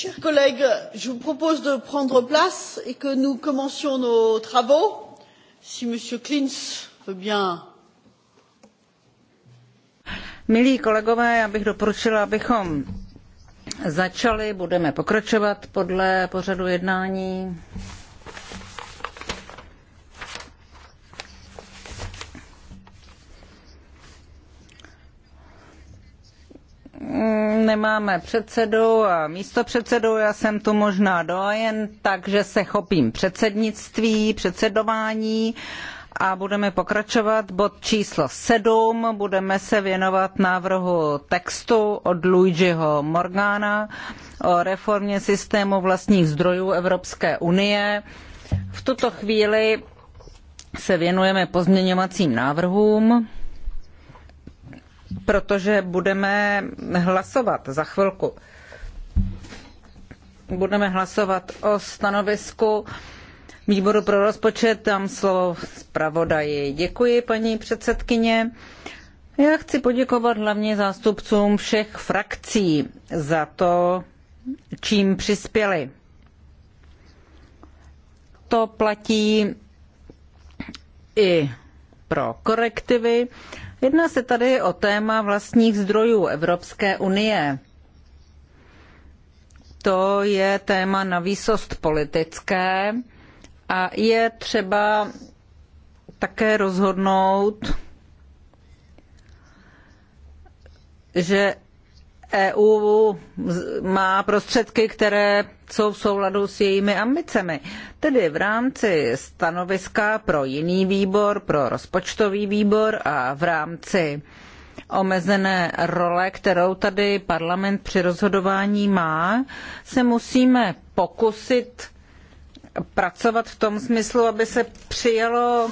chers collègues je vous propose de prendre place et que nous commencions nos travaux si m. klinz veut bien. milí kolegové já bych doporučila abychom začali budeme pokračovat podle pořadu jednání. nemáme předsedu a místopředsedu, já jsem tu možná dojen, takže se chopím předsednictví, předsedování a budeme pokračovat. Bod číslo 7, budeme se věnovat návrhu textu od Luigiho Morgana o reformě systému vlastních zdrojů Evropské unie. V tuto chvíli se věnujeme pozměňovacím návrhům protože budeme hlasovat za chvilku. Budeme hlasovat o stanovisku výboru pro rozpočet. Dám slovo zpravodaji. Děkuji, paní předsedkyně. Já chci poděkovat hlavně zástupcům všech frakcí za to, čím přispěli. To platí i pro korektivy. Jedná se tady o téma vlastních zdrojů Evropské unie. To je téma na výsost politické a je třeba také rozhodnout, že EU má prostředky, které jsou v souladu s jejími ambicemi. Tedy v rámci stanoviska pro jiný výbor, pro rozpočtový výbor a v rámci omezené role, kterou tady parlament při rozhodování má, se musíme pokusit pracovat v tom smyslu, aby se přijalo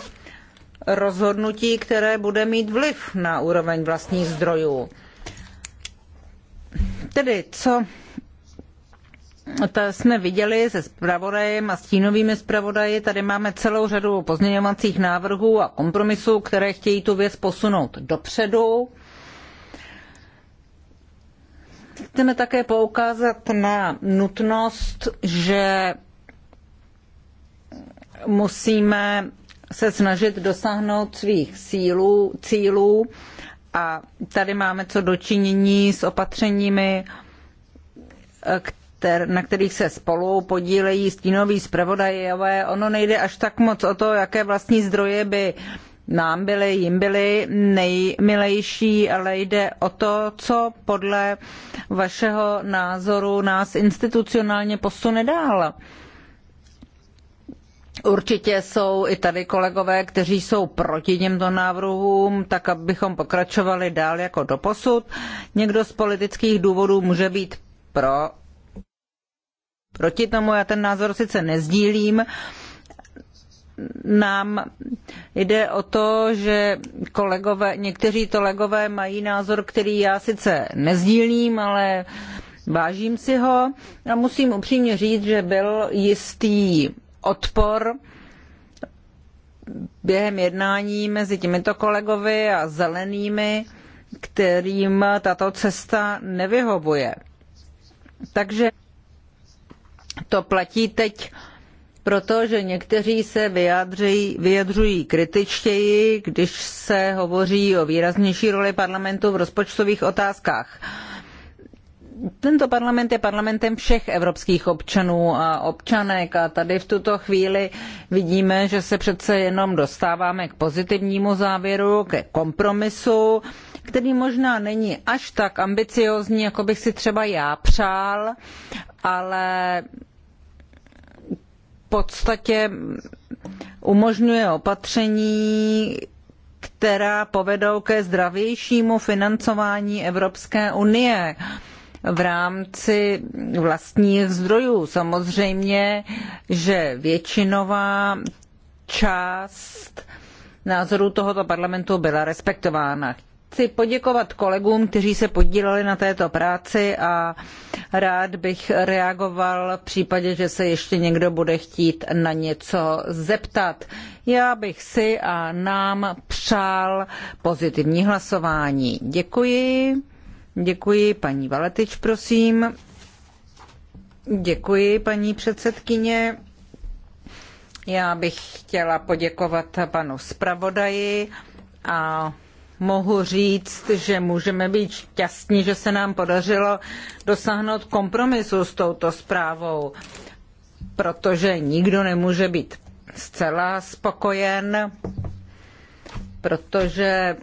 rozhodnutí, které bude mít vliv na úroveň vlastních zdrojů. Tedy co to jsme viděli se zpravodajem a stínovými zpravodaji. Tady máme celou řadu pozměňovacích návrhů a kompromisů, které chtějí tu věc posunout dopředu. Chceme také poukázat na nutnost, že musíme se snažit dosáhnout svých cílů, cílů a tady máme co dočinění s opatřeními, na kterých se spolu podílejí stínoví zpravodajové. Ono nejde až tak moc o to, jaké vlastní zdroje by nám byly, jim byly nejmilejší, ale jde o to, co podle vašeho názoru nás institucionálně posune dál. Uh, Určitě jsou i tady kolegové, kteří jsou proti těmto návrhům, tak abychom pokračovali dál jako doposud. Někdo z politických důvodů může být pro. Proti tomu já ten názor sice nezdílím. Nám jde o to, že kolegové, někteří kolegové mají názor, který já sice nezdílím, ale vážím si ho a musím upřímně říct, že byl jistý odpor během jednání mezi těmito kolegovi a zelenými, kterým tato cesta nevyhovuje. Takže to platí teď že někteří se vyjadřují, vyjadřují kritičtěji, když se hovoří o výraznější roli parlamentu v rozpočtových otázkách tento parlament je parlamentem všech evropských občanů a občanek a tady v tuto chvíli vidíme, že se přece jenom dostáváme k pozitivnímu závěru, ke kompromisu, který možná není až tak ambiciózní, jako bych si třeba já přál, ale v podstatě umožňuje opatření, která povedou ke zdravějšímu financování Evropské unie v rámci vlastních zdrojů. Samozřejmě, že většinová část názorů tohoto parlamentu byla respektována. Chci poděkovat kolegům, kteří se podíleli na této práci a rád bych reagoval v případě, že se ještě někdo bude chtít na něco zeptat. Já bych si a nám přál pozitivní hlasování. Děkuji. Děkuji, paní Valetič, prosím. Děkuji, paní předsedkyně. Já bych chtěla poděkovat panu zpravodaji a mohu říct, že můžeme být šťastní, že se nám podařilo dosáhnout kompromisu s touto zprávou, protože nikdo nemůže být zcela spokojen, protože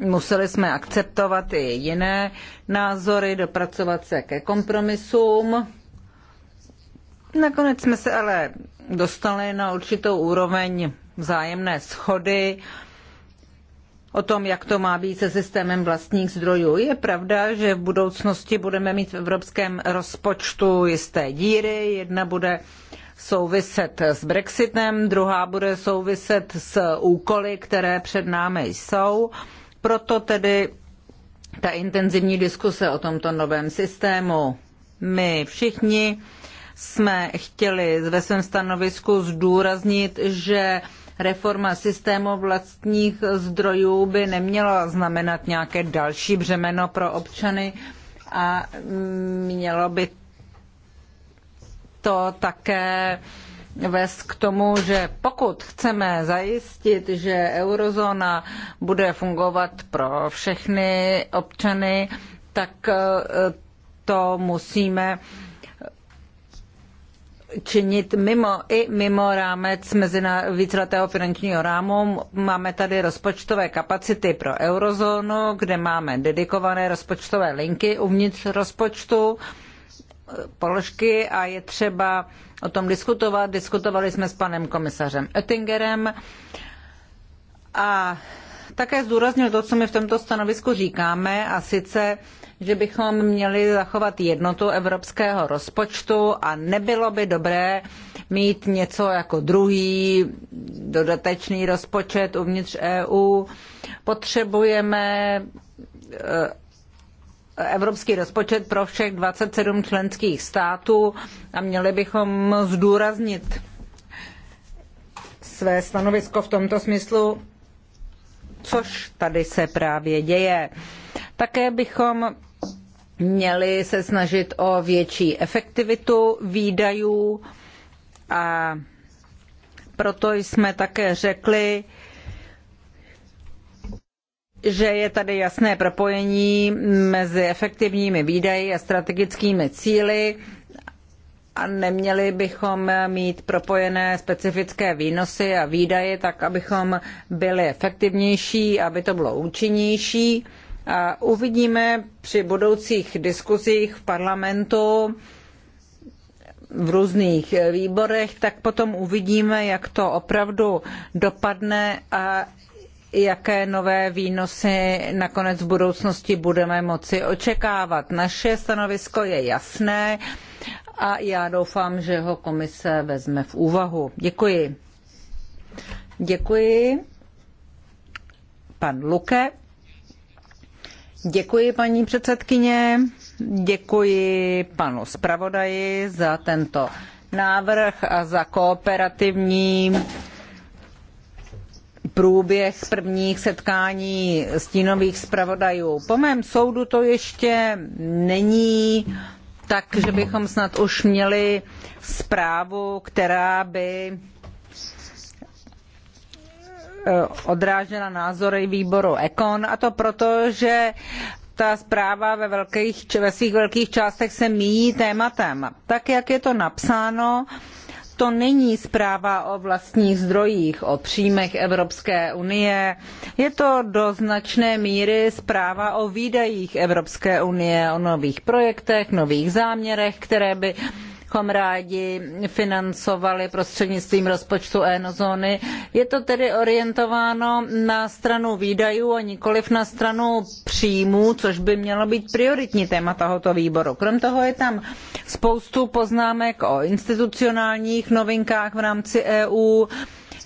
museli jsme akceptovat i jiné názory, dopracovat se ke kompromisům. Nakonec jsme se ale dostali na určitou úroveň vzájemné schody o tom, jak to má být se systémem vlastních zdrojů. Je pravda, že v budoucnosti budeme mít v evropském rozpočtu jisté díry. Jedna bude souviset s Brexitem, druhá bude souviset s úkoly, které před námi jsou. Proto tedy ta intenzivní diskuse o tomto novém systému. My všichni jsme chtěli ve svém stanovisku zdůraznit, že reforma systému vlastních zdrojů by neměla znamenat nějaké další břemeno pro občany a mělo by to také vést k tomu, že pokud chceme zajistit, že eurozóna bude fungovat pro všechny občany, tak eh, to musíme činit mimo i mimo rámec mezina, víceletého finančního rámu. Máme tady rozpočtové kapacity pro eurozónu, kde máme dedikované rozpočtové linky uvnitř rozpočtu položky a je třeba o tom diskutovat. Diskutovali jsme s panem komisařem Oettingerem a také zdůraznil to, co my v tomto stanovisku říkáme, a sice, že bychom měli zachovat jednotu evropského rozpočtu a nebylo by dobré mít něco jako druhý dodatečný rozpočet uvnitř EU. Potřebujeme evropský rozpočet pro všech 27 členských států a měli bychom zdůraznit své stanovisko v tomto smyslu, což tady se právě děje. Také bychom měli se snažit o větší efektivitu výdajů a proto jsme také řekli, že je tady jasné propojení mezi efektivními výdaji a strategickými cíly a neměli bychom mít propojené specifické výnosy a výdaje tak, abychom byli efektivnější, aby to bylo účinnější. A uvidíme při budoucích diskuzích v parlamentu, v různých výborech, tak potom uvidíme, jak to opravdu dopadne a jaké nové výnosy nakonec v budoucnosti budeme moci očekávat. Naše stanovisko je jasné a já doufám, že ho komise vezme v úvahu. Děkuji. Děkuji. Pan Luke. Děkuji, paní předsedkyně. Děkuji panu zpravodaji za tento návrh a za kooperativní průběh prvních setkání stínových zpravodajů. Po mém soudu to ještě není tak, že bychom snad už měli zprávu, která by eh, odrážela názory výboru Econ a to proto, že ta zpráva ve, velkých, ve svých velkých částech se míjí tématem. Tak, jak je to napsáno, to není zpráva o vlastních zdrojích, o příjmech Evropské unie. Je to do značné míry zpráva o výdajích Evropské unie, o nových projektech, nových záměrech, které by bychom rádi financovali prostřednictvím rozpočtu eurozóny. Je to tedy orientováno na stranu výdajů a nikoliv na stranu příjmů, což by mělo být prioritní téma tohoto výboru. Krom toho je tam spoustu poznámek o institucionálních novinkách v rámci EU,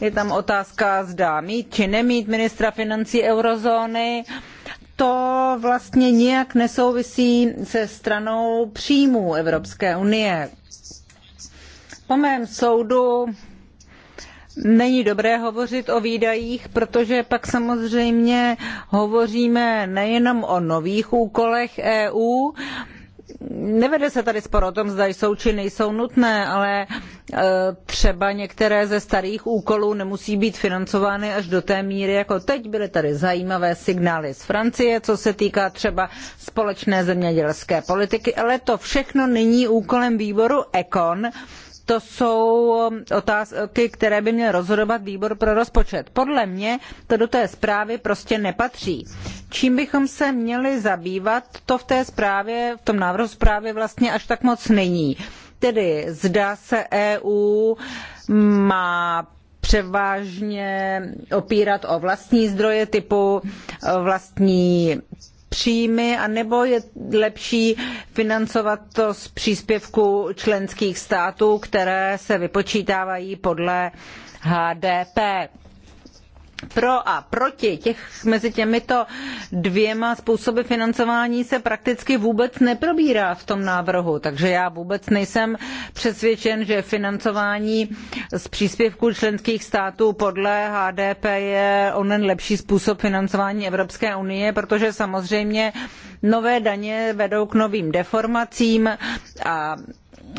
je tam otázka, zda mít či nemít ministra financí eurozóny. To vlastně nijak nesouvisí se stranou příjmů Evropské unie. Po mém soudu není dobré hovořit o výdajích, protože pak samozřejmě hovoříme nejenom o nových úkolech EU, nevede se tady spor o tom, zda jsou či nejsou nutné, ale e, třeba některé ze starých úkolů nemusí být financovány až do té míry, jako teď byly tady zajímavé signály z Francie, co se týká třeba společné zemědělské politiky, ale to všechno není úkolem výboru ECON, to jsou um, otázky, které by měl rozhodovat výbor pro rozpočet. Podle mě to do té zprávy prostě nepatří. Čím bychom se měli zabývat, to v té zprávě, v tom návrhu zprávy vlastně až tak moc není. Tedy zdá se EU má převážně opírat o vlastní zdroje typu vlastní příjmy, anebo je lepší financovat to z příspěvku členských států, které se vypočítávají podle HDP pro a proti těch mezi těmito dvěma způsoby financování se prakticky vůbec neprobírá v tom návrhu. Takže já vůbec nejsem přesvědčen, že financování z příspěvků členských států podle HDP je onen lepší způsob financování Evropské unie, protože samozřejmě nové daně vedou k novým deformacím a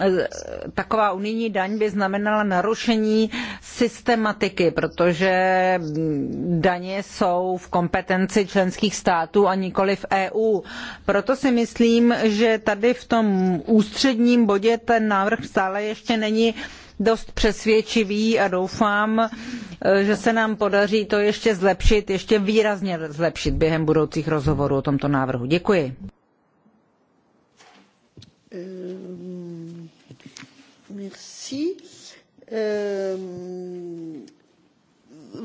Eh, taková unijní daň by znamenala narušení systematiky, protože daně jsou v kompetenci členských států a nikoli v EU. Proto si myslím, že tady v tom ústředním bodě ten návrh stále ještě není dost přesvědčivý a doufám, eh, že se nám podaří to ještě zlepšit, ještě výrazně zlepšit během budoucích rozhovorů o tomto návrhu. Děkuji. Eh, Merci. Euh,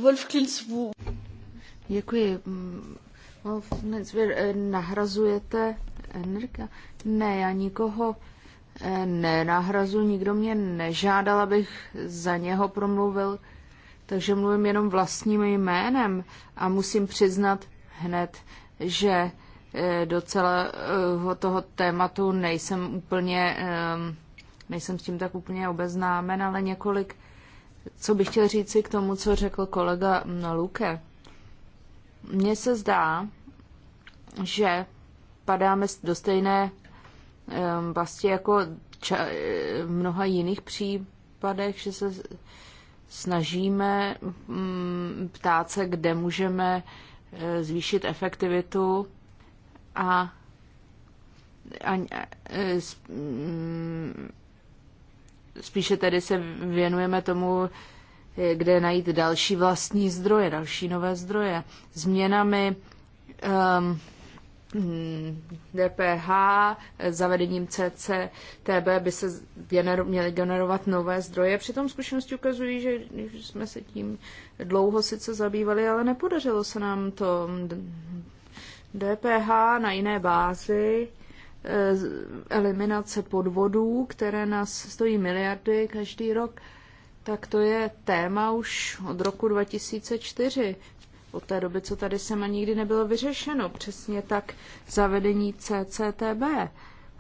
Wolf Klins, vous... Děkuji. Mm, Wolf Klins, eh, nahrazujete Enrika? Ne, já nikoho eh, nenahrazu, nikdo mě nežádal, abych za něho promluvil, takže mluvím jenom vlastním jménem a musím přiznat hned, že eh, do celého toho tématu nejsem úplně um, Nejsem s tím tak úplně obeznámen, ale několik, co bych chtěl říci k tomu, co řekl kolega Luke. Mně se zdá, že padáme do stejné vlastně jako ča- e, mnoha jiných případech, že se snažíme mm, ptát se, kde můžeme e, zvýšit efektivitu a, a, e, mm, spíše tedy se věnujeme tomu, kde najít další vlastní zdroje, další nové zdroje. Změnami um, hm, DPH, zavedením CCTB by se genero- měly generovat nové zdroje. Přitom zkušenosti ukazují, že jsme se tím dlouho sice zabývali, ale nepodařilo se nám to DPH na jiné bázi Eh, eliminace podvodů, které nás stojí miliardy každý rok, tak to je téma už od roku 2004. Od té doby, co tady se a nikdy nebylo vyřešeno. Přesně tak zavedení CCTB.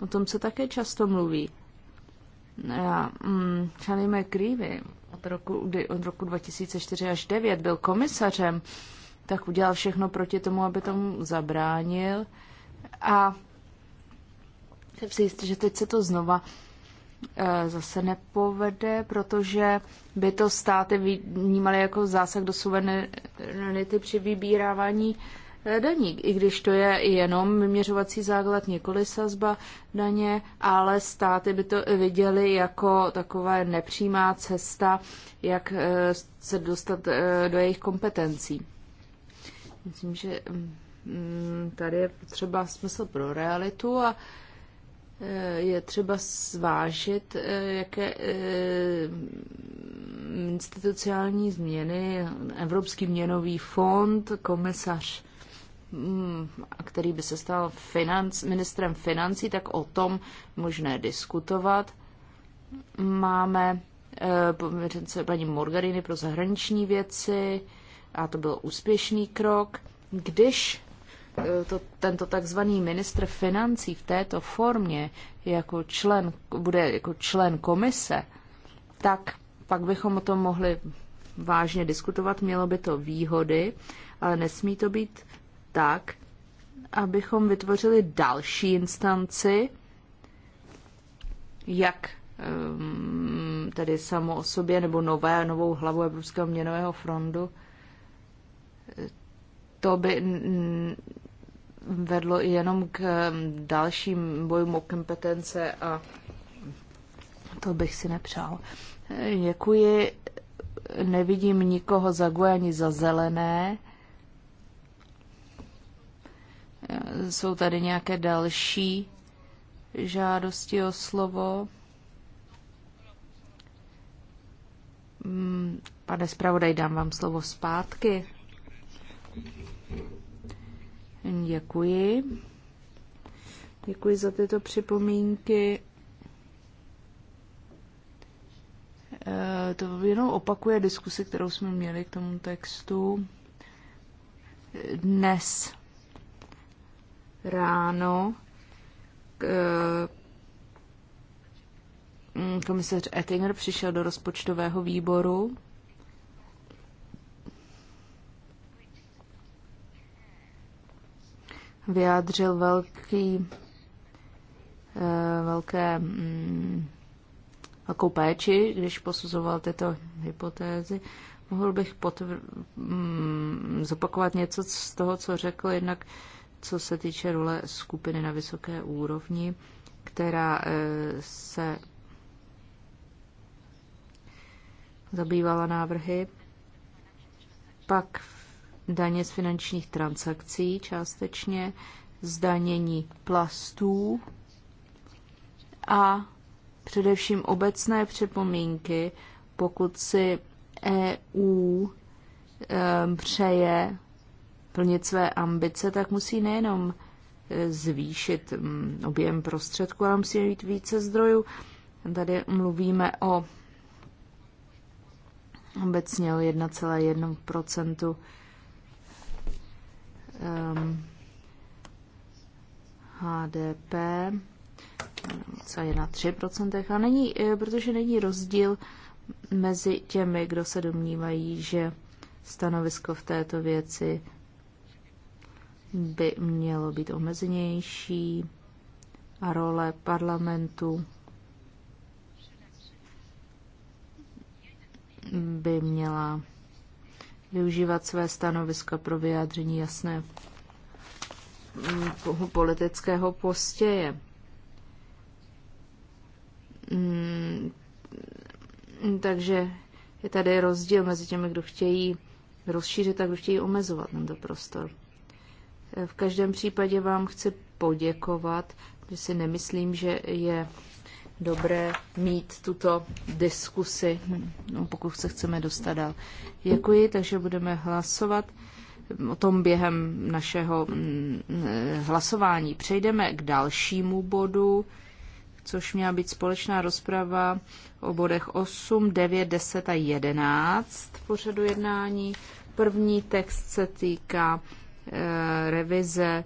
O tom se také často mluví. Já, mm, Charlie McCreevy od roku, kdy, od roku 2004 až 2009 byl komisařem, tak udělal všechno proti tomu, aby tomu zabránil. A jsem si jistý, že teď se to znova eh, zase nepovede, protože by to státy vnímaly jako zásah do suverenity při vybírávání eh, daní, i když to je jenom vyměřovací základ, nikoli sazba daně, ale státy by to viděly jako taková nepřímá cesta, jak eh, se dostat do jejich kompetencí. Myslím, že mm, mm, tady je potřeba smysl pro realitu a Eh, je třeba zvážit, eh, jaké eh, institucionální změny, Evropský měnový fond, komisař, mm, který by se stal financ, ministrem financí, tak o tom možné diskutovat. Máme pověřence paní Morgariny pro zahraniční věci a to byl úspěšný krok. Když Eh, to, tento takzvaný ministr financí v této formě jako člen, bude jako člen komise, tak pak bychom o tom mohli vážně diskutovat. Mělo by to výhody, ale nesmí to být tak, abychom vytvořili další instanci, jak ehm, tedy samo o sobě nebo nové, novou hlavu Evropského měnového frondu, to by vedlo i jenom k mm, dalším bojům o kompetence a to bych si nepřál. Děkuji. Nevidím nikoho za GUE ani za zelené. Jsou tady nějaké další žádosti o slovo? Mm, pane zpravodaj, dám vám slovo zpátky. Děkuji. Děkuji za tyto připomínky. Eh, to jenom opakuje diskusi, kterou jsme měli k tomu textu dnes ráno. Eh, mm, komisař Ettinger přišel do rozpočtového výboru vyjádřil velký, eh, velké, mm, velkou péči, když posuzoval tyto hypotézy. Mohl bych potvr- mm, zopakovat něco z toho, co řekl, jednak co se týče role skupiny na vysoké úrovni, která eh, se zabývala návrhy. Pak daně z finančních transakcí částečně, zdanění plastů a především obecné připomínky, pokud si EU ehm, přeje plnit své ambice, tak musí nejenom e, zvýšit mm, objem prostředků, ale musí mít více zdrojů. Tady mluvíme o obecně o 1,1 um, HDP um, co je na 3% a není, eh, protože není rozdíl mezi těmi, kdo se domnívají, že stanovisko v této věci by mělo být omezenější a role parlamentu by měla využívat své stanoviska pro vyjádření jasné mm, politického postěje. Mm, takže je tady rozdíl mezi těmi, kdo chtějí rozšířit a kdo chtějí omezovat tento prostor. V každém případě vám chci poděkovat, že si nemyslím, že je dobré mít tuto diskusi, no, pokud se chceme dostat dál. Děkuji, takže budeme hlasovat o tom během našeho mm, mm, hlasování. Přejdeme k dalšímu bodu, což měla být společná rozprava o bodech 8, 9, 10 a 11 pořadu jednání. První text se týká eh, revize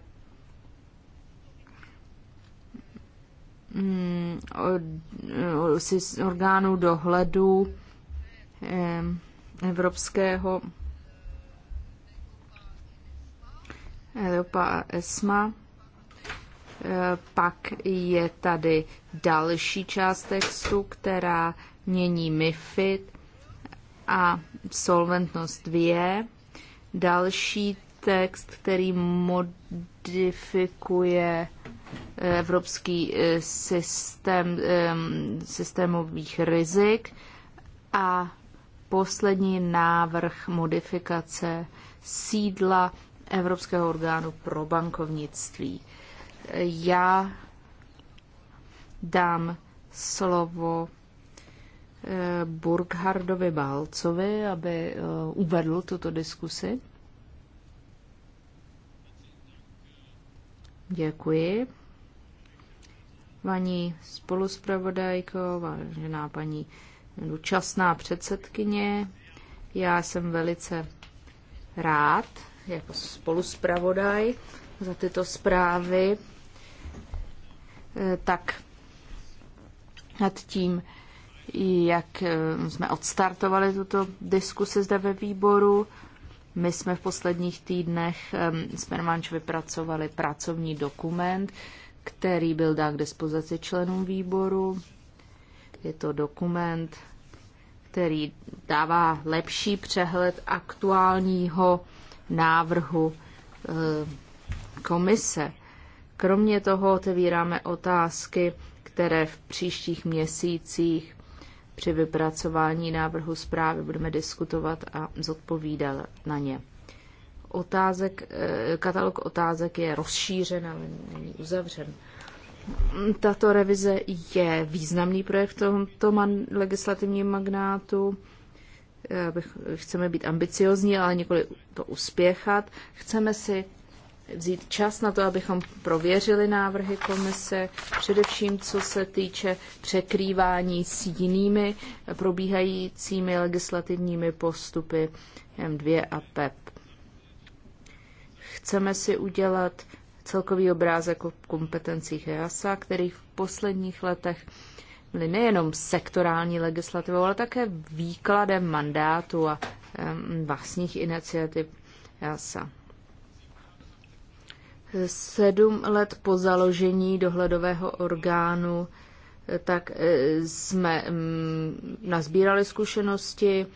Mm, orgánů dohledu evropského Evropa ESMA. E, pak je tady další část textu, která mění MIFID a Solventnost 2. Další text, který modifikuje evropský eh, systém systémových rizik a poslední návrh modifikace sídla Evropského orgánu pro bankovnictví. Já dám slovo eh, Burghardovi Balcovi, aby eh, uvedl tuto diskusi. Děkuji paní spoluspravodajko, vážená paní dočasná předsedkyně. Já jsem velice rád jako spoluspravodaj za tyto zprávy. Eh, tak nad tím, jak eh, jsme odstartovali tuto diskusi zde ve výboru, my jsme v posledních týdnech eh, s Permanč vypracovali pracovní dokument, který byl dán k dispozici členům výboru. Je to dokument, který dává lepší přehled aktuálního návrhu eh, komise. Kromě toho otevíráme otázky, které v příštích měsících při vypracování návrhu zprávy budeme diskutovat a zodpovídat na ně otázek, eh, katalog otázek je rozšířen, ale není uzavřen. Tato revize je významný projekt v tomto man, legislativním magnátu. Eh, chceme být ambiciozní, ale nikoli to uspěchat. Chceme si vzít čas na to, abychom prověřili návrhy komise, především co se týče překrývání s jinými probíhajícími legislativními postupy M2 a PEP Chceme si udělat celkový obrázek o kompetencích EASA, který v posledních letech byly nejenom sektorální legislativou, ale také výkladem mandátu a vlastních iniciativ EASA. Sedm let po založení dohledového orgánu e, tak e, jsme nazbírali zkušenosti,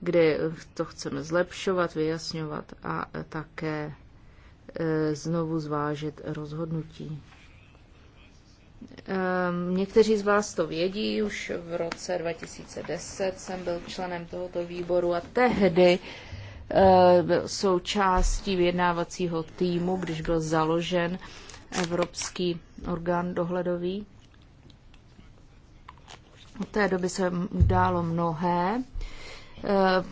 kde to chceme zlepšovat, vyjasňovat a e, také Eh, znovu zvážit rozhodnutí. Ehm, někteří z vás to vědí, už v roce 2010 jsem byl členem tohoto výboru a tehdy eh, byl součástí vyjednávacího týmu, když byl založen Evropský orgán dohledový. Od té doby se událo mnohé. Eh,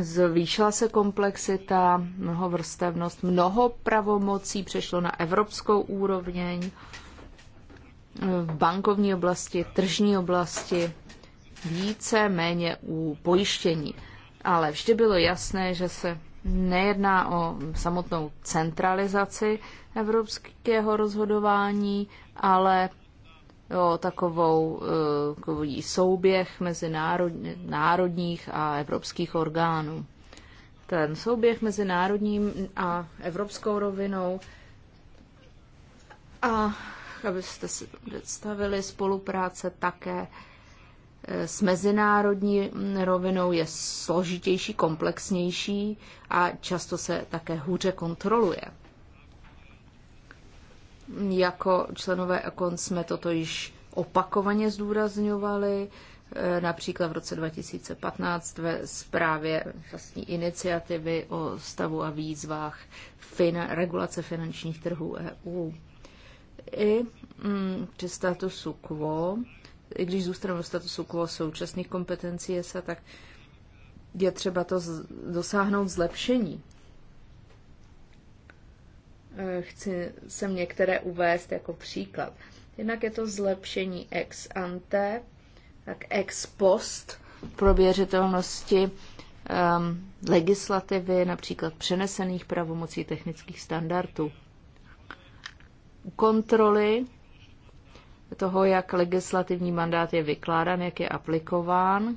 Zvýšila se komplexita, mnohovrstevnost, mnoho pravomocí přešlo na evropskou úroveň, v bankovní oblasti, tržní oblasti, více méně u pojištění. Ale vždy bylo jasné, že se nejedná o samotnou centralizaci evropského rozhodování, ale o takovou eh, takový souběh mezi národních a evropských orgánů. Ten souběh mezi národním a evropskou rovinou a abyste si představili, spolupráce také eh, s mezinárodní rovinou je složitější, komplexnější a často se také hůře kontroluje. Jako členové Ekon jsme toto již opakovaně zdůrazňovali, eh, například v roce 2015 ve zprávě vlastní iniciativy o stavu a výzvách fin- regulace finančních trhů EU. I mm, při statusu quo, i když zůstaneme v statusu quo současných kompetencí ESA, tak je třeba to dosáhnout zlepšení Eh, chci sem některé uvést jako příklad. Jednak je to zlepšení ex ante, tak ex post prověřitelnosti um, legislativy, například přenesených pravomocí technických standardů. Kontroly toho, jak legislativní mandát je vykládán, jak je aplikován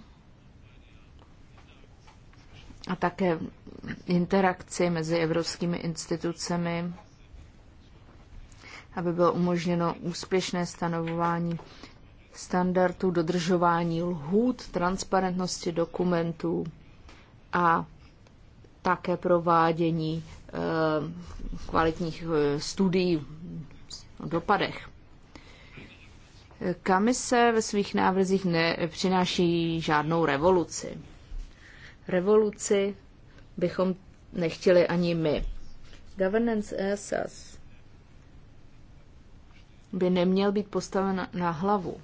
a také interakci mezi evropskými institucemi aby bylo umožněno úspěšné stanovování standardů, dodržování lhůt, transparentnosti dokumentů a také provádění eh, kvalitních eh, studií o dopadech. Kamise ve svých návrzích nepřináší žádnou revoluci. Revoluci bychom nechtěli ani my. Governance ESAS eh, by neměl být postaven na hlavu.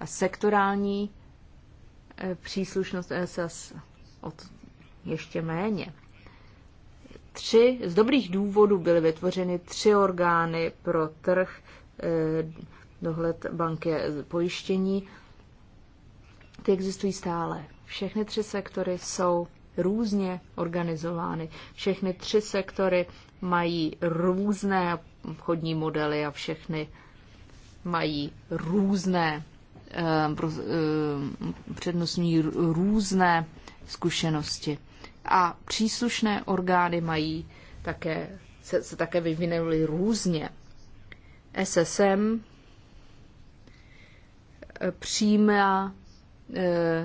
A sektorální eh, příslušnost ESS od ještě méně. Tři, z dobrých důvodů byly vytvořeny tři orgány pro trh, eh, dohled banky pojištění. Ty existují stále. Všechny tři sektory jsou různě organizovány. Všechny tři sektory mají různé obchodní modely a všechny mají různé eh, eh, přednostní různé zkušenosti. A příslušné orgány mají také, se, se také vyvinuly různě. SSM eh, přímá,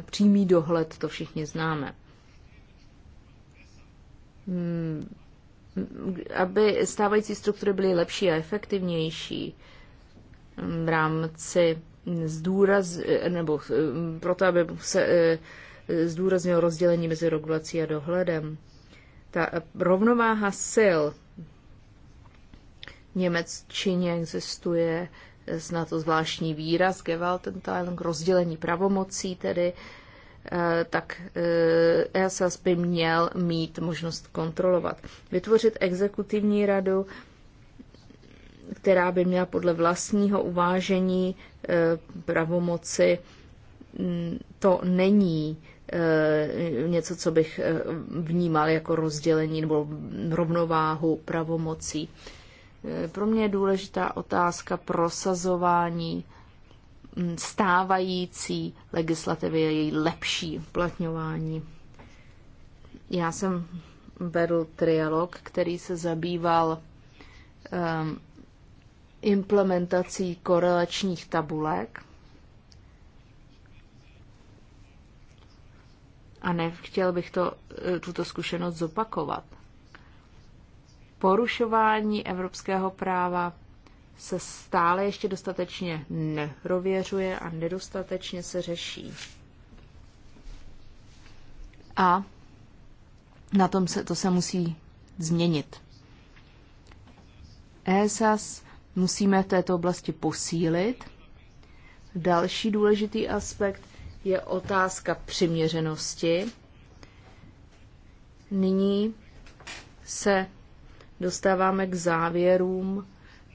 přímý dohled, to všichni známe. Hmm, aby stávající struktury byly lepší a efektivnější, v rámci zdůraz, nebo eh, proto, aby se eh, zdůraznil rozdělení mezi regulací a dohledem. Ta rovnováha sil v Němeččině existuje na to zvláštní výraz Gewaltenteilung, rozdělení pravomocí tedy, eh, tak ESAS by měl mít možnost kontrolovat. Vytvořit exekutivní radu, která by měla podle vlastního uvážení eh, pravomoci, mm, to není eh, něco, co bych eh, vnímal jako rozdělení nebo rovnováhu pravomocí. Pro mě je důležitá otázka prosazování mm, stávající legislativy a její lepší uplatňování. Já jsem vedl trialog, který se zabýval um, implementací korelačních tabulek. A nechtěl bych to, e, tuto zkušenost zopakovat. Porušování evropského práva se stále ještě dostatečně nerověřuje a nedostatečně se řeší. A na tom se to se musí změnit. ESAS musíme v této oblasti posílit. Další důležitý aspekt je otázka přiměřenosti. Nyní se dostáváme k závěrům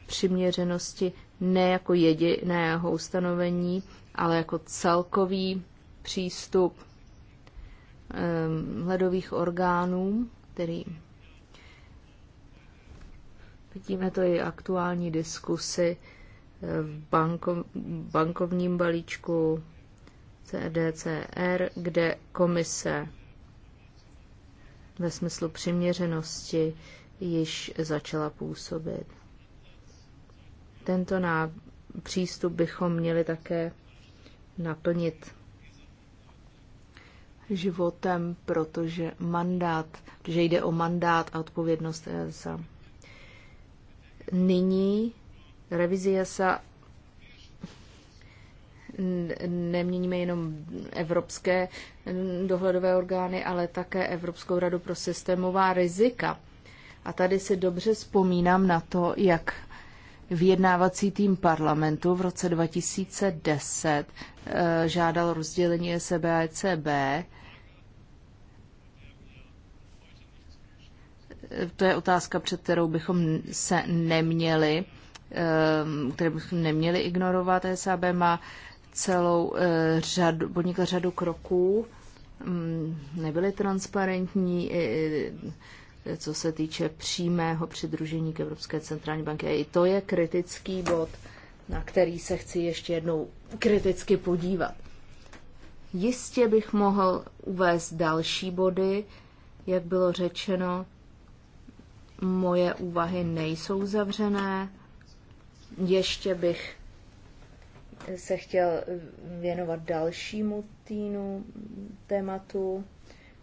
přiměřenosti ne jako jediného ustanovení, ale jako celkový přístup ehm, ledových orgánů, který Vidíme to i aktuální diskusy eh, v banko, bankovním balíčku CDCR, kde komise ve smyslu přiměřenosti již začala působit. Tento ná, přístup bychom měli také naplnit životem, protože mandát, že jde o mandát a odpovědnost eh, za nyní revizie se neměníme jenom evropské dohledové orgány, ale také Evropskou radu pro systémová rizika. A tady si dobře vzpomínám na to, jak vyjednávací tým parlamentu v roce 2010 eh, žádal rozdělení SBA e a ECB to je otázka, před kterou bychom se neměli, ehm, které bychom neměli ignorovat. SAB má celou eh, řadu, podnikla řadu kroků, mm, nebyly transparentní, co se týče přímého přidružení k Evropské centrální banky. A i to je kritický bod, na který se chci ještě jednou kriticky podívat. Jistě bych mohl uvést další body, jak bylo řečeno, Moje úvahy nejsou zavřené. Ještě bych se chtěl věnovat dalšímu týnu tématu,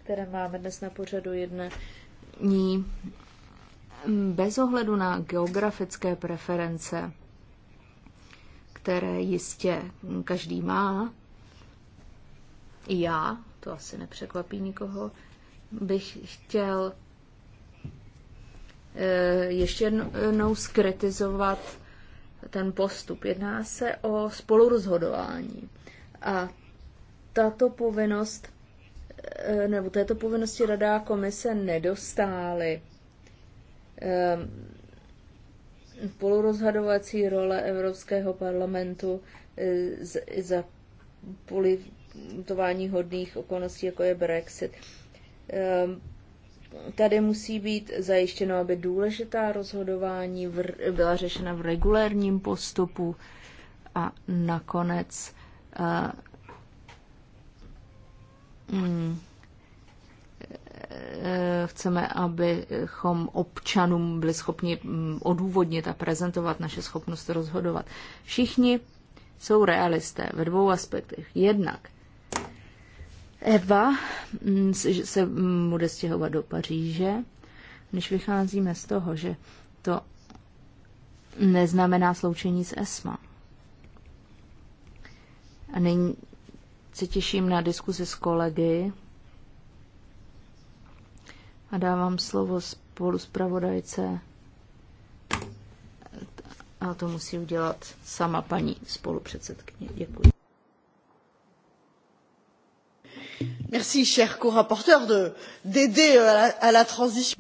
které máme dnes na pořadu Ní Bez ohledu na geografické preference, které jistě každý má, i já, to asi nepřekvapí nikoho, bych chtěl Eh, ještě jednou skritizovat ten postup. Jedná se o spolurozhodování. A tato povinnost, eh, nebo této povinnosti Rada a komise nedostály. Eh, spolurozhodovací role Evropského parlamentu za politování hodných okolností, jako je Brexit tady musí být zajištěno, aby důležitá rozhodování v, byla řešena v regulérním postupu a nakonec uh, mm, eh, chceme, abychom občanům byli schopni mm, odůvodnit a prezentovat naše schopnost rozhodovat. Všichni jsou realisté ve dvou aspektech. Jednak Eva mm, se mm, bude stěhovat do Paříže, když vycházíme z toho, že to neznamená sloučení s ESMA. A nyní se těším na diskuzi s kolegy a dávám slovo spolu zpravodajce. A to musí udělat sama paní spolupředsedkyně. Děkuji. Merci, cher corapporteur d'aider euh, à la transition.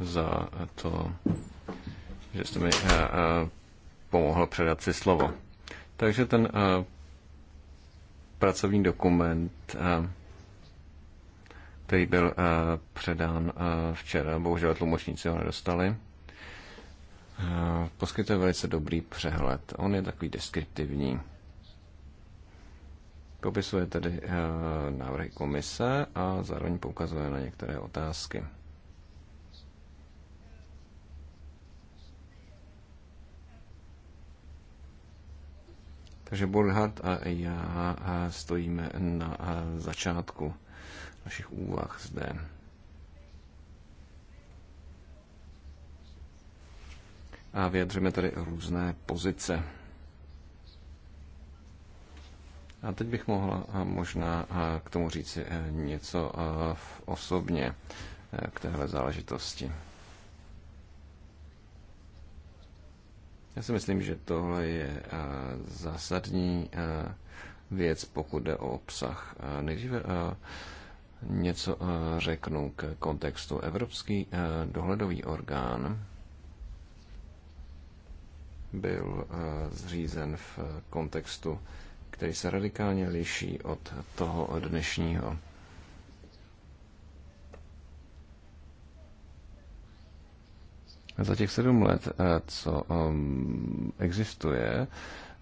za to, že jste mi uh, předat si slovo. Takže ten eh, pracovní dokument, uh, který byl uh, předán uh, včera, bohužel tlumočníci ho nedostali, poskytuje velice dobrý přehled. On je takový deskriptivní. Popisuje tedy eh, návrhy komise a zároveň poukazuje na některé otázky. Takže Burhat a já eh, stojíme na eh, začátku našich úvah zde. A vyjadřujeme tady různé pozice. A teď bych mohla eh, možná eh, k tomu říci eh, něco osobně k téhle záležitosti. Já si myslím, že tohle je zásadní věc, pokud jde o obsah. Nejdříve něco řeknu k kontextu. Evropský dohledový orgán byl zřízen v kontextu který se radikálně liší od toho dnešního. Za těch sedm let, eh, co ehm, existuje,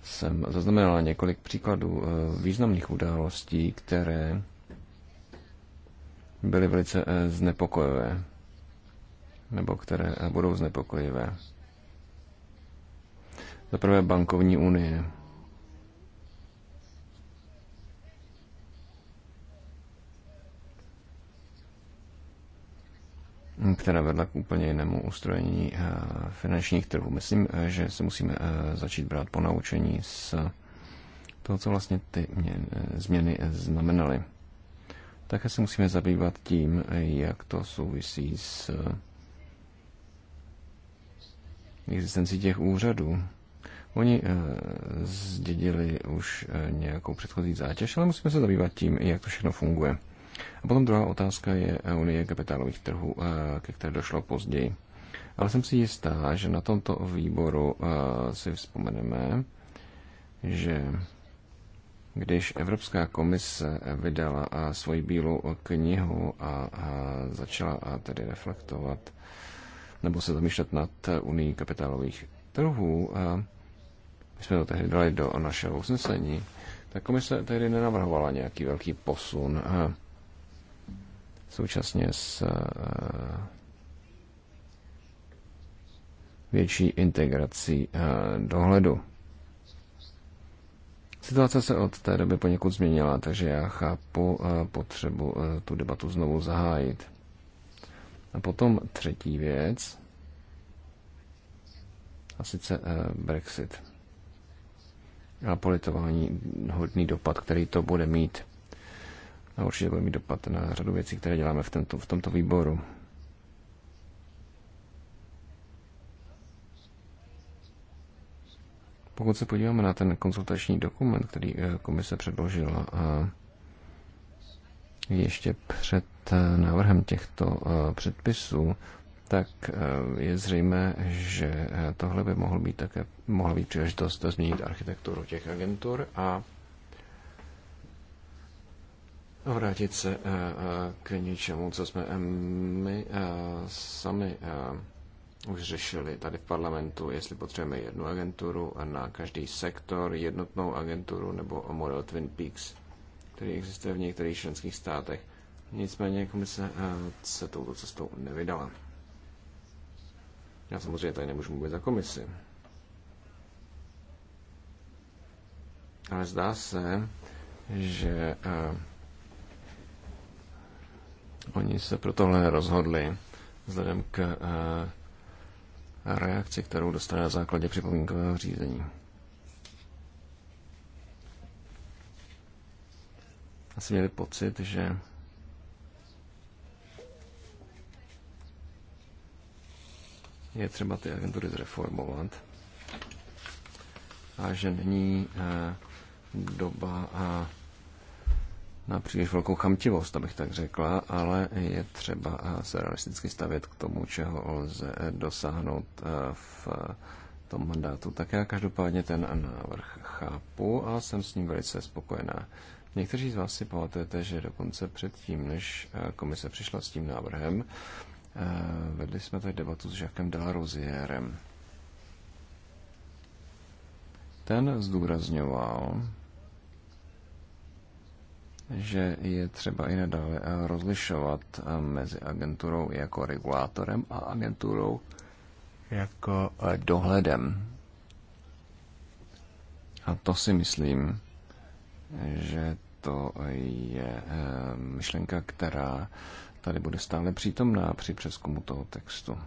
jsem zaznamenala několik příkladů eh, významných událostí, které byly velice eh, znepokojivé, nebo které budou znepokojivé. Za prvé bankovní unie. která vedla k úplně jinému ustrojení eh, finančních trhů. Myslím, eh, že se musíme eh, začít brát po naučení z toho, co vlastně ty změny znamenaly. Také se musíme zabývat tím, jak to souvisí s existencí těch úřadů. Oni zdědili už nějakou předchozí zátěž, ale musíme se zabývat tím, jak to všechno funguje. A potom druhá otázka je eh, Unie kapitálových trhů, eh, ke které došlo později. Ale jsem si jistá, že na tomto výboru eh, si vzpomeneme, že když Evropská komise vydala svoji bílou knihu a začala tedy reflektovat nebo se zamýšlet nad unii kapitálových trhů, my jsme to tehdy dali do našeho usnesení, tak komise tehdy nenavrhovala nějaký velký posun současně s eh, větší integrací eh, dohledu. Situace se od té doby poněkud změnila, takže já chápu eh, potřebu tu debatu znovu zahájit. A potom třetí věc, a sice Brexit a politování hodný dopad, který to bude mít a určitě bude mít dopad na řadu věcí, které děláme v, tento, v tomto výboru. Pokud se podíváme na ten konzultační dokument, který eh, komise předložila a ještě před eh, návrhem těchto eh, předpisů, tak je zřejmé, že tohle by mohl být také, mohla být příležitost změnit architekturu těch agentur a vrátit se eh, eh, k něčemu, co jsme eh, my sami už řešili tady v parlamentu, jestli potřebujeme jednu agenturu a na každý sektor jednotnou agenturu nebo model Twin Peaks, který existuje v některých členských státech. Nicméně komise se touto cestou nevydala. Já samozřejmě tady nemůžu mluvit za komisi. Ale zdá se, že Oni se pro tohle rozhodli vzhledem k eh, reakci, kterou dostane na základě připomínkového řízení. Asi měli pocit, že je třeba ty agentury zreformovat a že není eh, doba a eh, na příliš velkou chamtivost, abych tak řekla, ale je třeba eh, se realisticky stavět k tomu, čeho lze eh, dosáhnout eh, v tom mandátu. Tak já každopádně ten návrh chápu a jsem s ním velice spokojená. Někteří z vás si pamatujete, že dokonce předtím, než komise přišla s tím návrhem, vedli jsme tady debatu s Jacquem Delarosierem. Ten zdůrazňoval, že je třeba i nadále eh, rozlišovat eh, mezi agenturou jako regulátorem a agenturou jako eh, dohledem. A to si myslím, že to je myšlenka, která tady bude stále přítomná při přeskumu toho textu.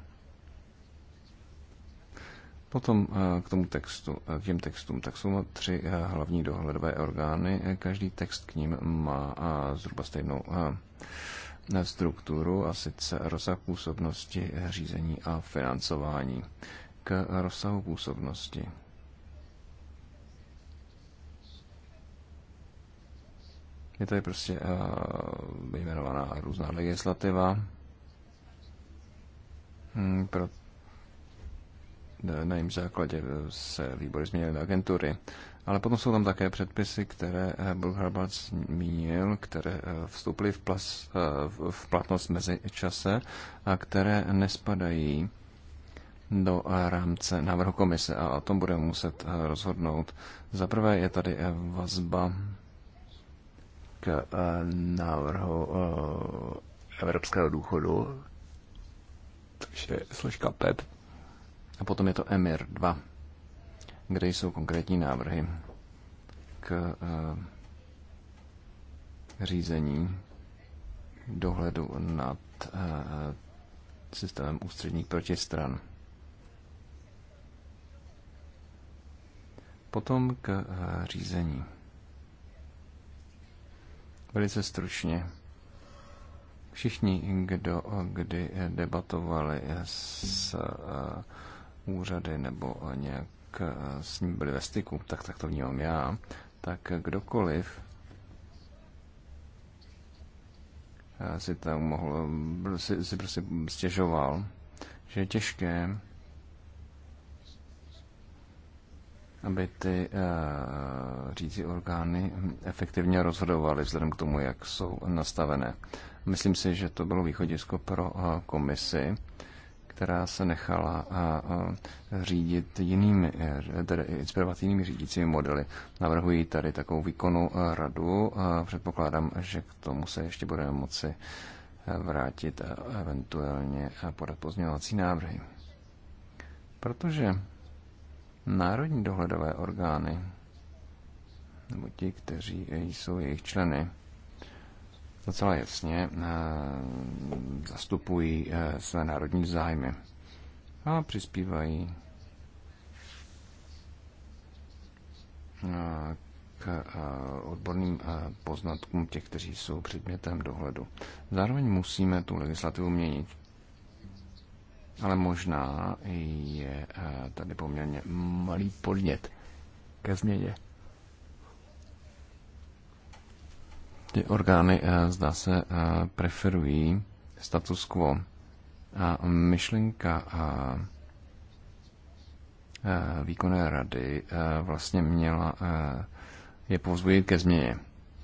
Potom eh, k tomu textu, eh, k těm textům, tak jsou tři eh, hlavní dohledové orgány. Každý text k ním má zhruba stejnou strukturu, a sice rozsah působnosti, řízení a financování. K rozsahu působnosti. Je tady prostě vyjmenovaná různá legislativa, hmm, proto na jejím základě eh, se výbory změnily na agentury. Ale potom jsou tam také předpisy, které eh, Bill Herbert zmínil, které eh, vstoupily v, plas, v platnost mezi čase a které nespadají do rámce návrhu komise a o tom budeme muset rozhodnout. Za prvé je tady vazba k návrhu evropského důchodu, což je složka PEP. E a potom je to EMIR 2, kde jsou konkrétní návrhy k eh, řízení dohledu nad eh, systémem ústředních protistran. Potom k eh, řízení. Velice stručně. Všichni, kdo kdy debatovali s úřady nebo eh, nějak eh, s ním byli ve styku, tak, tak to vnímám já, tak kdokoliv eh, si tam mohl, si, si prostě stěžoval, že je těžké, aby ty uh, řící orgány efektivně rozhodovaly vzhledem k tomu, jak jsou nastavené. Myslím si, že to bylo východisko pro uh, komisi, uh, která se nechala a, a řídit jinými, e, tedy inspirovat jinými řídícími modely. Navrhuji tady takovou výkonnou e, radu a předpokládám, že k tomu se ještě budeme moci e, vrátit a eventuálně podat pozměňovací návrhy. Protože národní dohledové orgány, nebo ti, kteří jsou jejich členy, docela jasně eh, zastupují eh, své národní zájmy a přispívají eh, k odborným poznatkům těch, kteří jsou předmětem dohledu. Zároveň musíme tu legislativu měnit. Ale možná je tady poměrně malý podnět ke změně. Ty orgány, eh, zdá se, eh, preferují status quo. A myšlenka a eh, výkonné rady vlastně měla je povzbudit ke změně.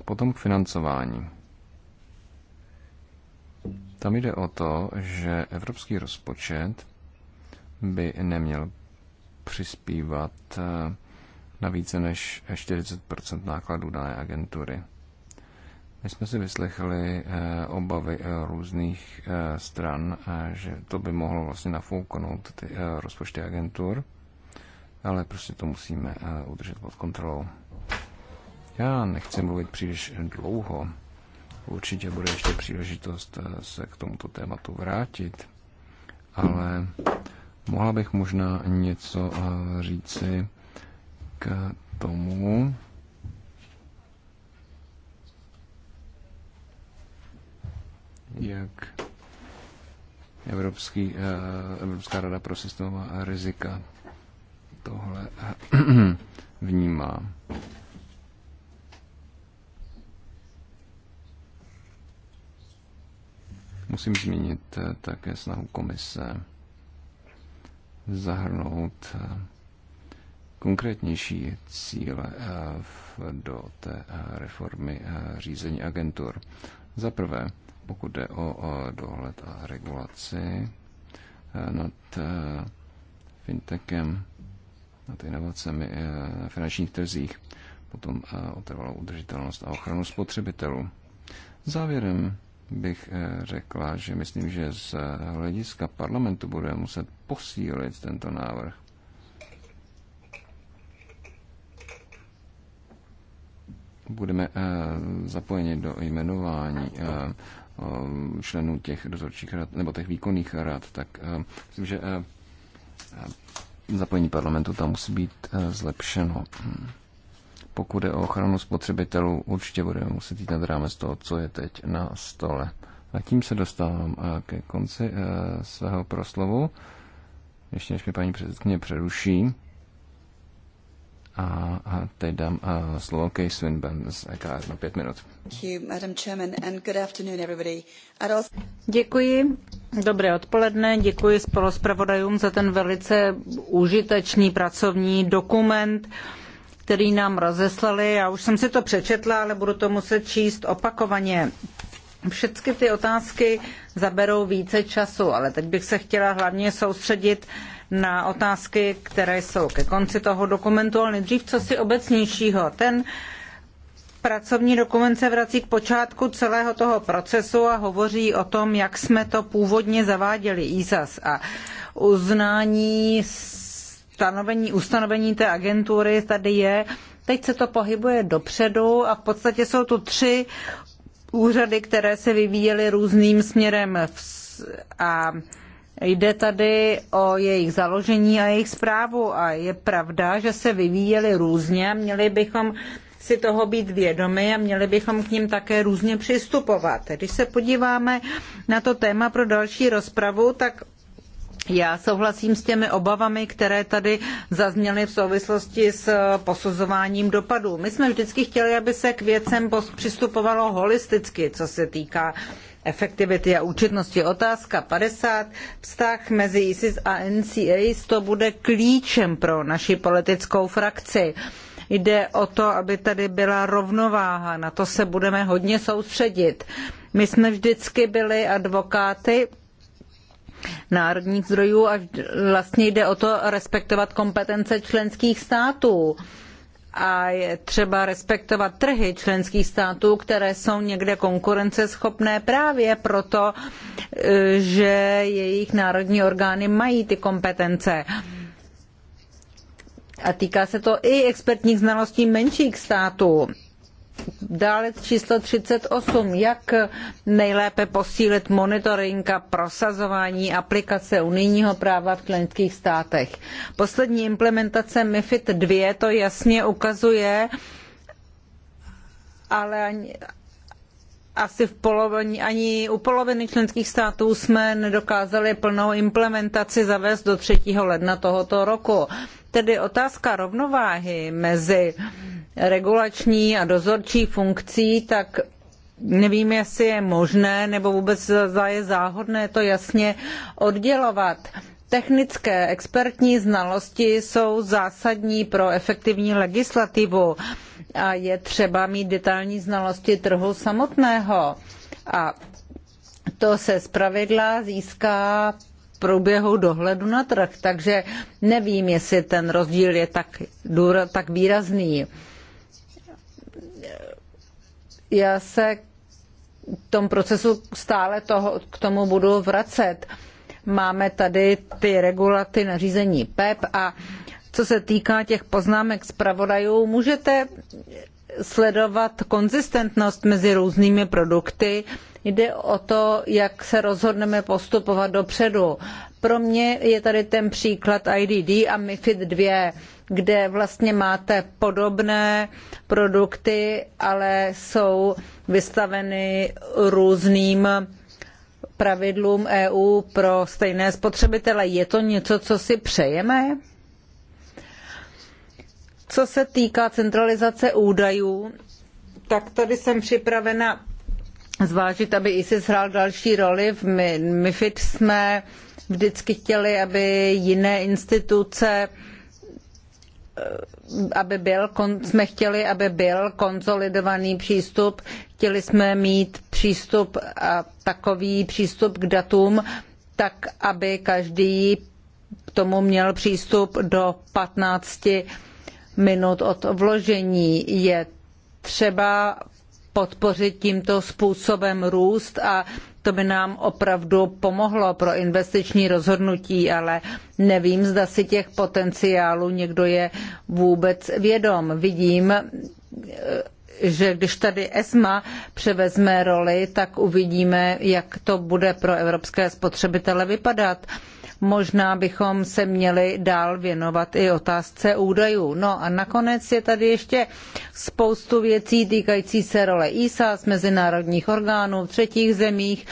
Potom k financování. Tam jde o to, že evropský rozpočet by neměl přispívat na více než 40 nákladů dané agentury. My jsme si vyslechli eh, obavy eh, různých eh, stran, že to by mohlo vlastně nafouknout ty rozpočty agentur, ale prostě to musíme udržet pod kontrolou. Já nechci mluvit příliš dlouho. Určitě bude ještě příležitost se k tomuto tématu vrátit, ale mohla bych možná něco říci k tomu, jak Evropský, eh, Evropská rada pro systémová rizika tohle vnímá. Musím zmínit eh, také snahu komise zahrnout eh, konkrétnější cíle do té reformy řízení agentur. Za prvé, pokud jde o dohled a regulaci eh, nad eh, fintechem, nad inovacemi eh, na finančních trzích, potom otrvalou udržitelnost a ochranu spotřebitelů. Závěrem bych řekla, že myslím, že z hlediska parlamentu bude muset posílit tento návrh. Budeme zapojeni do jmenování Eh, členů těch dozorčích rad nebo těch výkonných rad, tak eh, myslím, že eh, zapojení parlamentu tam musí být zlepšeno. Pokud je o ochranu spotřebitelů, určitě budeme muset jít nad rámec toho, co je teď na stole. A tím se dostávám ke konci svého proslovu. Ještě než mi paní předsedkyně přeruší, a, a teď dám a, slovo Kay Swinburne z EKS na pět minut. Děkuji. Dobré odpoledne. Děkuji spoluzpravodajům za ten velice užitečný pracovní dokument, který nám rozeslali. Já už jsem si to přečetla, ale budu to muset číst opakovaně. Všechny ty otázky zaberou více času, ale teď bych se chtěla hlavně soustředit na otázky, které jsou ke konci toho dokumentu, ale nejdřív co si obecnějšího. Ten pracovní dokument se vrací k počátku celého toho procesu a hovoří o tom, jak jsme to původně zaváděli ISAS a uznání stanovení, ustanovení té agentury tady je. Teď se to pohybuje dopředu a v podstatě jsou tu tři úřady, které se vyvíjely různým směrem a Jde tady o jejich založení a jejich zprávu a je pravda, že se vyvíjely různě a měli bychom si toho být vědomi a měli bychom k ním také různě přistupovat. Když se podíváme na to téma pro další rozpravu, tak já souhlasím s těmi obavami, které tady zazněly v souvislosti s posuzováním dopadů. My jsme vždycky chtěli, aby se k věcem přistupovalo holisticky, co se týká efektivity a účinnosti. Otázka 50. Vztah mezi ISIS a NCA to bude klíčem pro naši politickou frakci. Jde o to, aby tady byla rovnováha, na to se budeme hodně soustředit. My jsme vždycky byli advokáty národních zdrojů a vlastně jde o to respektovat kompetence členských států a je třeba respektovat trhy členských států, které jsou někde konkurenceschopné právě proto, e, že jejich národní orgány mají ty kompetence. A týká se to i expertních znalostí menších států dále číslo 38, jak nejlépe posílit monitoring a prosazování aplikace unijního práva v členských státech. Poslední implementace MIFID 2 to jasně ukazuje, ale asi v polovině ani u poloviny členských států jsme nedokázali plnou implementaci zavést do 3. ledna tohoto roku. Tedy otázka rovnováhy mezi regulační a dozorčí funkcí, tak nevím, jestli je možné nebo vůbec zda je záhodné to jasně oddělovat. Technické expertní znalosti jsou zásadní pro efektivní legislativu a je třeba mít detailní znalosti trhu samotného. A to se zpravidla získá v průběhu dohledu na trh, takže nevím, jestli ten rozdíl je tak, tak výrazný já se v tom procesu stále toho, k tomu budu vracet. Máme tady ty regulaty nařízení PEP e a co se týká těch poznámek zpravodajů, můžete sledovat konzistentnost mezi různými produkty. Jde o to, jak se rozhodneme postupovat dopředu. Pro mě je tady ten příklad IDD a MIFID 2 kde vlastně máte podobné produkty, ale jsou vystaveny různým pravidlům EU pro stejné spotřebitele. Je to něco, co si přejeme? Co se týká centralizace údajů, tak tady jsem připravena zvážit, aby i si zhrál další roli. V MIFID jsme vždycky chtěli, aby jiné instituce aby byl, jsme chtěli, aby byl konsolidovaný přístup, chtěli jsme mít přístup a takový přístup k datům, tak aby každý k tomu měl přístup do 15 minut od vložení. Je třeba podpořit tímto způsobem růst a to by nám opravdu pomohlo pro investiční rozhodnutí, ale nevím, zda si těch potenciálů někdo je vůbec vědom. Vidím, že když tady ESMA převezme roli, tak uvidíme, jak to bude pro evropské spotřebitele vypadat. Možná bychom se měli dál věnovat i otázce údajů. No a nakonec je tady ještě spoustu věcí týkající se role ISAS, mezinárodních orgánů, třetích zemích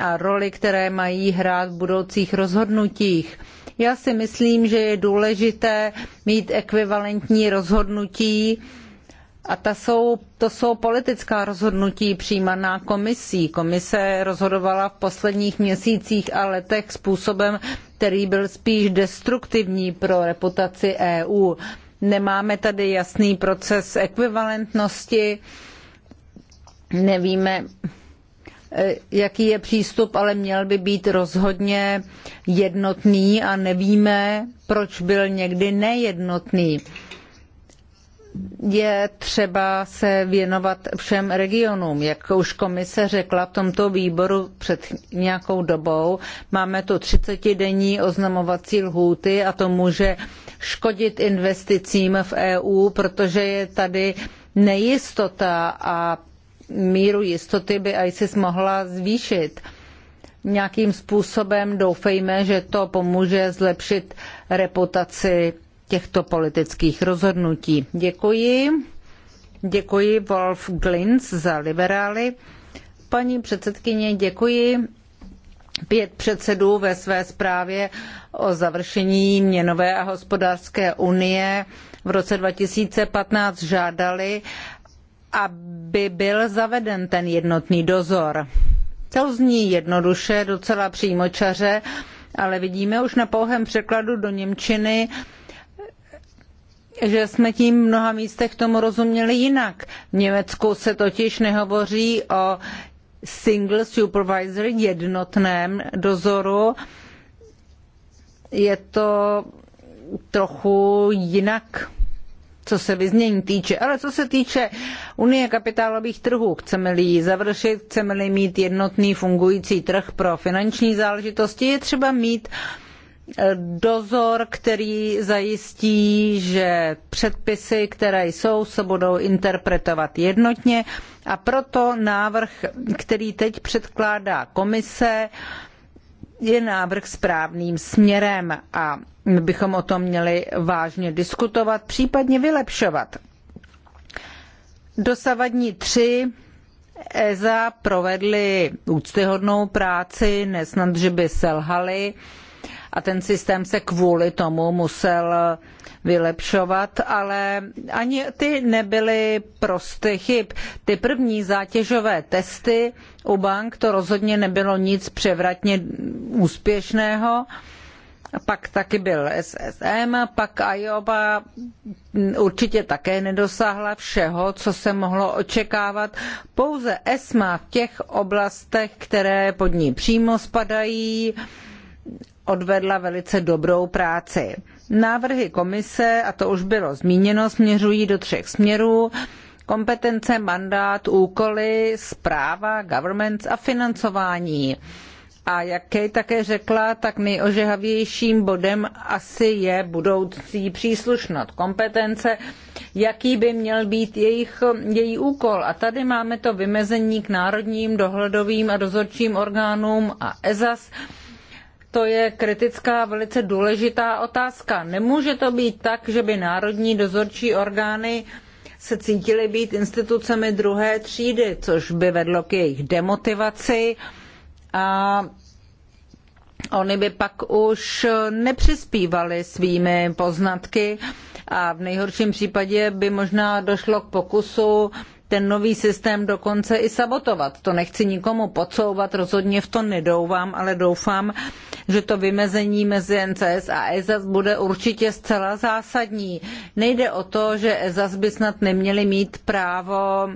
a roli, které mají hrát v budoucích rozhodnutích. Já si myslím, že je důležité mít ekvivalentní rozhodnutí, a ta jsou, to jsou politická rozhodnutí přijímaná komisí. Komise rozhodovala v posledních měsících a letech způsobem, který byl spíš destruktivní pro reputaci EU. Nemáme tady jasný proces ekvivalentnosti, nevíme, eh, jaký je přístup, ale měl by být rozhodně jednotný a nevíme, proč byl někdy nejednotný je třeba se věnovat všem regionům. Jak už komise řekla v tomto výboru před nějakou dobou, máme tu 30-denní oznamovací lhůty a to může škodit investicím v EU, protože je tady nejistota a míru jistoty by ISIS mohla zvýšit. Nějakým způsobem doufejme, že to pomůže zlepšit reputaci těchto politických rozhodnutí. Děkuji. Děkuji Wolf Glintz za liberály. Paní předsedkyně, děkuji. Pět předsedů ve své zprávě o završení měnové a hospodářské unie v roce 2015 žádali, aby byl zaveden ten jednotný dozor. To zní jednoduše, docela přímočaře, ale vidíme už na pouhém překladu do Němčiny, že jsme tím v mnoha místech tomu rozuměli jinak. V Německu se totiž nehovoří o single supervisor, jednotném dozoru. Je to trochu jinak, co se vyznění týče. Ale co se týče Unie kapitálových trhů, chceme-li ji završit, chceme-li mít jednotný fungující trh pro finanční záležitosti, je třeba mít uh, dozor, který zajistí, že předpisy, které jsou, se budou interpretovat jednotně a proto návrh, který teď předkládá komise, je návrh správným směrem a my bychom o tom měli vážně diskutovat, případně vylepšovat. Dosavadní tři ESA provedly úctyhodnou práci, nesnad, že by selhali a ten systém se kvůli tomu musel vylepšovat, ale ani ty nebyly prosty chyb. Ty první zátěžové testy u bank to rozhodně nebylo nic převratně úspěšného pak taky byl SSM, pak IOBA určitě také nedosáhla všeho, co se mohlo očekávat. Pouze ESMA v těch oblastech, které pod ní přímo spadají, odvedla velice dobrou práci. Návrhy komise, a to už bylo zmíněno, směřují do třech směrů. Kompetence, mandát, úkoly, správa, governance a financování. A jak Kej také řekla, tak nejožehavějším bodem asi je budoucí příslušnost kompetence, jaký by měl být jejich, její úkol. A tady máme to vymezení k národním dohledovým a dozorčím orgánům a ESAS. To je kritická, velice důležitá otázka. Nemůže to být tak, že by národní dozorčí orgány se cítily být institucemi druhé třídy, což by vedlo k jejich demotivaci a oni by pak už nepřispívali svými poznatky a v nejhorším případě by možná došlo k pokusu ten nový systém dokonce i sabotovat. To nechci nikomu podsouvat, rozhodně v to nedouvám, ale doufám, že to vymezení mezi NCS a ESAS bude určitě zcela zásadní. Nejde o to, že ESAS by snad neměli mít právo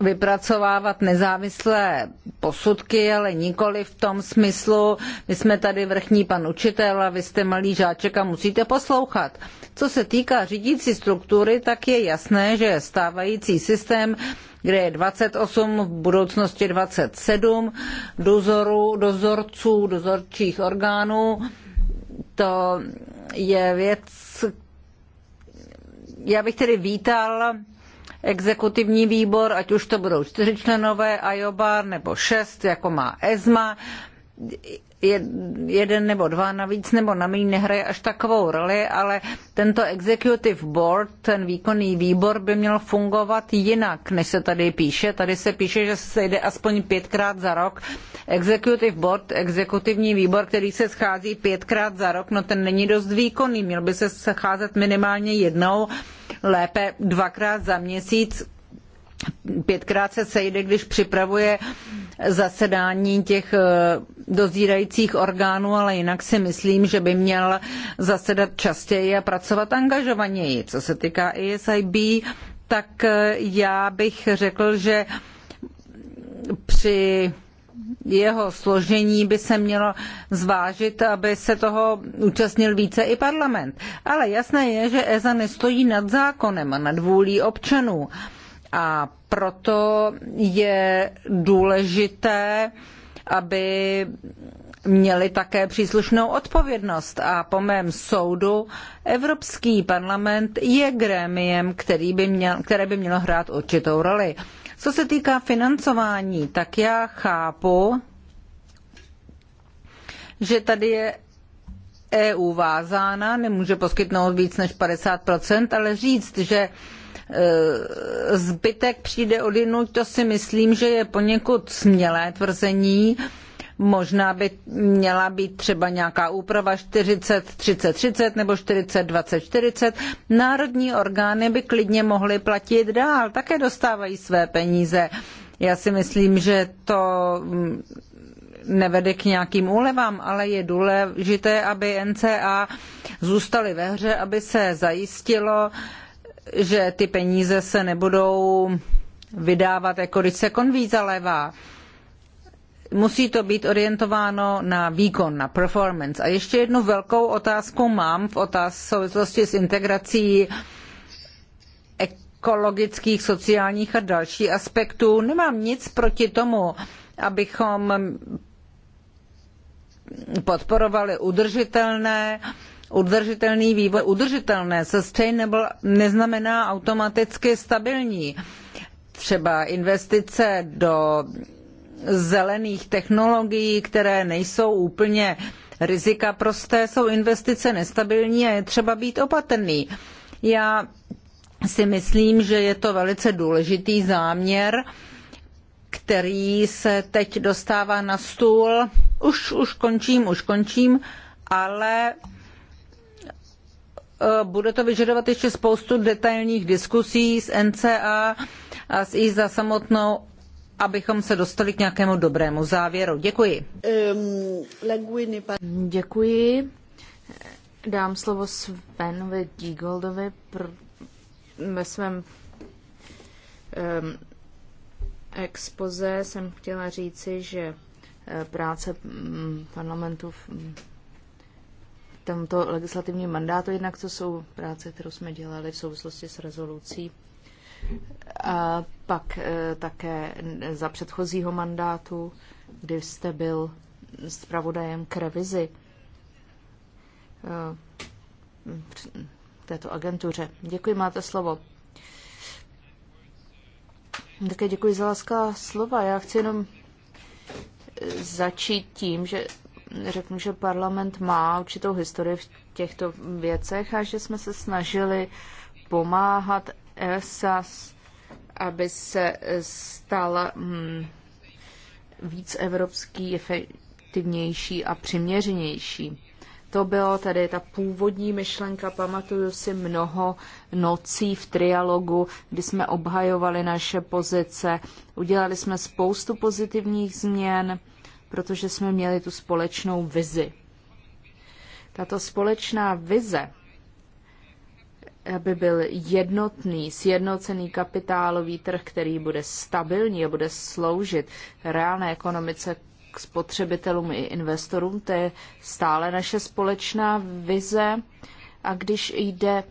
vypracovávat nezávislé posudky, ale nikoli v tom smyslu, my jsme tady vrchní pan učitel a vy jste malý žáček a musíte poslouchat. Co se týká řídící struktury, tak je jasné, že stávající systém kde je 28, v budoucnosti 27 dozoru, dozorců, dozorčích orgánů. To je věc, já bych tedy vítal exekutivní výbor, ať už to budou čtyři členové IOBA nebo šest, jako má ESMA, jeden nebo dva navíc nebo na míň nehraje až takovou roli, ale tento executive board, ten výkonný výbor by měl fungovat jinak, než se tady píše. Tady se píše, že se jde aspoň pětkrát za rok. Executive board, exekutivní výbor, který se schází pětkrát za rok, no ten není dost výkonný, měl by se scházet minimálně jednou, lépe dvakrát za měsíc pětkrát se sejde, když připravuje zasedání těch eh, dozírajících orgánů, ale jinak si myslím, že by měl zasedat častěji a pracovat angažovaněji. Co se týká ESIB, tak eh, já bych řekl, že při jeho složení by se mělo zvážit, aby se toho účastnil více i parlament. Ale jasné je, že EZA nestojí nad zákonem a nad vůlí občanů. A proto je důležité, aby měli také příslušnou odpovědnost. A po mém soudu Evropský parlament je grémiem, který by měl, které by mělo hrát určitou roli. Co se týká financování, tak já chápu, že tady je EU vázána, nemůže poskytnout víc než 50%, ale říct, že E, zbytek přijde odinut, to si myslím, že je poněkud smělé tvrzení. Možná by měla být třeba nějaká úprava 40, 30, 30 nebo 40, 20, 40. Národní orgány by klidně mohly platit dál, také dostávají své peníze. Já si myslím, že to mm, nevede k nějakým úlevám, ale je důležité, aby NCA zůstaly ve hře, aby se zajistilo, že ty peníze se nebudou vydávat, jako když se konví zalévá. Musí to být orientováno na výkon, na performance. A ještě jednu velkou otázku mám v otázce souvislosti s integrací ekologických, sociálních a dalších aspektů. Nemám nic proti tomu, abychom podporovali udržitelné uh, Udržitelný vývoj, udržitelné, sustainable neznamená automaticky stabilní. Třeba investice do zelených technologií, které nejsou úplně rizika prosté, jsou investice nestabilní a je třeba být opatrný. Já si myslím, že je to velice důležitý záměr, který se teď dostává na stůl. Už, už končím, už končím, ale Eh, bude to vyžadovat ještě spoustu detailních diskusí s NCA a s ISA samotnou, abychom se dostali k nějakému dobrému závěru. Děkuji. Děkuji. Dám slovo Svenovi Dígoldovi pr- ve svém um, expoze jsem chtěla říci, že eh, práce mm, parlamentu tomto legislativním mandátu, jednak co jsou práce, kterou jsme dělali v souvislosti s rezolucí, a pak e, také za předchozího mandátu, kdy jste byl zpravodajem k revizi e, této agentuře. Děkuji, máte slovo. Také děkuji za láská slova. Já chci jenom e, začít tím, že řeknu, že parlament má určitou historii v těchto věcech a že jsme se snažili pomáhat ESAS, aby se stal mm, víc evropský, efektivnější a přiměřenější. To bylo tedy ta původní myšlenka, pamatuju si mnoho nocí v trialogu, kdy jsme obhajovali naše pozice, udělali jsme spoustu pozitivních změn, protože jsme měli tu společnou vizi. Tato společná vize, aby byl jednotný, sjednocený kapitálový trh, který bude stabilní a bude sloužit reálné ekonomice k spotřebitelům i investorům, to je stále naše společná vize. A když jde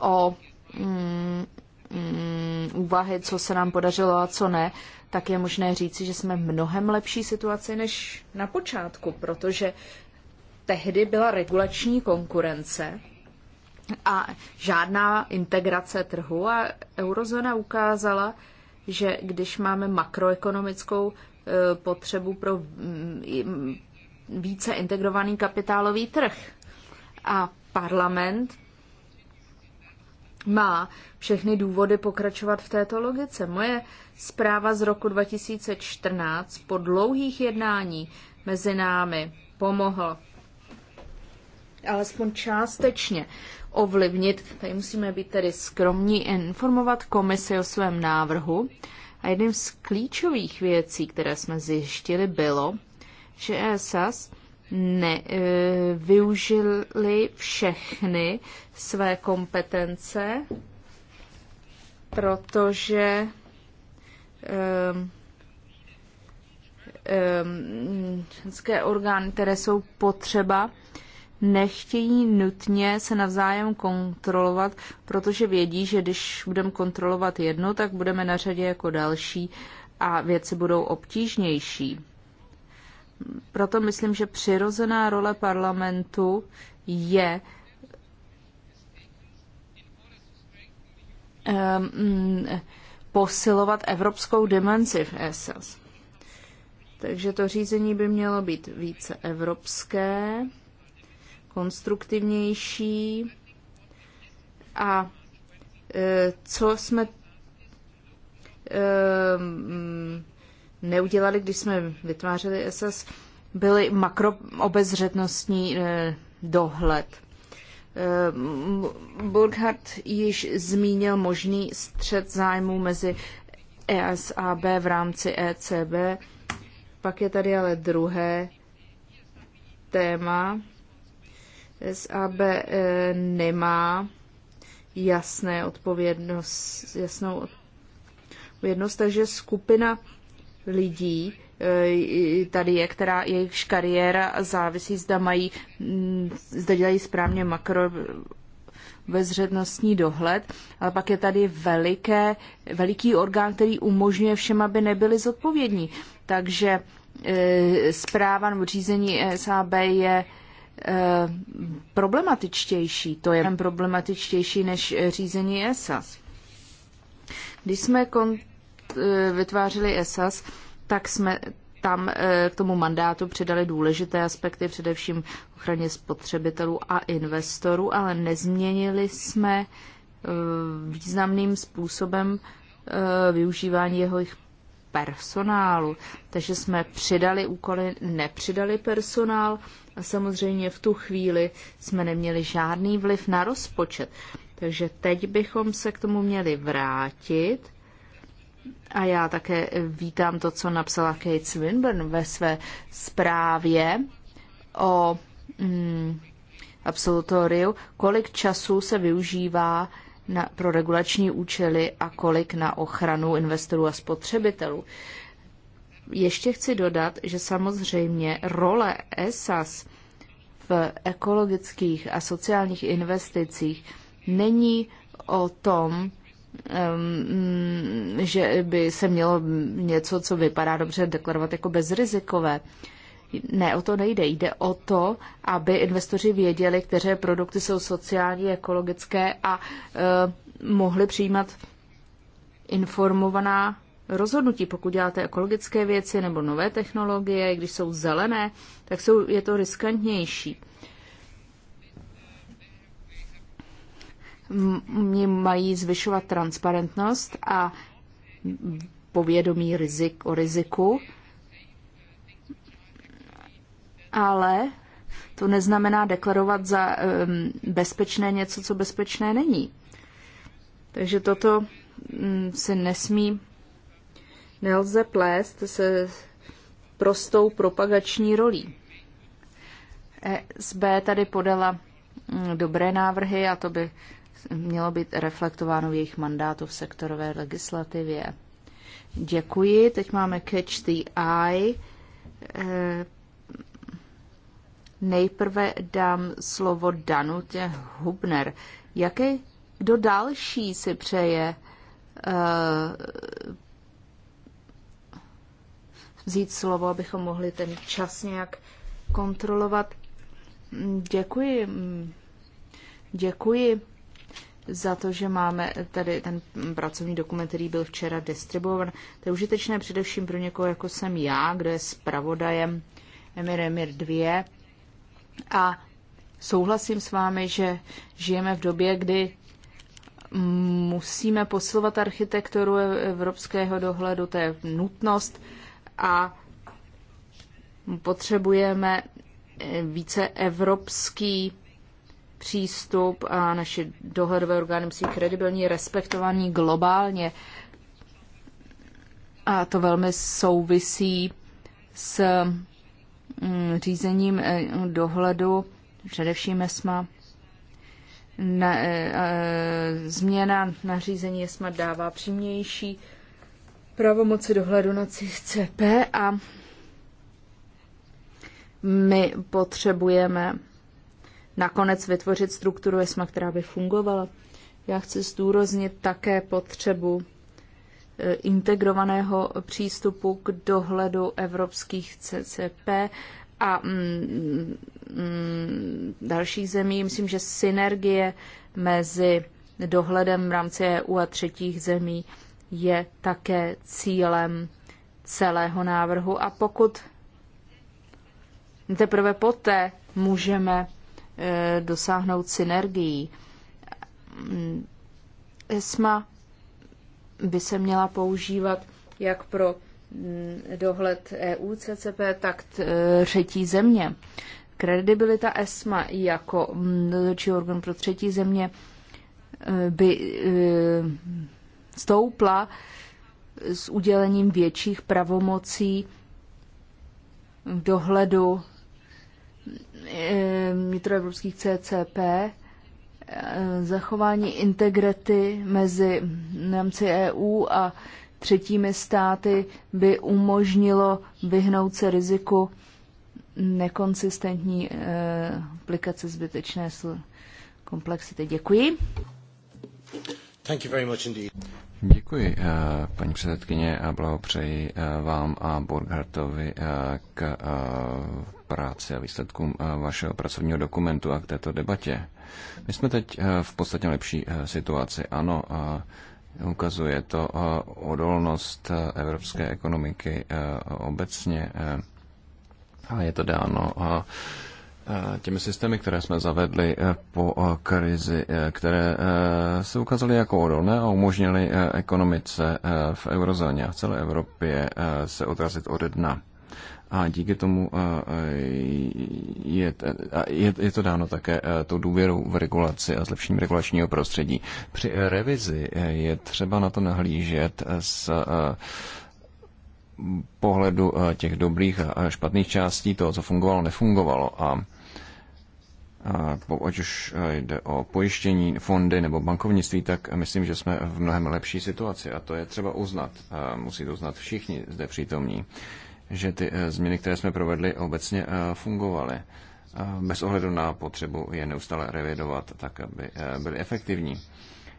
o mm, mm, úvahy, co se nám podařilo a co ne, tak je možné říci, že jsme v mnohem lepší situaci než na počátku, protože tehdy byla regulační konkurence a žádná integrace trhu a eurozona ukázala, že když máme makroekonomickou e, potřebu pro mm, více integrovaný kapitálový trh a parlament má všechny důvody pokračovat v této logice. Moje zpráva z roku 2014 po dlouhých jednání mezi námi pomohl alespoň částečně ovlivnit, tady musíme být tedy skromní, informovat komisi o svém návrhu. A jedním z klíčových věcí, které jsme zjištili, bylo, že ESAS ne, e, využili všechny své kompetence, protože um, um, orgány, které jsou potřeba, nechtějí nutně se navzájem kontrolovat, protože vědí, že když budeme kontrolovat jedno, tak budeme na řadě jako další a věci budou obtížnější proto myslím, že přirozená role parlamentu je mm, posilovat evropskou dimenzi v ESAS. Takže to řízení by mělo být více evropské, konstruktivnější a e, co jsme e, mm, neudělali, když jsme vytvářeli SS, byly makroobezřetnostní eh, dohled. Eh, Burkhardt již zmínil možný střed zájmů mezi ESAB v rámci ECB. Pak je tady ale druhé téma. SAB eh, nemá jasné odpovědnost, jasnou odpovědnost, takže skupina lidí eh, tady je, která jejich kariéra závisí, zda mají, mm, zda dělají správně makro bezřednostní dohled, ale pak je tady veliké, veliký orgán, který umožňuje všem, aby nebyli zodpovědní. Takže e, zpráva nebo řízení SAB je eh, problematičtější. To je problematičtější než řízení ESAS. Když jsme kon- E, vytvářeli ESAS, tak jsme tam e, k tomu mandátu přidali důležité aspekty, především ochraně spotřebitelů a investorů, ale nezměnili jsme e, významným způsobem využívání jeho personálu. Takže jsme přidali úkoly, nepřidali personál a samozřejmě v tu chvíli jsme neměli žádný vliv na rozpočet. Takže teď bychom se k tomu měli vrátit a já také vítám to, co napsala Kate Swinburne ve své zprávě o mm, absolutoriu, kolik času se využívá na, pro regulační účely a kolik na ochranu investorů a spotřebitelů. Ještě chci dodat, že samozřejmě role ESAS v ekologických a sociálních investicích není o tom, Mm, že by se mělo něco, co vypadá dobře, deklarovat jako bezrizikové. Ne, o to nejde. Jde o to, aby investoři věděli, které produkty jsou sociální, ekologické a eh, mohli přijímat informovaná rozhodnutí. Pokud děláte ekologické věci nebo nové technologie, když jsou zelené, tak jsou, je to riskantnější. mě mají zvyšovat transparentnost a povědomí rizik o riziku, ale to neznamená deklarovat za um, bezpečné něco, co bezpečné není. Takže toto um, se nesmí, nelze plést se prostou propagační rolí. E SB tady podala mm, dobré návrhy a to by mělo být reflektováno v jejich mandátu v sektorové legislativě. Děkuji. Teď máme Catch the Eye. Eh, nejprve dám slovo Danutě Hubner. Jaké, kdo další si přeje uh, vzít slovo, abychom mohli ten čas nějak kontrolovat? Děkuji. Děkuji za to, že máme tady ten pracovní dokument, který byl včera distribuovan. To je užitečné především pro někoho, jako jsem já, kdo je zpravodajem Emir Emir 2. A souhlasím s vámi, že žijeme v době, kdy musíme posilovat architekturu evropského dohledu, to je nutnost a potřebujeme více evropský přístup a naše dohledové orgány musí kredibilní, respektovaní globálně. A to velmi souvisí s mm, řízením eh, dohledu, především ESMA. Na, e, e, změna nařízení ESMA dává přímější pravomoci dohledu na CCP a my potřebujeme nakonec vytvořit strukturu ESMA, která by fungovala. Já chci zdůraznit také potřebu e, integrovaného přístupu k dohledu evropských CCP a mm, mm, dalších zemí. Myslím, že synergie mezi dohledem v rámci EU a třetích zemí je také cílem celého návrhu a pokud teprve poté můžeme Eh, dosáhnout synergií. ESMA by se měla používat jak pro mm, dohled EU, CCP, tak eh, třetí země. Kredibilita ESMA jako mm, dozorčí orgán pro třetí země eh, by stoupla s udělením větších pravomocí v dohledu Eh, vnitroevropských CCP, eh, zachování integrity mezi Němci EU a třetími státy by umožnilo vyhnout se riziku nekonsistentní eh, aplikace zbytečné komplexity. Děkuji. Thank you very much indeed. Děkuji, eh, paní předsedkyně, a blahopřeji eh, vám a Borghartovi eh, k práci a výsledkům vašeho pracovního dokumentu a k této debatě. My jsme teď v podstatě lepší situaci. Ano, ukazuje to odolnost evropské ekonomiky obecně a je to dáno těmi systémy, které jsme zavedli eh, po eh, krizi, eh, které se ukázaly jako odolné a umožnily ekonomice v eurozóně a v celé Evropě se odrazit od dna. A díky tomu je, je, je to dáno také tou důvěrou v regulaci a zlepšením regulačního prostředí. Při revizi je třeba na to nahlížet s pohledu těch dobrých a špatných částí toho, co fungovalo, nefungovalo. A ať už eh, jde o pojištění, fondy nebo bankovnictví, tak myslím, že jsme v mnohem lepší situaci a to je třeba uznat. Musí to uznat všichni zde přítomní, že ty eh, změny, které jsme provedli, obecně eh, fungovaly. Bez ohledu na potřebu je neustále revidovat tak, aby byly efektivní.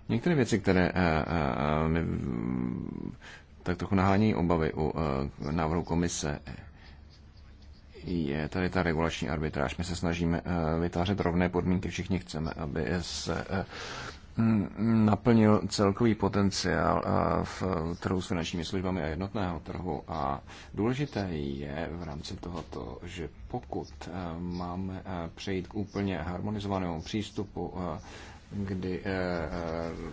Některé věci, které mi tak trochu nahání obavy u návrhu komise, je tady ta regulační arbitráž. My se snažíme eh, vytvářet rovné podmínky, všichni chceme, aby se eh, mm, naplnil celkový potenciál eh, v trhu s finančními službami a jednotného trhu. A důležité je v rámci tohoto, že pokud máme přejít k úplně harmonizovanému přístupu kdy eh, eh,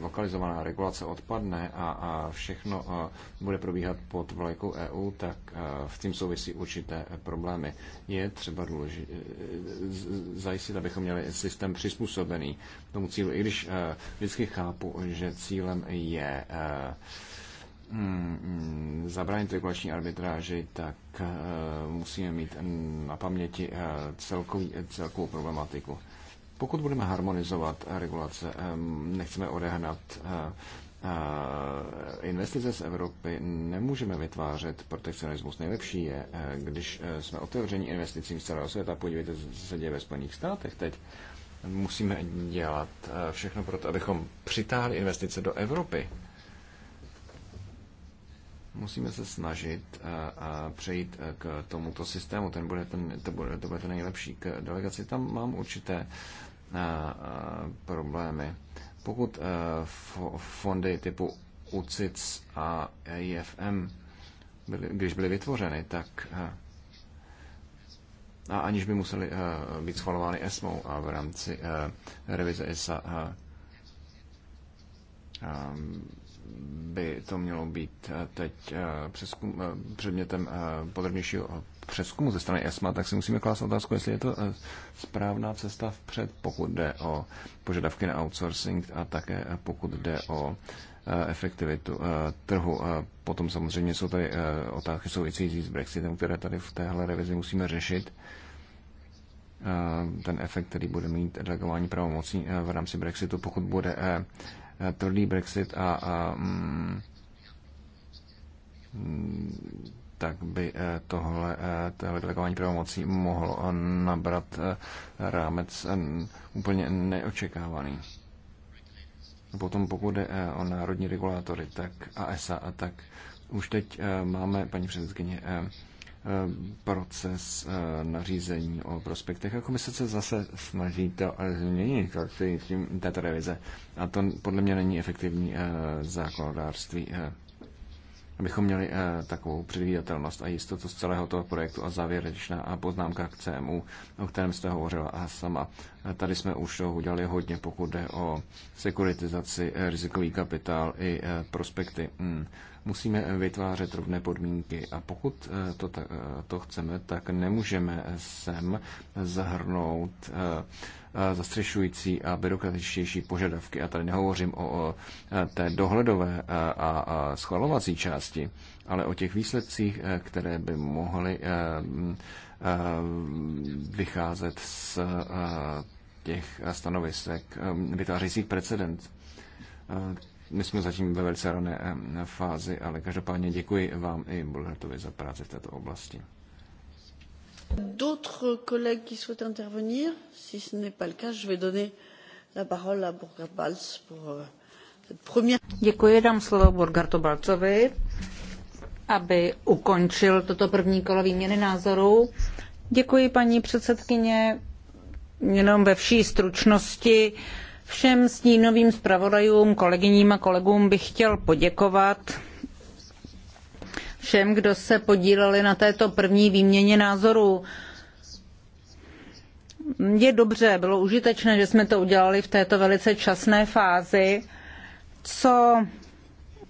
lokalizovaná regulace odpadne a všechno eh, bude probíhat pod vlajkou EU, tak v tím souvisí určité problémy. Je třeba důležité zajistit, abychom měli systém přizpůsobený tomu cílu, i když vždycky chápu, že cílem je hmm, zabránit regulační arbitráži, tak musíme mít na paměti celkový, celkovou problematiku. Pokud budeme harmonizovat eh, regulace, nechceme odehnat eh, eh, investice z Evropy nemůžeme vytvářet protekcionismus. Nejlepší je, když jsme otevření investicím z celého světa. Podívejte, co se děje ve Spojených státech teď. Musíme dělat všechno pro to, abychom přitáhli investice do Evropy. Musíme se snažit a přejít k tomuto systému. Ten bude ten, to, bude, to bude ten nejlepší. K delegaci tam mám určité uh, Eh, problémy. Pokud eh, fondy typu UCITS a IFM, byly, když byly vytvořeny, tak eh, a aniž by museli být schvalovány ESMO a v rámci revize ESA by to mělo být teď předmětem podrobnějšího přeskumu ze strany ESMA, tak si musíme klást otázku, jestli je to eh, správná cesta vpřed, pokud jde o požadavky na outsourcing a také eh, pokud jde o eh, efektivitu trhu. Potom samozřejmě jsou tady otázky související s Brexitem, které tady v téhle revizi musíme řešit. Ten efekt, který bude mít delegování pravomocí v rámci Brexitu, pokud bude tvrdý Brexit a, a mm, tak by eh, tohle, eh, tohle delegování pravomocí mohlo eh, nabrat rámec úplně neočekávaný. Potom pokud jde o národní regulátory tak ASA, a tak už teď máme, paní předsedkyně, proces nařízení o prospektech a komise se zase snaží to změnit tím, této revize. A to podle mě není efektivní zákonodárství abychom měli eh, takovou předvídatelnost a jistotu z celého toho projektu a závěrečná poznámka k CMU, o kterém jste hovořila a sama. Eh, tady jsme už toho udělali hodně, pokud jde o sekuritizaci, eh, rizikový kapitál i prospekty. Hmm. Musíme vytvářet rovné podmínky a pokud to, to chceme, tak nemůžeme sem zahrnout zastřešující a byrokratičtější požadavky. A tady nehovořím o té dohledové a schvalovací části, ale o těch výsledcích, e, které by mohly e, e, vycházet z těch stanovisek vytvářejících precedent. My jsme zatím ve velice rané fázi, ale každopádně děkuji vám i Bulhartovi za práci v této oblasti. D'autres collègues qui souhaitent intervenir Si ce n'est pas le cas, je vais donner la parole à Burkhard Balz pour euh, cette première. Děkuji, dám slovo Burgardu Balcovi, aby ukončil toto první kolo výměny názorů. Děkuji, paní předsedkyně. Jenom ve vší stručnosti všem stínovým zpravodajům, kolegyním a kolegům bych chtěl poděkovat všem, kdo se podíleli na této první výměně názorů. Je dobře, bylo užitečné, že jsme to udělali v této velice časné fázi. Co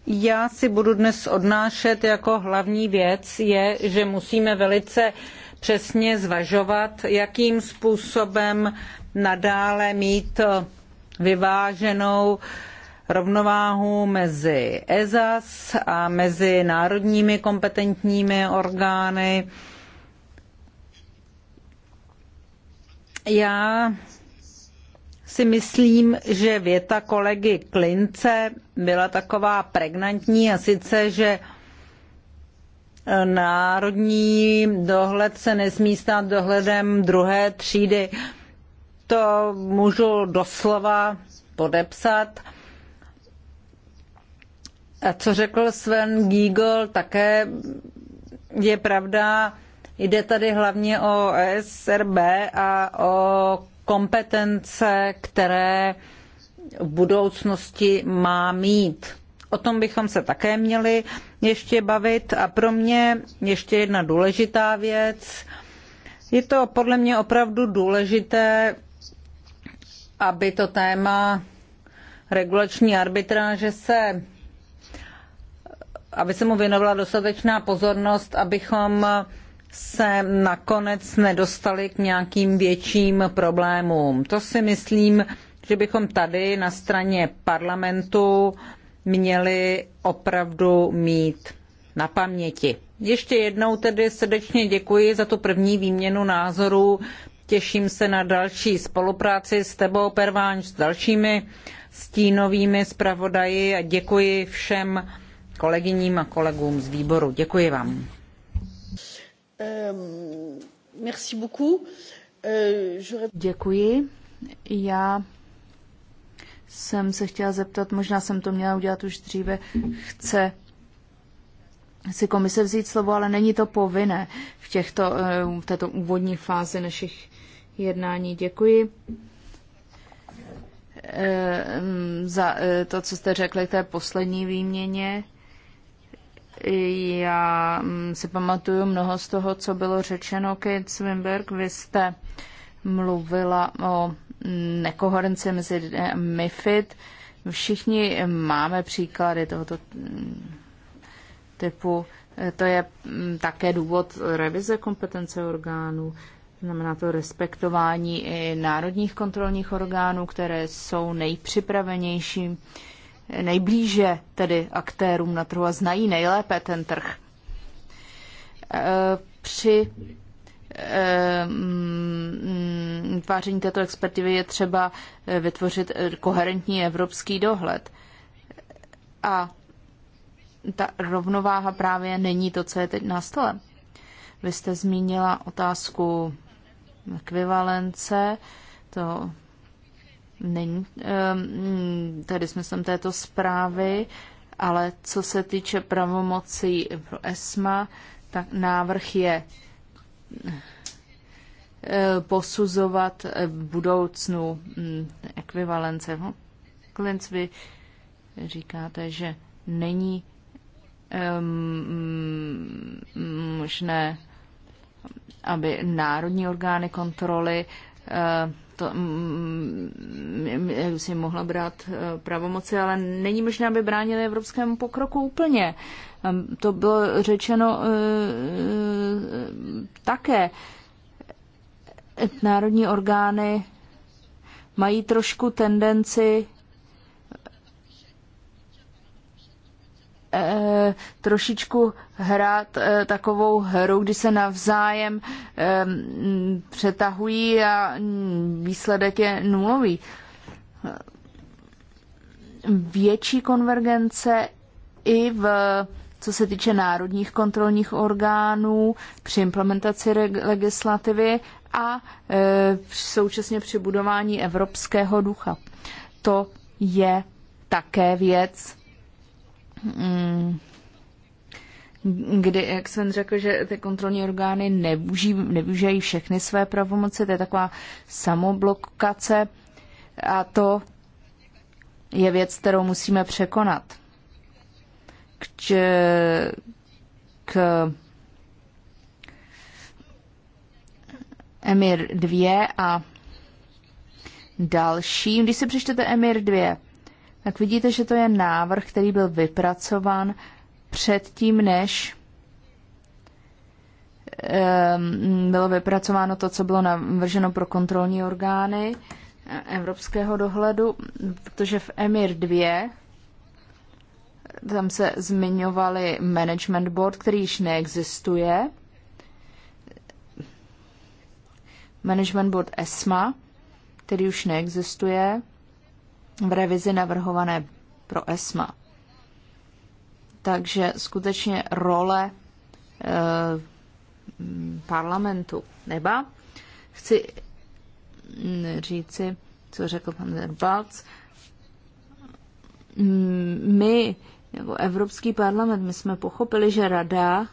já si budu dnes odnášet jako hlavní věc je, že musíme velice přesně zvažovat, jakým způsobem nadále mít vyváženou uh, rovnováhu mezi EZAS a mezi národními kompetentními orgány. Já si myslím, že věta kolegy Klince byla taková pregnantní a sice, že národní dohled se nesmí stát dohledem druhé třídy. To můžu doslova podepsat. A co řekl Sven Giegel, také je pravda, jde tady hlavně o SRB a o kompetence, které v budoucnosti má mít. O tom bychom se také měli ještě bavit. A pro mě ještě jedna důležitá věc. Je to podle mě opravdu důležité, aby to téma regulační arbitráže se aby se mu věnovala dostatečná pozornost, abychom se nakonec nedostali k nějakým větším problémům. To si myslím, že bychom tady na straně parlamentu měli opravdu mít na paměti. Ještě jednou tedy srdečně děkuji za tu první výměnu názorů. Těším se na další spolupráci s tebou, Pervánč, s dalšími stínovými zpravodaji a děkuji všem kolegyním a kolegům z výboru. Děkuji vám. Ehm, ehm, Děkuji. Já jsem se chtěla zeptat, možná jsem to měla udělat už dříve, chce si komise vzít slovo, ale není to povinné v, těchto, ehm, v této úvodní fázi našich jednání. Děkuji za eh, to, co jste řekli k té poslední výměně. Já mm, si pamatuju mnoho z toho, co bylo řečeno. Kate Swinberg, vy jste mluvila o mm, nekoherenci mezi eh, MIFID. Všichni máme příklady tohoto mm, typu. Eh, to je také důvod revize kompetence orgánů, znamená to respektování i národních kontrolních orgánů, které jsou nejpřipravenější nejblíže tedy aktérům na trhu a znají nejlépe ten trh. Eh, při vytváření eh, mm, této expertivy je třeba eh, vytvořit koherentní evropský dohled. A ta rovnováha právě není to, co je teď na stole. Vy jste zmínila otázku ekvivalence, to Není ehm, tady jsme smyslem této zprávy, ale co se týče pravomocí pro ESMA, tak návrh je eh, posuzovat eh, budoucnu hm, ekvivalence. Klinc, vy říkáte, že není ehm, hm, možné, aby národní orgány kontroly eh, to, mm, mm, mm, si mohla brát eh, pravomoci, ale není možné, aby bránili evropskému pokroku úplně. To bylo řečeno eh, eh, také. Národní orgány mají trošku tendenci Eh, trošičku hrát e, takovou hru, kdy se navzájem e, přetahují a výsledek je nulový. Větší konvergence i v co se týče národních kontrolních orgánů při implementaci legislativy a e, současně při budování evropského ducha. To je také věc, Mm. kdy, jak jsem řekl, že ty kontrolní orgány nevyuží, nevyužijí všechny své pravomoci, to je taková samoblokace a to je věc, kterou musíme překonat. K, k Emir 2 a dalším. Když si přečtete Emir 2, tak vidíte, že to je návrh, který byl vypracován předtím, než ehm, bylo vypracováno to, co bylo navrženo pro kontrolní orgány evropského dohledu, protože v EMIR 2 tam se zmiňovali management board, který již neexistuje, management board ESMA, který už neexistuje, v revizi navrhované pro ESMA. Takže skutečně role e, parlamentu neba. Chci mm, říci, co řekl pan Zerbalc. Mm, my, jako Evropský parlament, my jsme pochopili, že rada,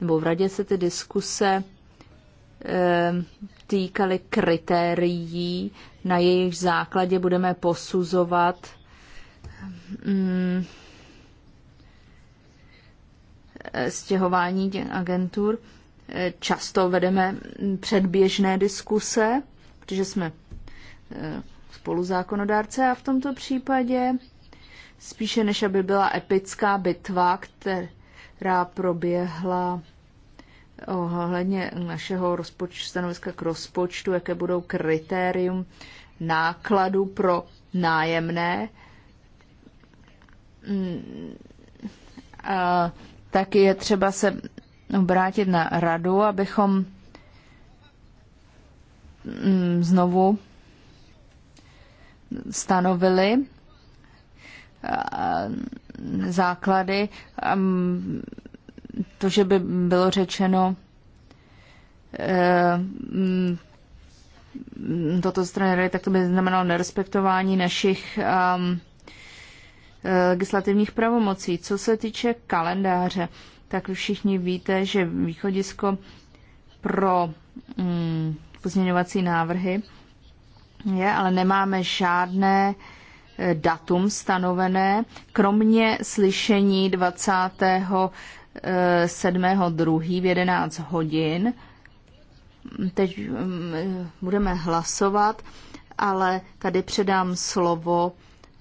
nebo v radě se ty diskuse Ehm, týkaly kritérií, na jejich základě budeme posuzovat mm, e, stěhování agentur. E, často vedeme předběžné diskuse, protože jsme e, spoluzákonodárce a v tomto případě spíše než aby byla epická bitva, která proběhla ohledně našeho rozpoč- stanoviska k rozpočtu, jaké budou kritérium nákladu pro nájemné, mm, a, tak je třeba se obrátit na radu, abychom mm, znovu stanovili základy to, že by bylo řečeno eh, mm, toto strany tak to by znamenalo nerespektování našich ehm, eh, legislativních pravomocí. Co se týče kalendáře, tak všichni víte, že východisko pro um, pozměňovací návrhy je, ale nemáme žádné eh, datum stanovené, kromě slyšení 20. 7.2. v 11 hodin. Teď mm, budeme hlasovat, ale tady předám slovo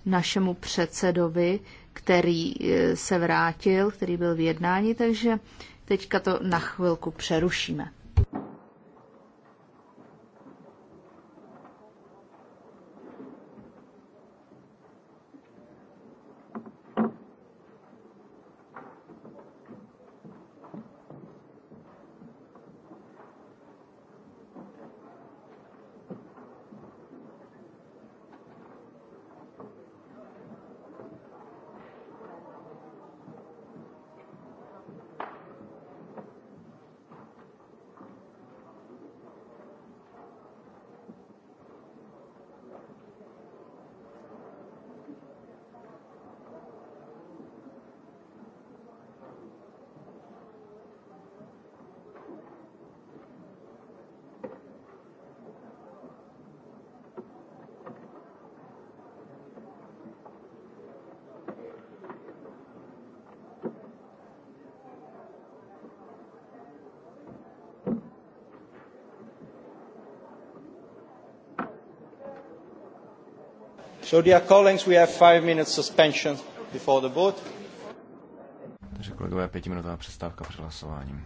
našemu předsedovi, který e, se vrátil, který byl v jednání, takže teďka to na chvilku přerušíme. So, dear colleagues, we have five Takže kolegové, pětiminutová přestávka před hlasováním.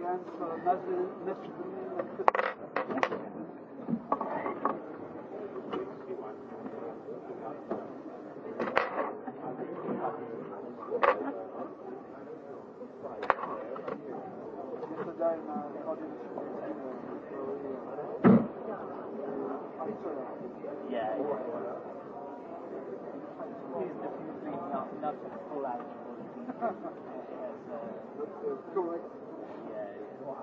against uh, Muslim, Muslim Yeah. He's diffusing, not, not full out. Correct. Yeah, yeah.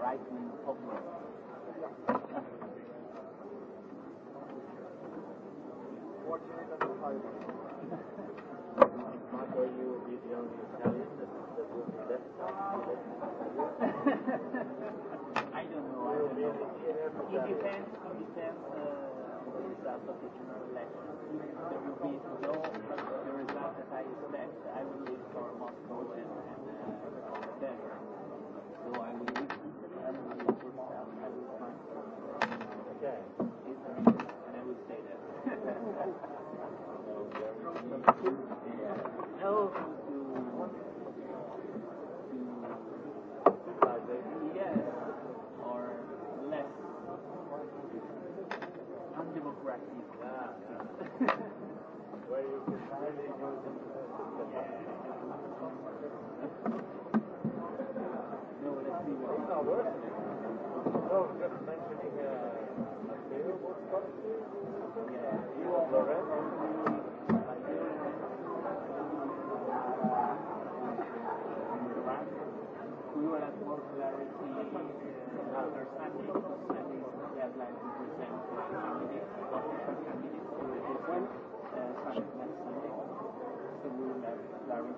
Right wing popular. watching it on the highway. Michael, you will be the only I don't know. I don't know. It depends. It depends uh, on the result of the general election. If there will be no the result that I expect, I will leave for Moscow and, and uh, then. So I will leave. I will leave for Moscow. Okay. And I will say that.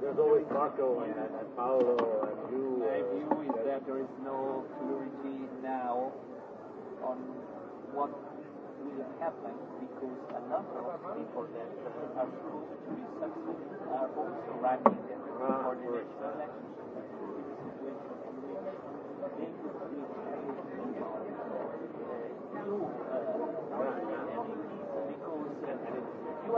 There's always Marco and, and, and Paolo and you. My view is that there is no clarity now on what will happen because a number of people that uh, are proved to be successful are also running ah, for the next election. They could be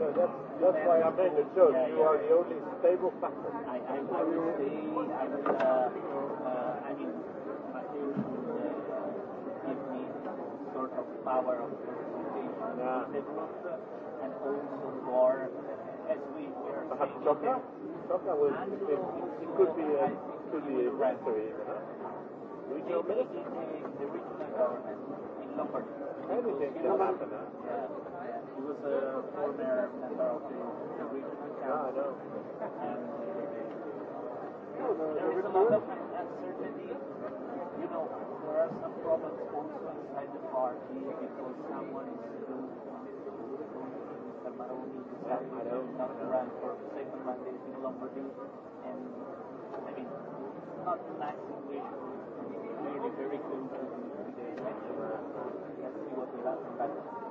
So that's, that's why I'm in the church. Yeah, you yeah. are the only stable factor. I, I, I would say, I would, uh, uh, I mean, Matthew would uh, give me sort of power of presentation yeah. the group and also for, as we were Perhaps Chaka? Chaka was, it, it, it could be a, could be a ranter even, huh? Regional minister? The, the regional government in Lombardy. Anything can happen, huh? Yeah was a former member of the, the regional council. Yeah, And uh, there is a lot of uncertainty. You know, there are some problems also inside the party because someone is still Mr. Maroni decided not run for the second mandate in Lombardy. And I mean, not the nice situation really very close to the election. Let's see what will happen.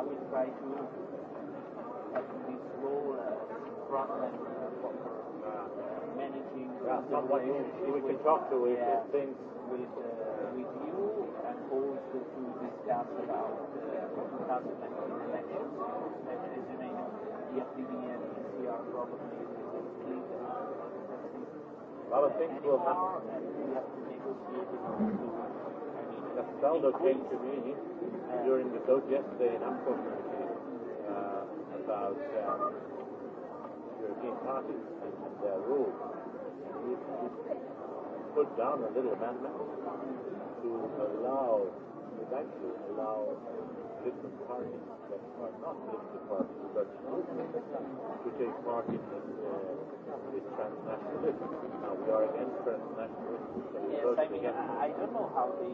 I will try to have this role as frontman for managing yeah, someone we can talk to yeah, things with uh, with you and also to discuss about uh, 2019 elections and as you know the FDD and ECR probably will split and, and, and, and, and, and, and, and, and, and, and, and, Castaldo came to me during the talk yesterday in Amsterdam uh, about uh, European parties and, their rules. And he, he put down a little amendment to allow, to actually allow different parties that we voted I against I, I don't know how they.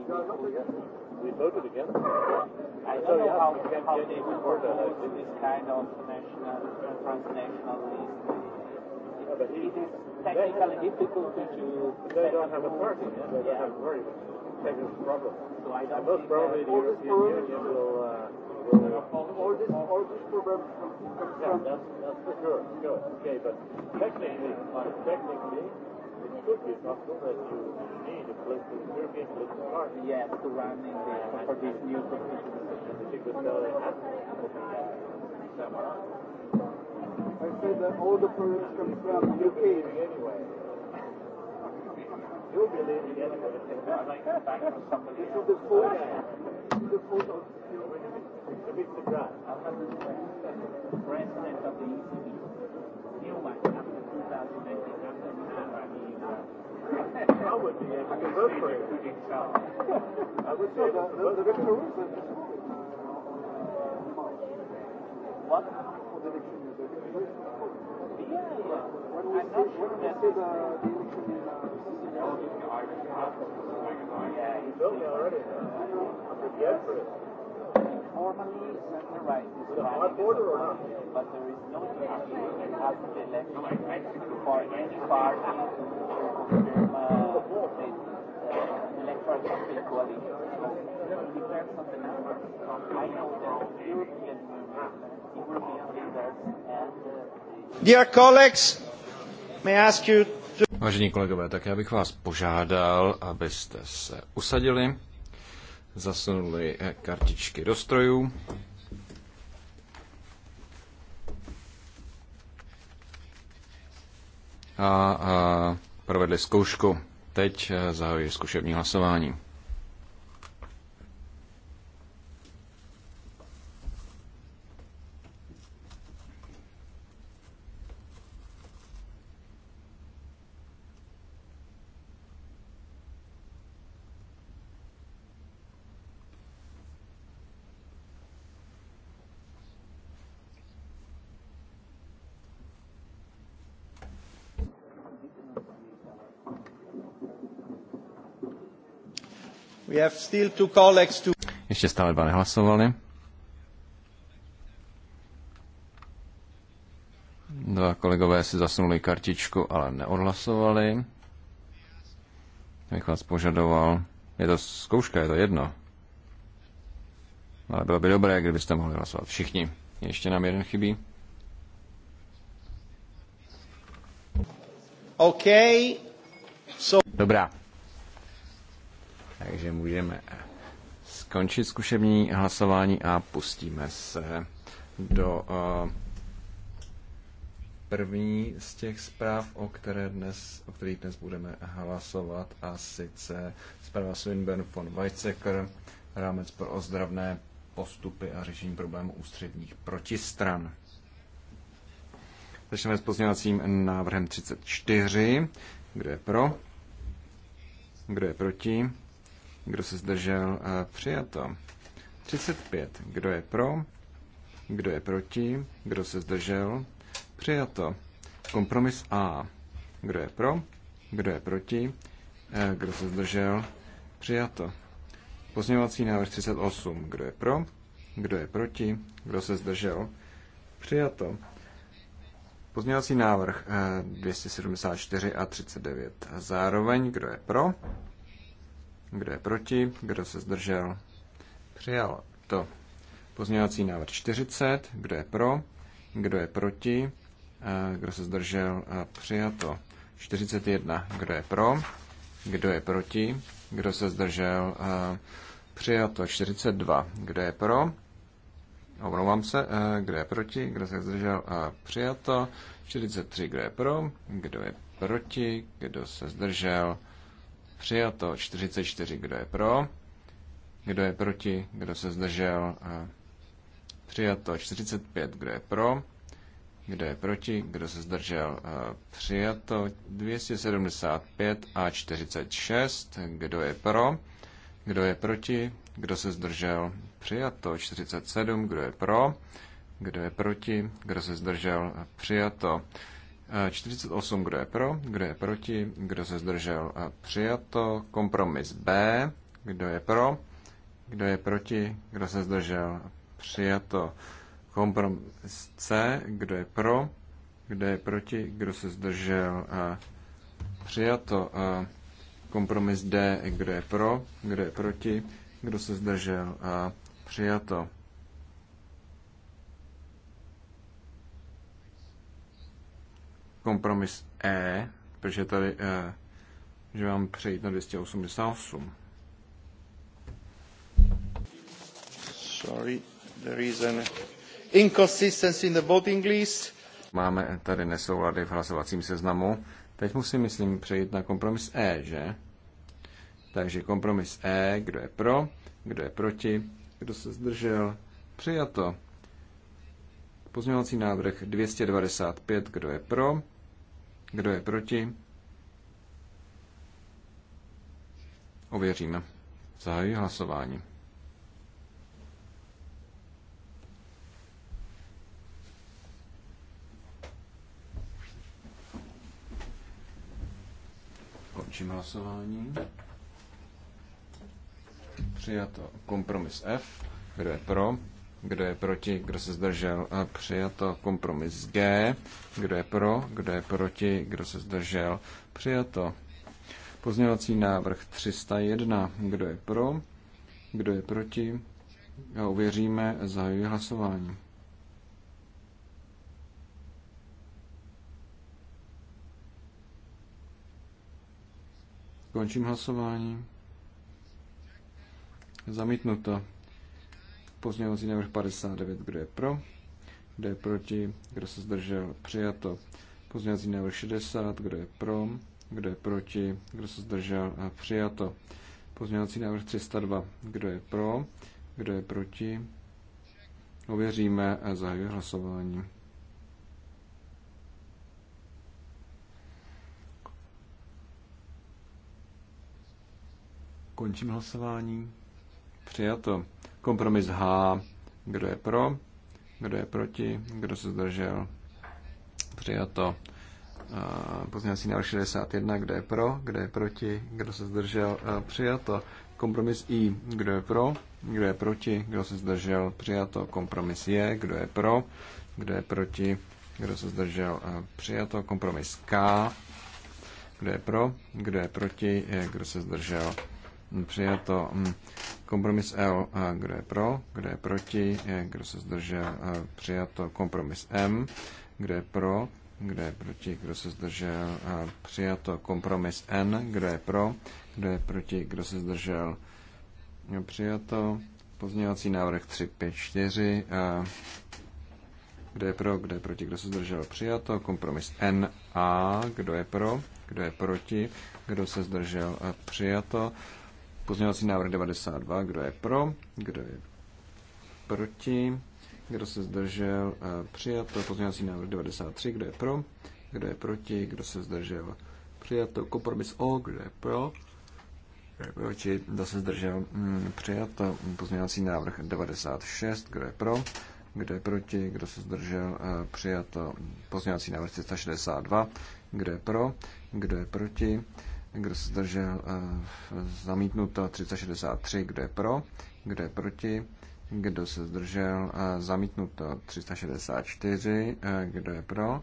We voted against. I don't know how, we can get they would order like this. kind of national transnational list. it is technically difficult to. They don't have a party. They don't have a party biggest problem. So I don't Most probably the European Union will. Uh, will uh, all, all this, or this problem from, from, yeah, from that's, that's for sure. Sure. Okay, but technically, uh, technically, it could be possible that you need a political European political party. Yes, surrounding the, yeah, for these new provisions. You could tell it has I said that all the problems come from the UK anyway. You'll be late again. Like back from somebody this else. is the fourth. the fourth of Mr. I'll have this president of the ECB. New one after 2019, after Minerva being I would be able to vote for it. I would say that the, the What? For the election, the Yeah, yeah. When we, see, the, election in Dear colleagues, may I ask you Vážení kolegové, tak já bych vás požádal, abyste se usadili, zasunuli eh, kartičky do strojů. A, a provedli zkoušku. Teď eh, zahajuji zkušební hlasování. Ještě stále dva nehlasovali. Dva kolegové si zasunuli kartičku, ale neodhlasovali. Bych vás požadoval. Je to zkouška, je to jedno. Ale bylo by dobré, kdybyste mohli hlasovat všichni. Ještě nám jeden chybí. OK. So... Dobrá. Takže můžeme skončit zkušební hlasování a pustíme se do eh, první z těch zpráv, o, které dnes, o kterých dnes budeme hlasovat, a sice zpráva Swinburne von Weizsäcker, rámec pro ozdravné postupy a řešení problémů ústředních protistran. Začneme s pozměňovacím návrhem 34. Kdo je pro? Kdo je proti? Kdo se zdržel? Eh, přijato. 35. Kdo je pro? Kdo je proti? Kdo se zdržel? Přijato. Kompromis A. Kdo je pro? Kdo je proti? Eh, kdo se zdržel? Přijato. Pozměňovací návrh 38. Kdo je pro? Kdo je proti? Kdo se zdržel? Přijato. Pozměňovací návrh 274 eh, a 39. Zároveň, kdo je pro? Kdo je proti? Kdo se zdržel? Přijal to. Pozměňovací návrh 40. Eh, eh, Kdo je pro? Kdo je proti? Kdo se zdržel? Eh, Přijato. 41. Kdo je pro? Kdo je proti? Kdo se zdržel? Přijato. 42. Kdo je pro? Omlouvám se. Kdo je proti? Kdo se zdržel? Přijato. 43. Kdo je pro? Kdo je proti? Kdo se zdržel? Přijato 44, kdo je pro, kdo je proti, kdo se zdržel. Přijato 45, kdo je pro, kdo je proti, kdo se zdržel. Přijato 275 a 46, kdo je pro, kdo je proti, kdo se zdržel. Přijato 47, kdo je pro, kdo je proti, kdo se zdržel. Přijato 48, kdo je pro, kdo je proti, kdo se zdržel a přijato. Kompromis B, kdo je pro, kdo je proti, kdo se zdržel a přijato. Kompromis C, kdo je pro, kdo je proti, kdo se zdržel a přijato. A kompromis D, kdo je pro, kdo je proti, kdo se zdržel a přijato. kompromis E, protože tady, e, že mám přejít na 288. Sorry, there is an inconsistency in the voting list. Máme tady nesoulady v hlasovacím seznamu. Teď musím, myslím, přejít na kompromis E, že? Takže kompromis E, kdo je pro, kdo je proti, kdo se zdržel, přijato. Pozměňovací návrh 295, kdo je pro, kdo je proti? Ověříme. Zahajuji hlasování. Končím hlasování. Přijato kompromis F. Kdo je pro? Kdo je proti? Kdo se zdržel? Přijato. Kompromis G. Kdo je pro? Kdo je proti? Kdo se zdržel? Přijato. Pozměňovací návrh 301. Kdo je pro? Kdo je proti? A uvěříme, zahajuji hlasování. Končím hlasování. Zamítnuto. Pozměňovací návrh 59, kdo je pro, kdo je proti, kdo se zdržel, přijato. Pozměňovací návrh 60, kdo je pro, kdo je proti, kdo se zdržel a přijato. Pozměňovací návrh 302, kdo je pro, kdo je proti, ověříme a zahajuje hlasování. Končím hlasování. Přijato. Kompromis H. Kdo je pro? Kdo je proti? Kdo se zdržel? Přijato. Pozměňovací návrh 61. Kdo je pro? Kdo je proti? Kdo se zdržel? Přijato. Kompromis I. Kdo je pro? Kdo je proti? Kdo se zdržel? Přijato. Kompromis J. Kdo je pro? Kdo je proti? Kdo se zdržel? Přijato. Kompromis K. Kdo je pro? Kdo je proti? Kdo se zdržel? Přijato. Kompromis L, kdo je pro, kdo je proti, kdo se zdržel, přijato. Kompromis M, kdo je pro, kdo je proti, kdo se zdržel, přijato. Kompromis N, kdo je pro, kdo je proti, kdo se zdržel, přijato. Pozměňovací návrh 4, kdo je pro, kdo je proti, kdo se zdržel, přijato. Kompromis N, A, kdo je pro, kdo je proti, kdo se zdržel, přijato. Pozměňovací návrh 92. Kdo je pro? Kdo je proti? Kdo se zdržel? Přijato. Pozměňovací návrh 93. Kdo je pro? Kdo je proti? Kdo se zdržel? Přijato. Kompromis O. Kdo je pro? je proti? Kdo se zdržel? Přijato. Pozměňovací návrh 96. Kdo je pro? Kdo je proti? Kdo se zdržel? Přijato. Pozměňovací návrh 362. Kdo je pro? Kdo je proti? Kdo se zdržel? Eh, zamítnuto 363. Kdo je pro? Kdo je proti? Kdo se zdržel? Eh, zamítnuto 364. Eh, kdo je pro?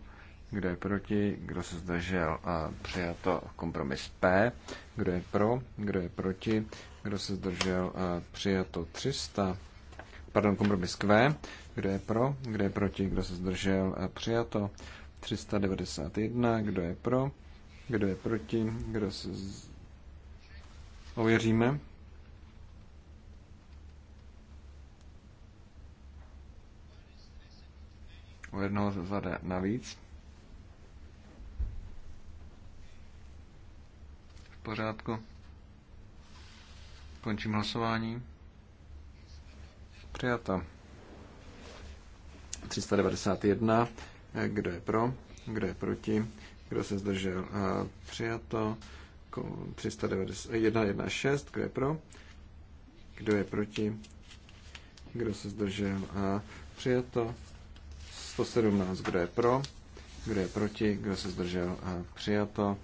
Kdo je proti? Kdo se zdržel? Přijato kompromis P. Kdo je pro? Kdo je proti? Kdo se zdržel? Přijato 300. Pardon, kompromis Q. Kdo je pro? Kdo je proti? Kdo se zdržel? Přijato 391. Kdo je pro? Kdo je proti? Kdo se z... ověříme? U jednoho zada navíc. V pořádku. Končím hlasování. Přijata. 391. Kdo je pro? Kdo je proti? Kdo se zdržel? A přijato. 316, kdo je pro? Kdo je proti? Kdo se zdržel? A přijato. 117, kdo je pro? Kdo je proti? Kdo se zdržel? A přijato.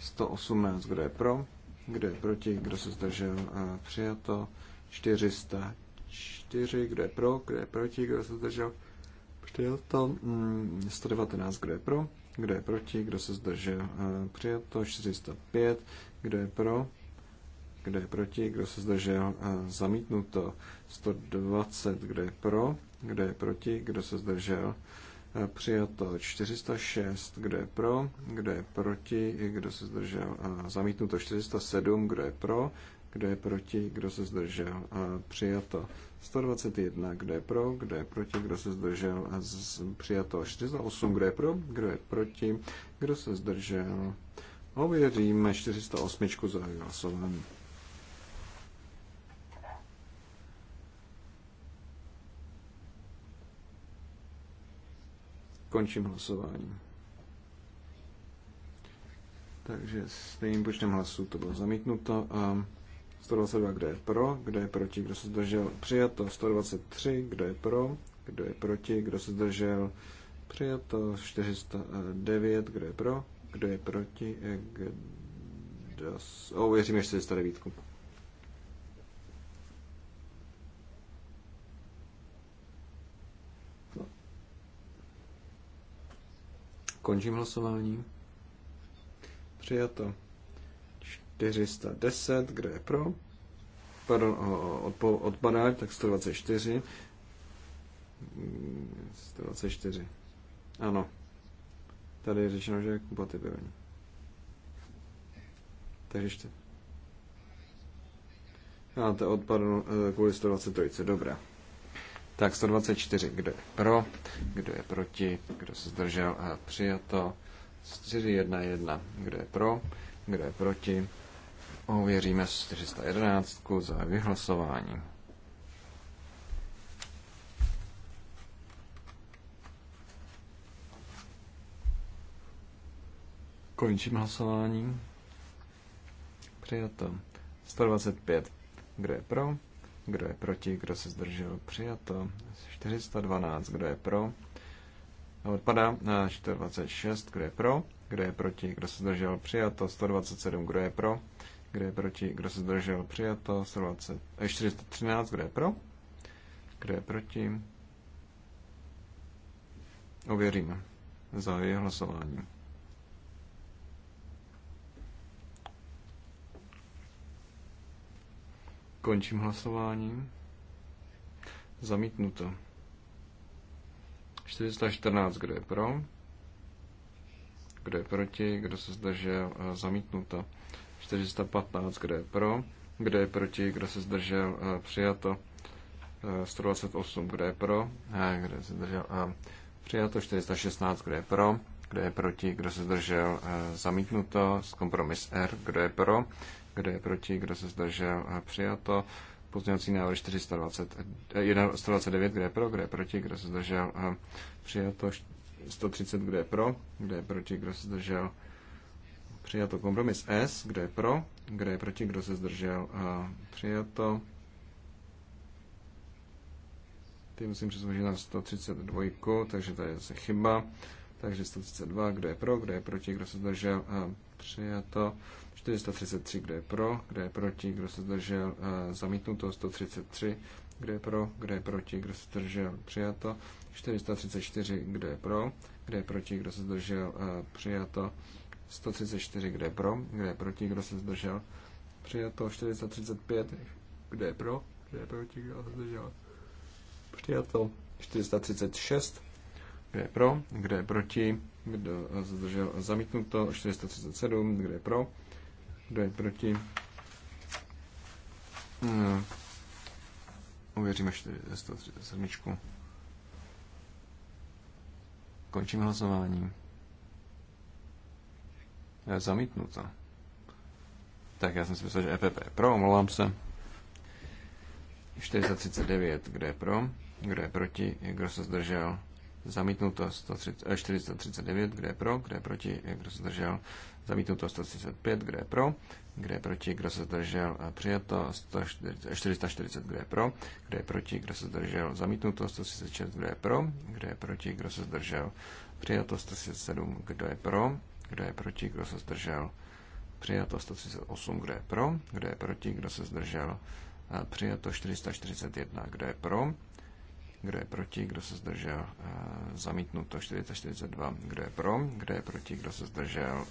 118, kdo je pro? Kdo je proti? Kdo se zdržel? A přijato. 404, kdo je pro? Kdo je proti? Kdo se zdržel? Přijato. 119, mm, kdo je pro? Kdo je proti? Kdo se zdržel? Eh, přijato 405. Kdo je pro? Kdo je proti? Kdo se zdržel? Eh, zamítnuto 120. Kdo je pro? Kdo je proti? Kdo se zdržel? Eh, přijato 406. Kdo je pro? Kdo je proti? Kdo se zdržel? Zamítnuto 407. Kdo je pro? kdo je proti, kdo se zdržel, přijato. 121, kdo je pro, kdo je proti, kdo se zdržel, přijato. 408, kdo je pro, kdo je proti, kdo se zdržel. Ověříme 408 za hlasování. Končím hlasování. Takže stejným počtem hlasů to bylo zamítnuto. A 122, kdo je pro, kdo je proti, kdo se zdržel, přijato. 123, kdo je pro, kdo je proti, kdo se zdržel, přijato. 409, kdo je pro, kdo je proti, eh, kdo... Ověříme 409. No. Končím hlasování. Přijato. 410, kde je pro? Pardon, odpadá, tak 124. 124. Ano. Tady je řečeno, že je kompatibilní. Takže ještě. Já to odpadlo eh, kvůli 123, dobré. Tak 124, kdo je pro, kdo je proti, kdo se zdržel a eh, přijato. 411, kdo je pro, kdo je proti, Ověříme 411 za vyhlasování. Končím hlasování. Přijato. 125. Kdo je pro? Kdo je proti? Kdo se zdržel? Přijato. 412. Kdo je pro? Odpadá. 426. Kdo je pro? Kdo je proti? Kdo se zdržel? Přijato. 127. Kdo je pro? kdo je proti, kdo se zdržel, přijato, 413, eh, kdo je pro, kdo je proti, ověříme, zahajuji hlasování. Končím hlasování. Zamítnuto. 414, kdo je pro? Kdo je proti? Kdo se zdržel? Eh, zamítnuto. 415, kde je pro, kde je proti, kdo se zdržel, přijato. 128, kde je pro, kde se zdržel, přijato. 416, kde je pro, kde je proti, kdo se zdržel, zamítnuto. Kompromis R, kdo je pro, kde je proti, kdo se zdržel, přijato. Pozměňovací návrh 420, 129, kde je pro, kde je proti, kdo se zdržel, přijato. 130, kde je pro, kde je proti, kdo se zdržel, Přijato kompromis S, kdo je pro, kdo je proti, kdo se zdržel. Přijato. Ty musím přesvědčit na 132, takže to je zase chyba. Takže 132, kdo je pro, kdo je proti, kdo se zdržel. Přijato. 433, kdo je pro, kdo je proti, kdo se zdržel. Zamítnuto 133, kdo je pro, kdo je proti, kdo se zdržel. Přijato. 434, kdo je pro, kdo je proti, kdo se zdržel. Přijato. 134, kde je pro, kde je proti, kdo se zdržel. Přijato 435, kde je pro, kde je proti, kdo se zdržel. Přijato 436, kde je pro, kde je proti, kdo se zdržel. Zamítnuto 437, kde je pro, kdo je proti. No. Uvěříme 437. Končím hlasování zamítnuto. Tak já jsem si myslel, že EPP je pro, omlouvám se. 439, kdo je pro, kdo je proti, kdo se zdržel, zamítnuto 130, 439, kdo je pro, kdo je proti, kdo se zdržel, zamítnuto 135, kdo je pro, kdo je proti, kdo se zdržel, přijato 440, kdo je pro, kdo je proti, kdo se zdržel, zamítnuto 136, kdo je pro, kdo je proti, kdo se zdržel, přijato 137, kdo je pro, kdo je proti, kdo se zdržel, přijato 138, kdo je pro, kdo je proti, kdo se zdržel, přijato 441, kdo je pro, kdo je proti, kdo se zdržel, zamítnuto 442, kdo je pro, kdo je proti, kdo se zdržel,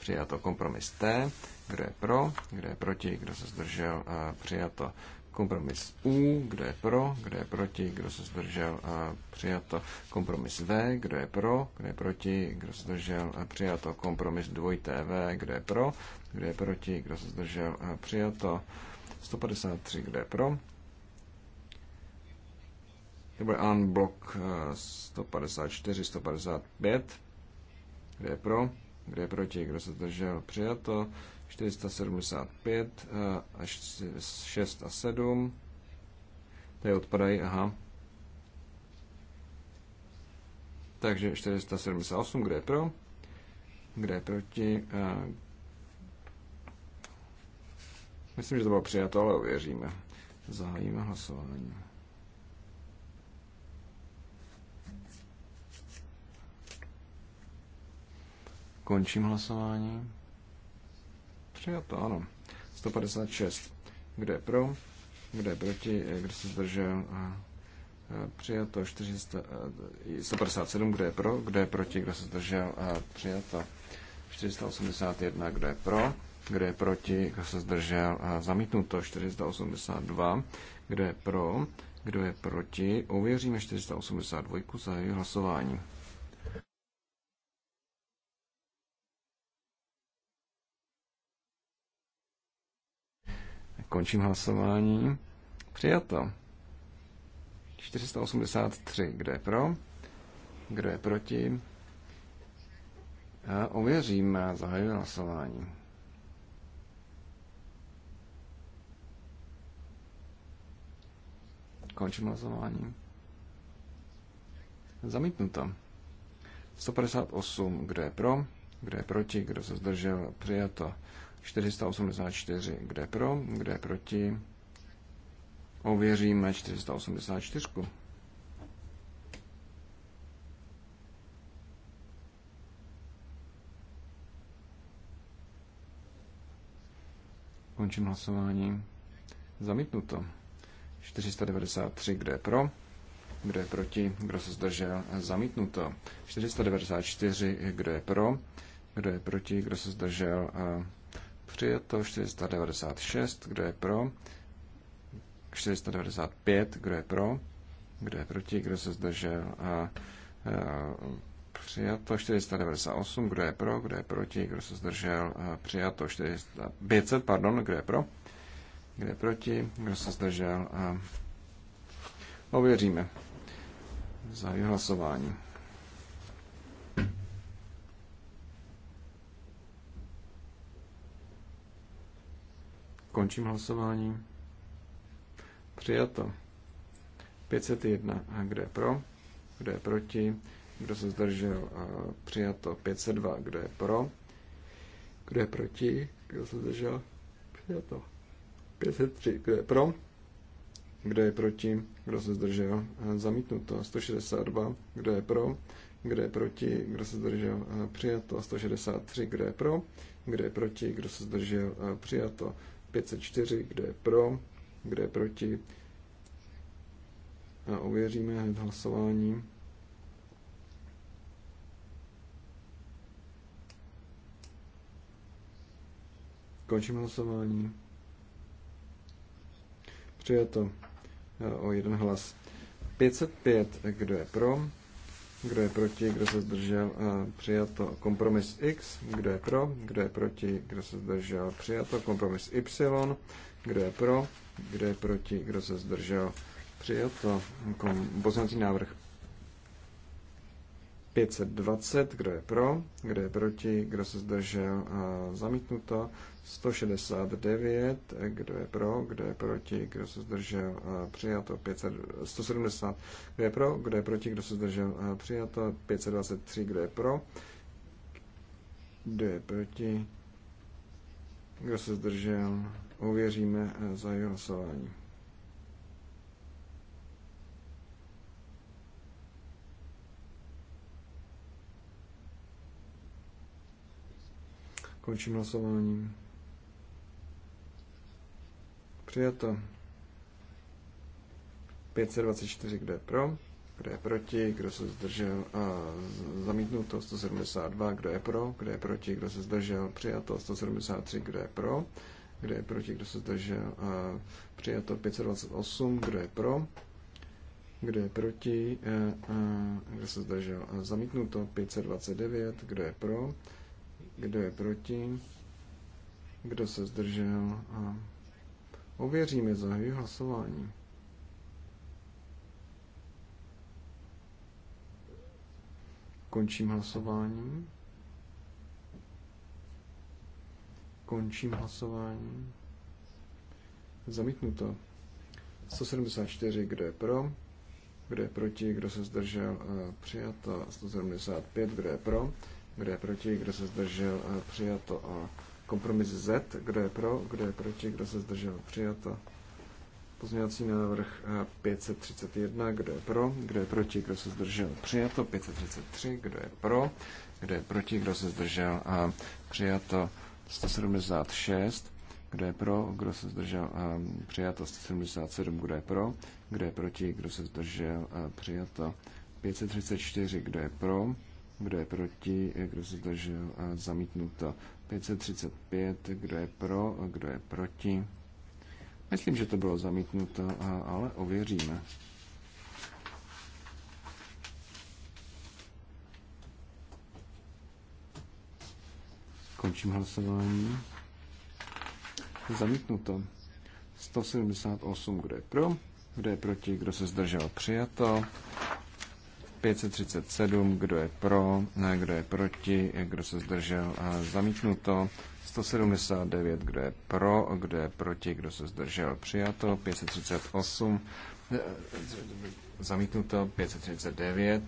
přijato kompromis T, kdo je pro, kdo je proti, kdo se zdržel, přijato Kompromis U, kdo je pro, kdo je proti, kdo se zdržel, a přijato. Kompromis V, kdo je pro, kdo je proti, kdo se zdržel, a přijato. Kompromis dvojité V, kdo je pro, kdo je proti, kdo se zdržel, a přijato. 153, kdo je pro. To bude unblock 154, 155, kdo je pro, kdo je proti, kdo se zdržel, přijato. 475 až 6 a 7. Tady odpadají, aha. Takže 478, kde je pro? Kde je proti? Eh, myslím, že to bylo přijato, ale uvěříme. Zahájíme hlasování. Končím hlasování. Přijato, ano. 156. Kdo je pro? Kdo je proti? Kdo se zdržel? A přijato 400, 157. Kdo je pro? Kdo je proti? Kdo se zdržel? A přijato 481. Kdo je pro? Kdo je proti? Kdo se zdržel? A zamítnuto 482. Kdo je pro? Kdo je proti? Ověříme 482 za její hlasování. Končím hlasování. Přijato. 483. Kdo je pro? Kdo je proti? A a Zahajuji hlasování. Končím hlasování. Zamítnuto. 158. Kdo je pro? Kdo je proti? Kdo se zdržel? Přijato. 484. Kde pro, kde proti? Ověříme 484. Končím hlasování. Zamítnuto. 493, kde je pro, kde je proti, kdo se zdržel, zamítnuto. 494, kde je pro, kdo je proti, kdo se zdržel, eh, přijato, 496, kdo je pro, 495, kdo je pro, kdo je proti, kdo se zdržel a, a přijato, 498, kdo je pro, kdo je proti, kdo se zdržel a přijato, 500, pardon, kdo je pro, kdo je proti, kdo se zdržel a ověříme. za hlasování. Končím hlasování. Přijato. 501. A kdo je pro? Kdo je proti? Kdo se zdržel? Přijato. 502. Kdo je pro? Kdo je proti? Kdo se zdržel? Přijato. 503. Kdo je pro? Kdo je proti? Kdo se zdržel? Zamítnuto. 162. Kdo je pro? Kdo je proti? Kdo se zdržel? Přijato. 163. Kdo je pro? Kdo je proti? Kdo se zdržel? Přijato. 504, kdo je pro, kdo je proti. A ověříme hned hlasování. Končím hlasování. Přijato e, o jeden hlas. 505, kdo je pro, kdo je proti, kdo se zdržel, eh, přijato. Kompromis X, kdo je pro, kdo je proti, kdo se zdržel, přijato. Kompromis Y, kdo je pro, kdo je proti, kdo se zdržel, přijato. Kom- Poznací návrh 520, kdo je pro, kdo je proti, kdo se zdržel, eh, zamítnuto. 169, kdo je pro, kdo je proti, kdo se zdržel, přijato 500, 170, kdo je pro, kdo je proti, kdo se zdržel, přijato 523, kdo je pro, kdo je proti, kdo se zdržel, ověříme e, za jeho hlasování. Končím hlasováním. Přijato. 524, kdo je pro, kdo je proti, kdo se zdržel, a zamítnuto 172, kdo je pro, kdo je proti, kdo se zdržel, přijato 173, kdo je pro, kdo je proti, kdo se zdržel, a přijato 528, kdo je pro, kdo je proti, a, a, kdo se zdržel, a zamítnuto 529, kdo je pro, kdo je proti, kdo se zdržel, a Ověříme, zahajuji hlasování. Končím hlasování. Končím hlasování. Zamítnuto. 174, kdo je pro, kdo je proti, kdo se zdržel, eh, přijato. 175, kdo je pro, kdo je proti, kdo se zdržel, eh, přijato. A Kompromis Z, kdo je pro, kdo je proti, kdo se zdržel, přijato. Pozměňovací návrh 531, kdo je pro, kdo je proti, kdo se zdržel, přijato. 533, kdo je pro, kdo je proti, kdo se zdržel, a přijato. 176, kdo je pro, kdo se zdržel, a přijato. 177, kdo je pro, kdo je proti, kdo se zdržel, a přijato. 534, kdo je pro, kdo je proti, kdo se zdržel, a zamítnuto. 535, kdo je pro, kdo je proti. Myslím, že to bylo zamítnuto, ale ověříme. Končím hlasování. Zamítnuto. 178, kdo je pro, kdo je proti, kdo se zdržel, přijato. 537, kdo je pro, kdo je proti, kdo se zdržel, zamítnuto. 179, kdo je pro, kdo je proti, kdo se zdržel, přijato. 538, zamítnuto. 539,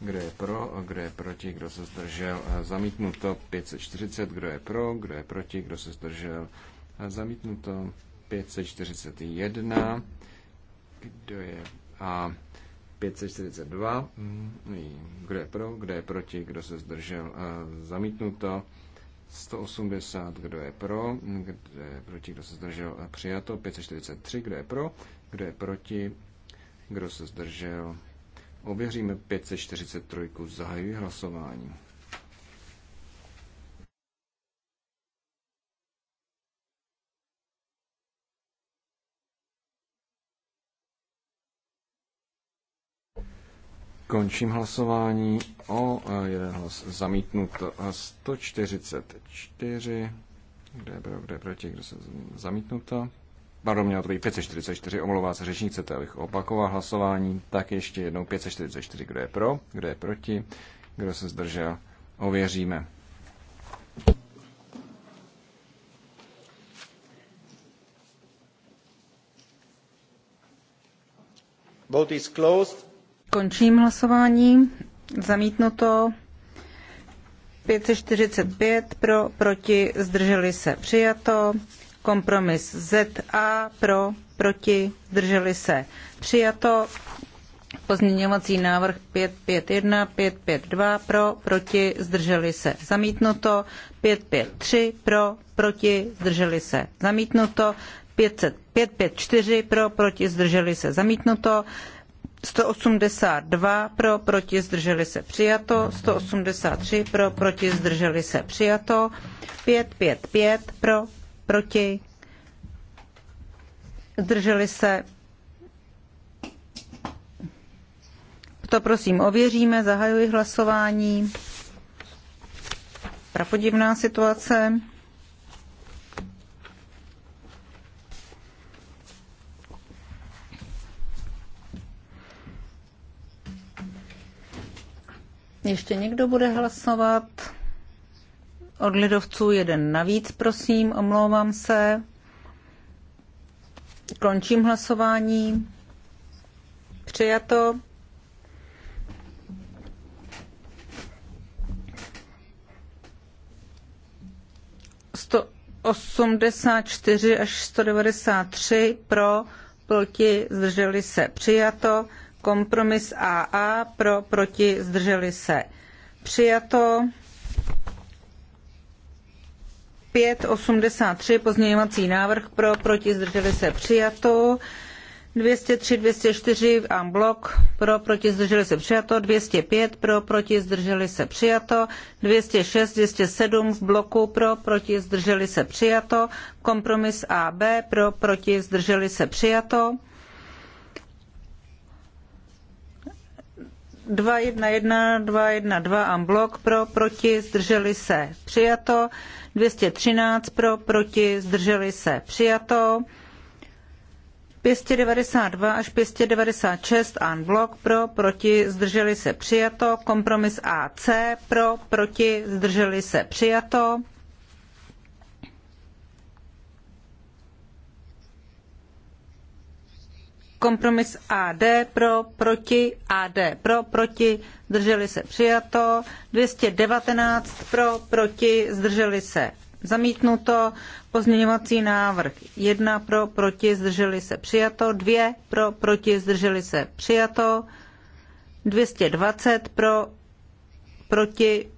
kdo je pro, kdo je proti, kdo se zdržel, zamítnuto. 540, kdo je pro, kdo je proti, kdo se zdržel, zamítnuto. 541, kdo je a 542. Kdo je pro, kdo je proti, kdo se zdržel? Eh, zamítnuto. 180, kdo je pro, kdo je proti, kdo se zdržel? Eh, přijato. 543, kdo je pro, kdo je proti, kdo se zdržel? Ověříme 543. Zahajuji hlasování. Končím hlasování o e, jeden hlas zamítnuto 144. Kde je pro, kde je proti, kdo se zamítnuto? Pardon, mělo to být 544, omlouvá se řečník, chcete, abych opakoval hlasování, tak ještě jednou 544, kdo je pro, kdo je proti, kdo se zdržel, ověříme. Vote is closed. Končím hlasování. Zamítnuto. 545 pro, proti, zdrželi se přijato. Kompromis ZA pro, proti, zdrželi se přijato. Pozměňovací návrh 551, 552 pro, proti, zdrželi se zamítnuto. 553 pro, proti, zdrželi se zamítnuto. 554 pro, proti, zdrželi se zamítnuto. 182 pro, proti, zdrželi se přijato, 183 pro, proti, zdrželi se přijato, 555 pro, proti, zdrželi se. To prosím ověříme, zahajuji hlasování. Prapodivná situace. Ještě někdo bude hlasovat? Od lidovců jeden navíc, prosím, omlouvám se. Končím hlasování. Přijato. Sto 84 až 193 pro, proti, zdrželi se přijato. Kompromis AA pro, proti, zdrželi se. Přijato 583 pozměňovací návrh pro, proti, zdrželi se. Přijato 203, 204 en blok, pro, proti, zdrželi se přijato, 205, pro, proti, zdrželi se přijato, 206, 207 v bloku, pro, proti, zdrželi se přijato, kompromis AB, pro, proti, zdrželi se přijato. 211, 212 unblock pro, proti, zdrželi se, přijato. 213 pro, proti, zdrželi se, přijato. 592 až 596 blok pro, proti, zdrželi se, přijato. Kompromis AC pro, proti, zdrželi se, přijato. Kompromis AD pro, proti, AD pro, proti, zdrželi se přijato. 219 pro, proti, zdrželi se zamítnuto. Pozměňovací návrh 1 pro, proti, zdrželi se přijato. 2 pro, proti, zdrželi se přijato. 220 pro, proti,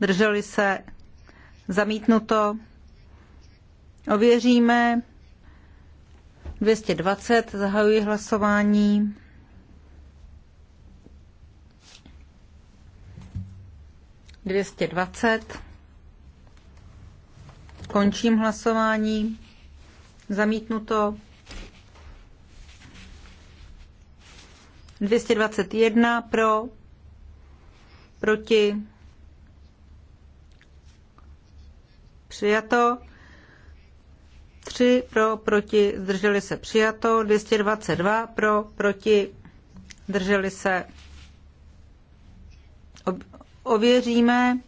zdrželi se zamítnuto. Ověříme. 220, zahajuji hlasování. Dvěstě dvacet. Končím hlasování. Zamítnuto. 221 pro, proti, přijato. 3 pro, proti, zdrželi se přijato, 222 pro, proti, zdrželi se. Ověříme.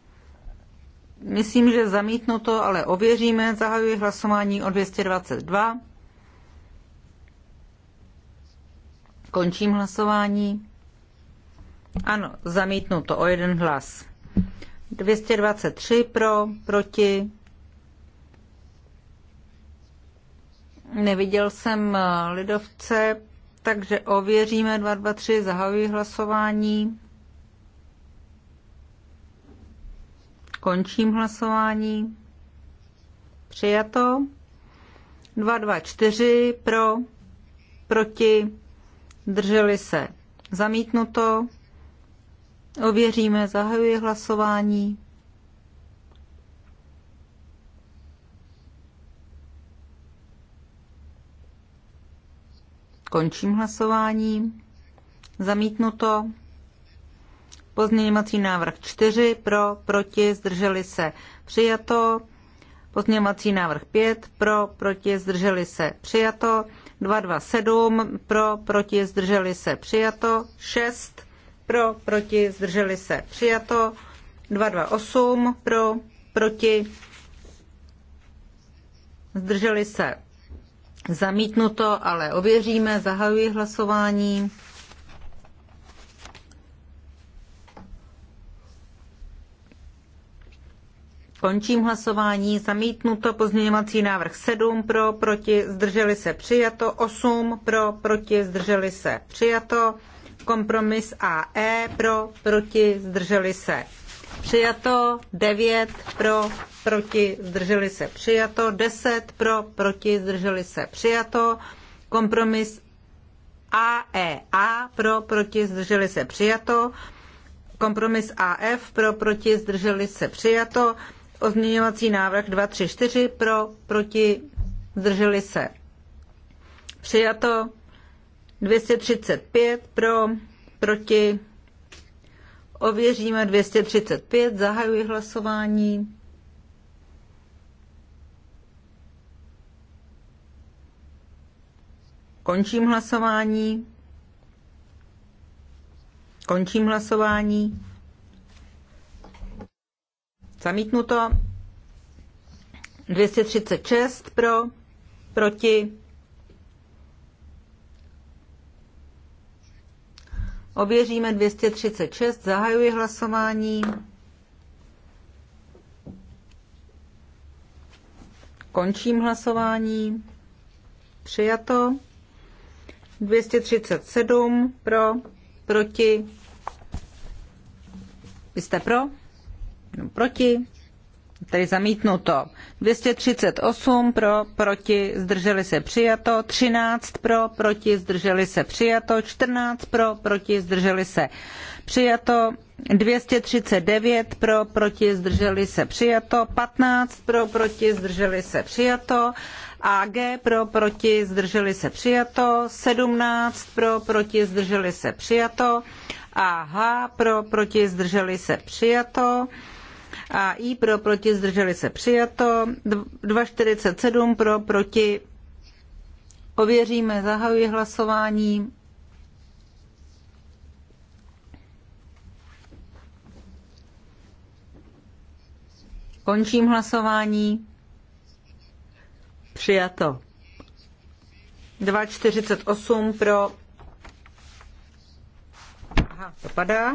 Myslím, že zamítnuto, ale ověříme. Zahajuji hlasování o 222. Končím hlasování. Ano, zamítnuto o jeden hlas. 223 pro, proti, Neviděl jsem eh, lidovce, takže ověříme 223, zahajuji hlasování. Končím hlasování. Přijato. 224 pro, proti, drželi se. Zamítnuto. Ověříme, zahajuji hlasování. Končím hlasování. Zamítnuto. Pozměňovací návrh 4 pro, proti, zdrželi se, přijato. Pozměňovací návrh 5 pro, proti, zdrželi se, přijato. 227 pro, proti, zdrželi se, přijato. 6 pro, proti, zdrželi se, přijato. 228 pro, proti, zdrželi se, Zamítnuto, ale ověříme, zahajuji hlasování. Končím hlasování. Zamítnuto pozměňovací návrh 7 pro, proti, zdrželi se přijato, 8 pro, proti, zdrželi se přijato, kompromis AE pro, proti, zdrželi se přijato, 9 pro, proti, zdrželi se přijato, 10 pro, proti, zdrželi se přijato, kompromis AEA e. pro, proti, zdrželi se přijato, kompromis AF pro, proti, zdrželi se přijato, ozměňovací návrh 234 pro, proti, zdrželi se přijato, 235 pro, proti, Ověříme 235, zahajuji hlasování. Končím hlasování. Končím hlasování. Zamítnuto. 236 pro, proti Ověříme 236, zahajuji hlasování. Končím hlasování. Přijato. 237 pro, proti. Vy jste pro? No, proti tedy zamítnuto. 238 pro, proti, zdrželi se přijato, 13 pro, proti, zdrželi se přijato, 14 pro, proti, zdrželi se přijato, 239 pro, proti, zdrželi se přijato, 15 pro, proti, zdrželi se přijato, AG pro, proti, zdrželi se přijato, 17 pro, proti, zdrželi se přijato, AH pro, proti, zdrželi se přijato, a I pro, proti, zdrželi se přijato, 247 pro, proti, ověříme, zahajuji hlasování. Končím hlasování. Přijato. 2,48 pro... Aha, to padá.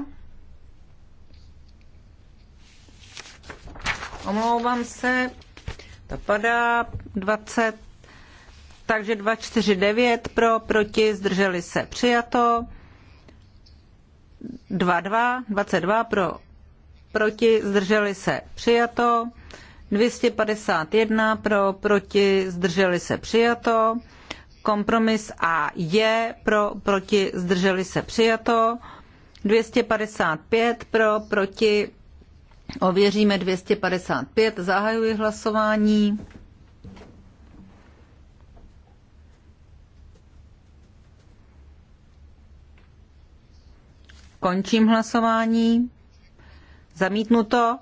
Omlouvám se. To padá 20. Takže 249 pro, proti, zdrželi se, přijato. 22, 22 pro, proti, zdrželi se, přijato. 251 pro, proti, zdrželi se, přijato. Kompromis A je pro, proti, zdrželi se, přijato. 255 pro, proti, Ověříme 255, zahajuji hlasování. Končím hlasování. Zamítnuto.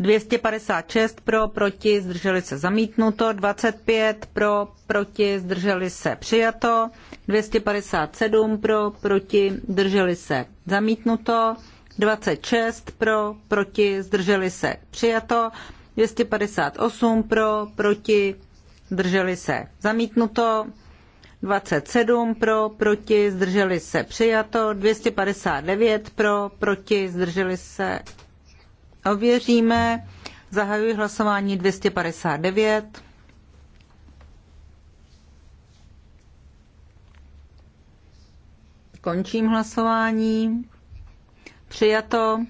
256 pro, proti, zdrželi se zamítnuto, 25 pro, proti, zdrželi se přijato, 257 pro, proti, zdrželi se zamítnuto, 26 pro, proti, zdrželi se přijato, 258 pro, proti, zdrželi se zamítnuto, 27 pro, proti, zdrželi se přijato, 259 pro, proti, zdrželi se Ověříme. Zahajuji hlasování 259. Končím hlasování. Přijato.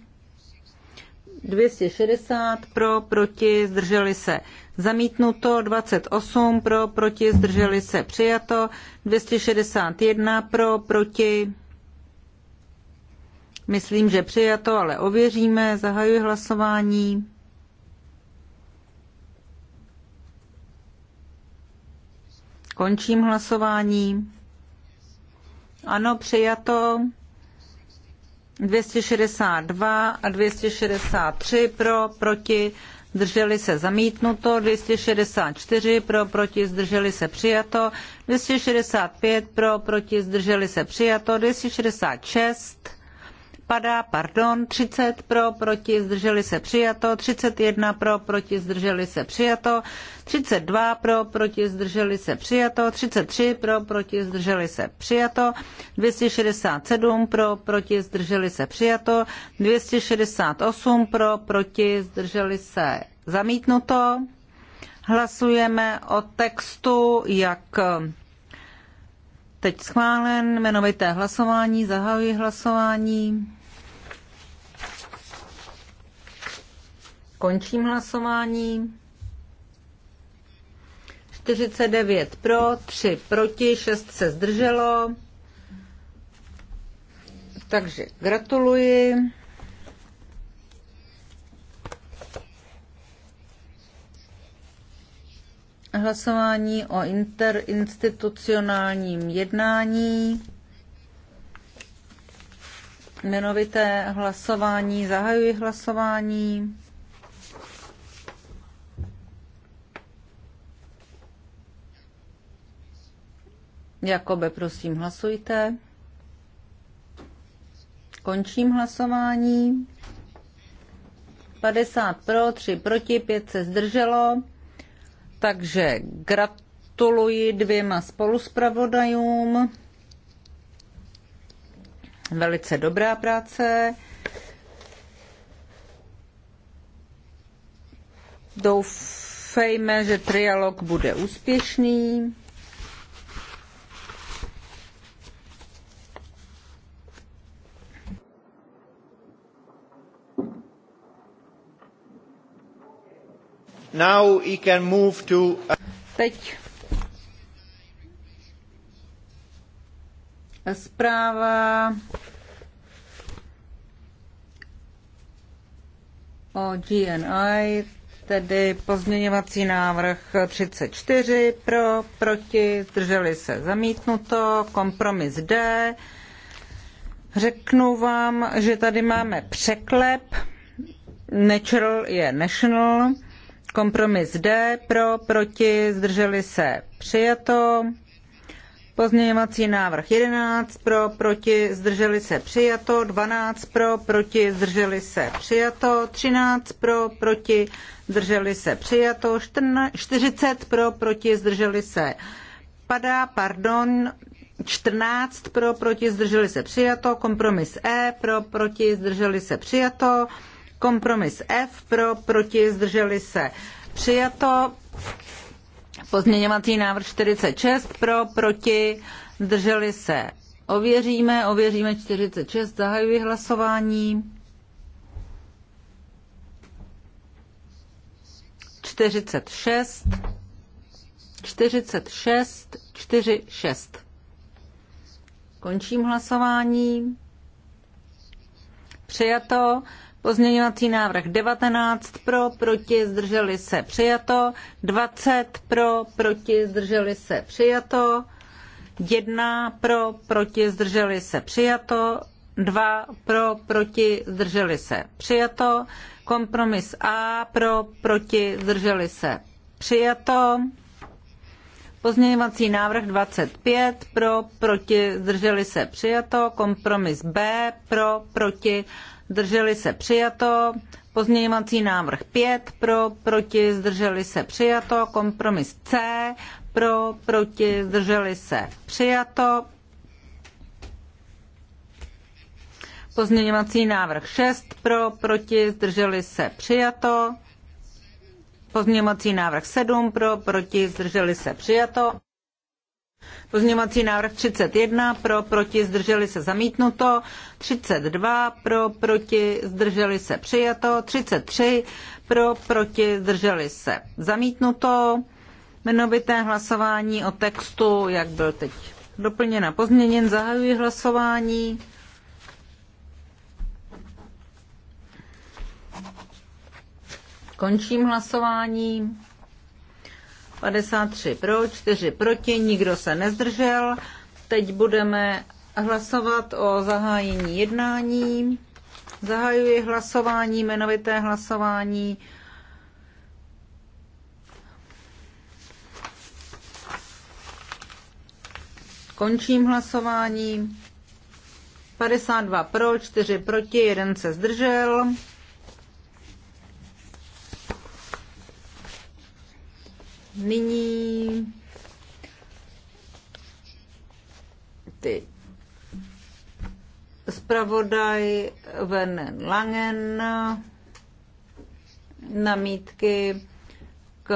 260 pro, proti, zdrželi se. Zamítnuto 28 pro, proti, zdrželi se. Přijato. 261 pro, proti, Myslím, že přijato, ale ověříme. Zahajuji hlasování. Končím hlasování. Ano, přijato. 262 a 263 pro, proti, zdrželi se zamítnuto, 264 pro, proti, zdrželi se přijato, 265 pro, proti, zdrželi se přijato, 266 padá, pardon, 30 pro, proti, zdrželi se přijato, 31 pro, proti, zdrželi se přijato, 32 pro, proti, zdrželi se přijato, 33 pro, proti, zdrželi se přijato, 267 pro, proti, zdrželi se přijato, 268 pro, proti, zdrželi se zamítnuto. Hlasujeme o textu, jak eh, Teď schválen jmenovité hlasování, zahajuji hlasování. Končím hlasování. 49 pro, 3 proti, 6 se zdrželo. Takže gratuluji. Hlasování o interinstitucionálním jednání. Jmenovité hlasování. Zahajuji hlasování. Jakobe, prosím, hlasujte. Končím hlasování. 50 pro, 3 proti, 5 se zdrželo. Takže gratuluji dvěma spoluspravodajům. Velice dobrá práce. Doufejme, že trialog bude úspěšný. Teď zpráva o GNI, tedy pozměňovací návrh 34 pro, proti, zdrželi se zamítnuto, kompromis D. Řeknu vám, že tady máme překlep. Natural je national. Kompromis D pro, proti, zdrželi se, přijato. Pozměňovací návrh 11 pro, proti, zdrželi se, přijato. 12 pro, proti, zdrželi se, přijato. 13 pro, proti, zdrželi se, přijato. 40 pro, proti, zdrželi se, padá, pardon, 14 pro, proti, zdrželi se, přijato. Kompromis E pro, proti, zdrželi se, přijato. Kompromis F pro, proti, zdrželi se. Přijato. Pozměňovací návrh 46 pro, proti, zdrželi se. Ověříme, ověříme 46, zahajuji hlasování. 46, 46, 46. Končím hlasování. Přijato Pozměňovací návrh 19 pro, proti, zdrželi se, přijato. 20 pro, proti, zdrželi se, přijato. 1 pro, proti, zdrželi se, přijato. 2 pro, proti, zdrželi se, přijato. Kompromis A pro, proti, zdrželi se, přijato. Pozměňovací návrh 25 pro, proti, zdrželi se, přijato. Kompromis B pro, proti, zdrželi se přijato, pozměňovací návrh 5 pro, proti, zdrželi se přijato, kompromis C pro, proti, zdrželi se přijato, pozměňovací návrh 6 pro, proti, zdrželi se přijato, pozměňovací návrh 7 pro, proti, zdrželi se přijato. Pozměňovací návrh 31 pro, proti, zdrželi se zamítnuto, 32 pro, proti, zdrželi se přijato, 33 pro, proti, zdrželi se zamítnuto. Jmenovité hlasování o textu, jak byl teď a pozměněn, zahajuji hlasování. Končím hlasování. 53 pro, 4 proti, nikdo se nezdržel. Teď budeme hlasovat o zahájení jednání. Zahajuji hlasování, jmenovité hlasování. Končím hlasování. 52 pro, 4 proti, 1 se zdržel. nyní ty zpravodaj Vernon Langen namítky k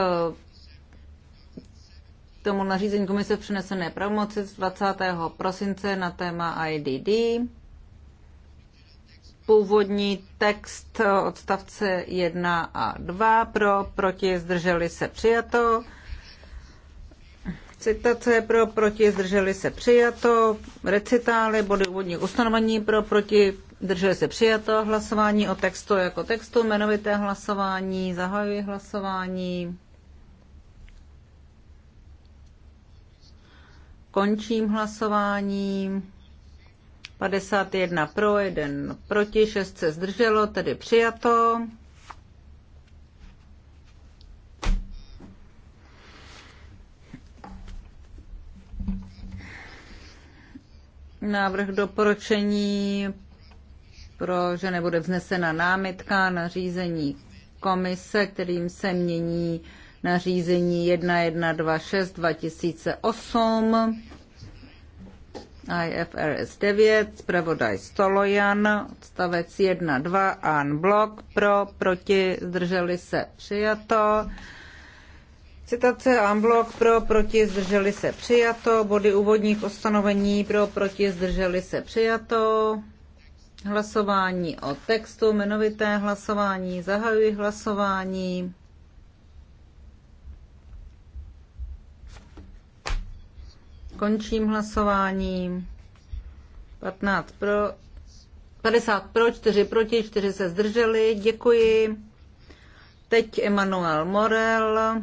tomu nařízení komise přenesené pravomoci z 20. prosince na téma IDD. Původní text odstavce 1 a 2 pro, proti, zdrželi se přijato. Citace pro, proti, zdrželi se přijato. Recitály, body úvodních ustanovení pro, proti, zdrželi se přijato. Hlasování o textu jako textu, jmenovité hlasování, zahajuji hlasování. Končím hlasování. 51 pro, 1 proti, 6 se zdrželo, tedy přijato. návrh doporučení pro, že nebude vznesena námitka na řízení komise, kterým se mění na řízení 1126 2008 IFRS 9, zpravodaj Stolojan, odstavec 1, 2, an blok, pro, proti, zdrželi se, přijato. Citace Amblok pro, proti, zdrželi se přijato. Body úvodních ustanovení pro, proti, zdrželi se přijato. Hlasování o textu, jmenovité hlasování, zahajuji hlasování. Končím hlasování. 15 pro, 50 pro, 4 proti, 4 se zdrželi. Děkuji. Teď Emanuel Morel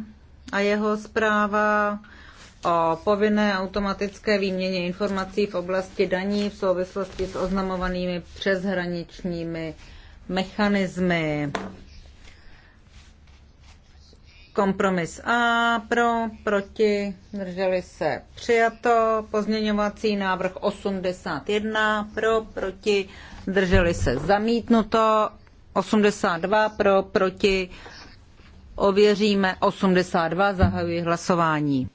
a jeho zpráva o povinné automatické výměně informací v oblasti daní v souvislosti s oznamovanými přeshraničními mechanismy. Kompromis A pro, proti, drželi se přijato. Pozměňovací návrh 81 pro, proti, drželi se zamítnuto. 82 pro, proti, Ověříme 82, zahajuji hlasování.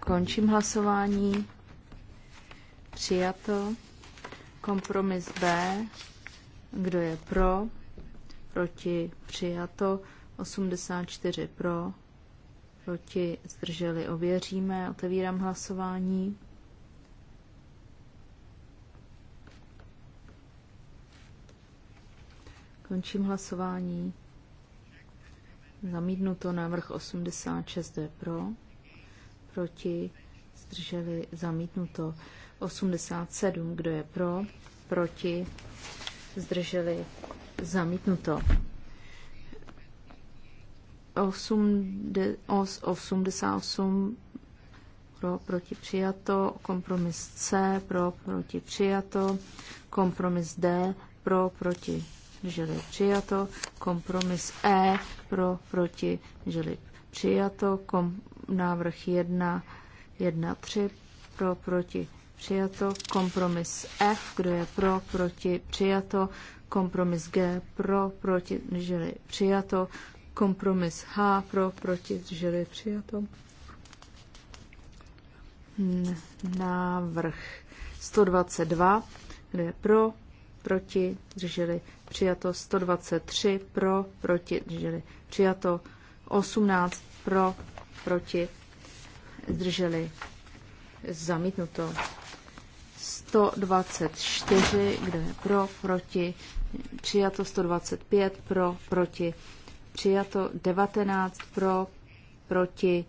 Končím hlasování. Přijato. Kompromis B. Kdo je pro? Proti přijato. 84 pro. Proti zdrželi ověříme. Otevírám hlasování. Končím hlasování. Zamítnuto návrh 86 je pro, proti, zdrželi, zamítnuto 87, kdo je pro, proti, zdrželi, zamítnuto. 88 pro, proti přijato, kompromis C pro, proti přijato, kompromis D pro, proti žili přijato, kompromis E pro, proti, žili přijato, kom, návrh 1, 1, 3 pro, proti, přijato, kompromis F, kdo je pro, proti, přijato, kompromis G pro, proti, žili přijato, kompromis H pro, proti, žili přijato. Návrh 122, kde je pro, proti, drželi přijato 123, pro, proti, drželi přijato 18, pro, proti, zdrželi zamítnuto 124, kdo je pro, proti, přijato 125, pro, proti, přijato 19, pro, proti,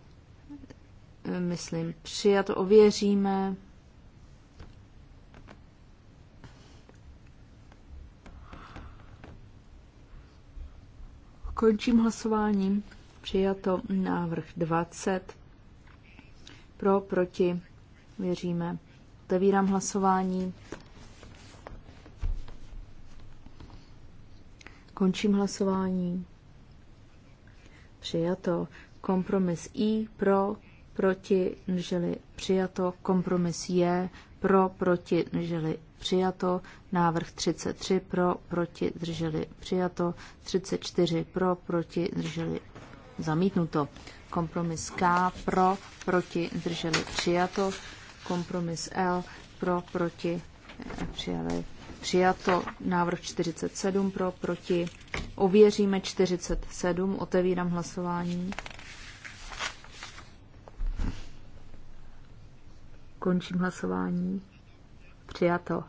myslím, přijato ověříme, Končím hlasováním. Přijato návrh 20. Pro, proti, věříme. Otevírám hlasování. Končím hlasování. Přijato. Kompromis I pro, proti, drželi přijato. Kompromis J pro, proti, drželi přijato, návrh 33 pro, proti, drželi přijato, 34 pro, proti, drželi zamítnuto. Kompromis K pro, proti, drželi přijato, kompromis L pro, proti, eh, přijali přijato, návrh 47 pro, proti, ověříme 47, otevírám hlasování. Končím hlasování. Přijato.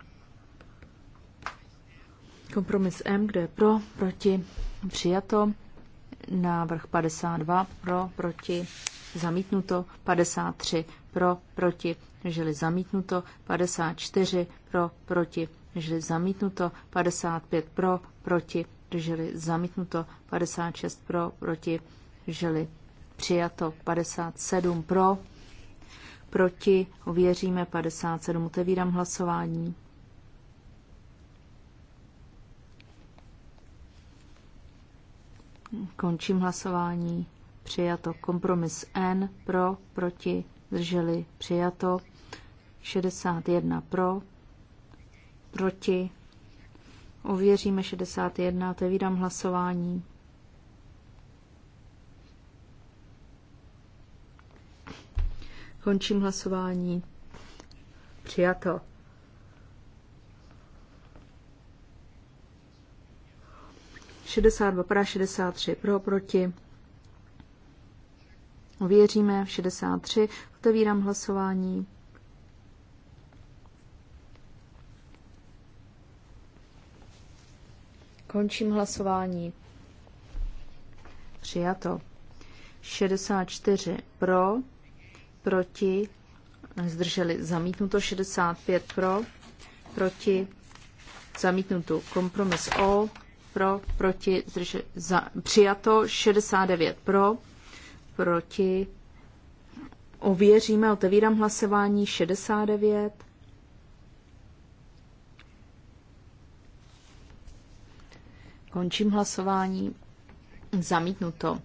Kompromis M, kde je pro, proti, přijato. Návrh 52, pro, proti, zamítnuto. 53, pro, proti, žili zamítnuto. 54, pro, proti, drželi zamítnuto, 55 pro, proti, drželi zamítnuto, 56 pro, proti, drželi přijato, 57 pro, proti, ověříme 57. Otevírám hlasování. Končím hlasování. Přijato. Kompromis N pro, proti, drželi, přijato. 61 pro, proti. Ověříme 61. Otevírám hlasování. Končím hlasování. Přijato. Šedesát dva pro, šedesát tři pro, proti. Ověříme 63. Otevírám hlasování. Končím hlasování. Přijato. 64 pro, proti, zdrželi zamítnuto 65 pro, proti, zamítnuto kompromis O, pro, proti, zdrželi, za, přijato 69 pro, proti, ověříme, otevírám hlasování 69. Končím hlasování. Zamítnuto.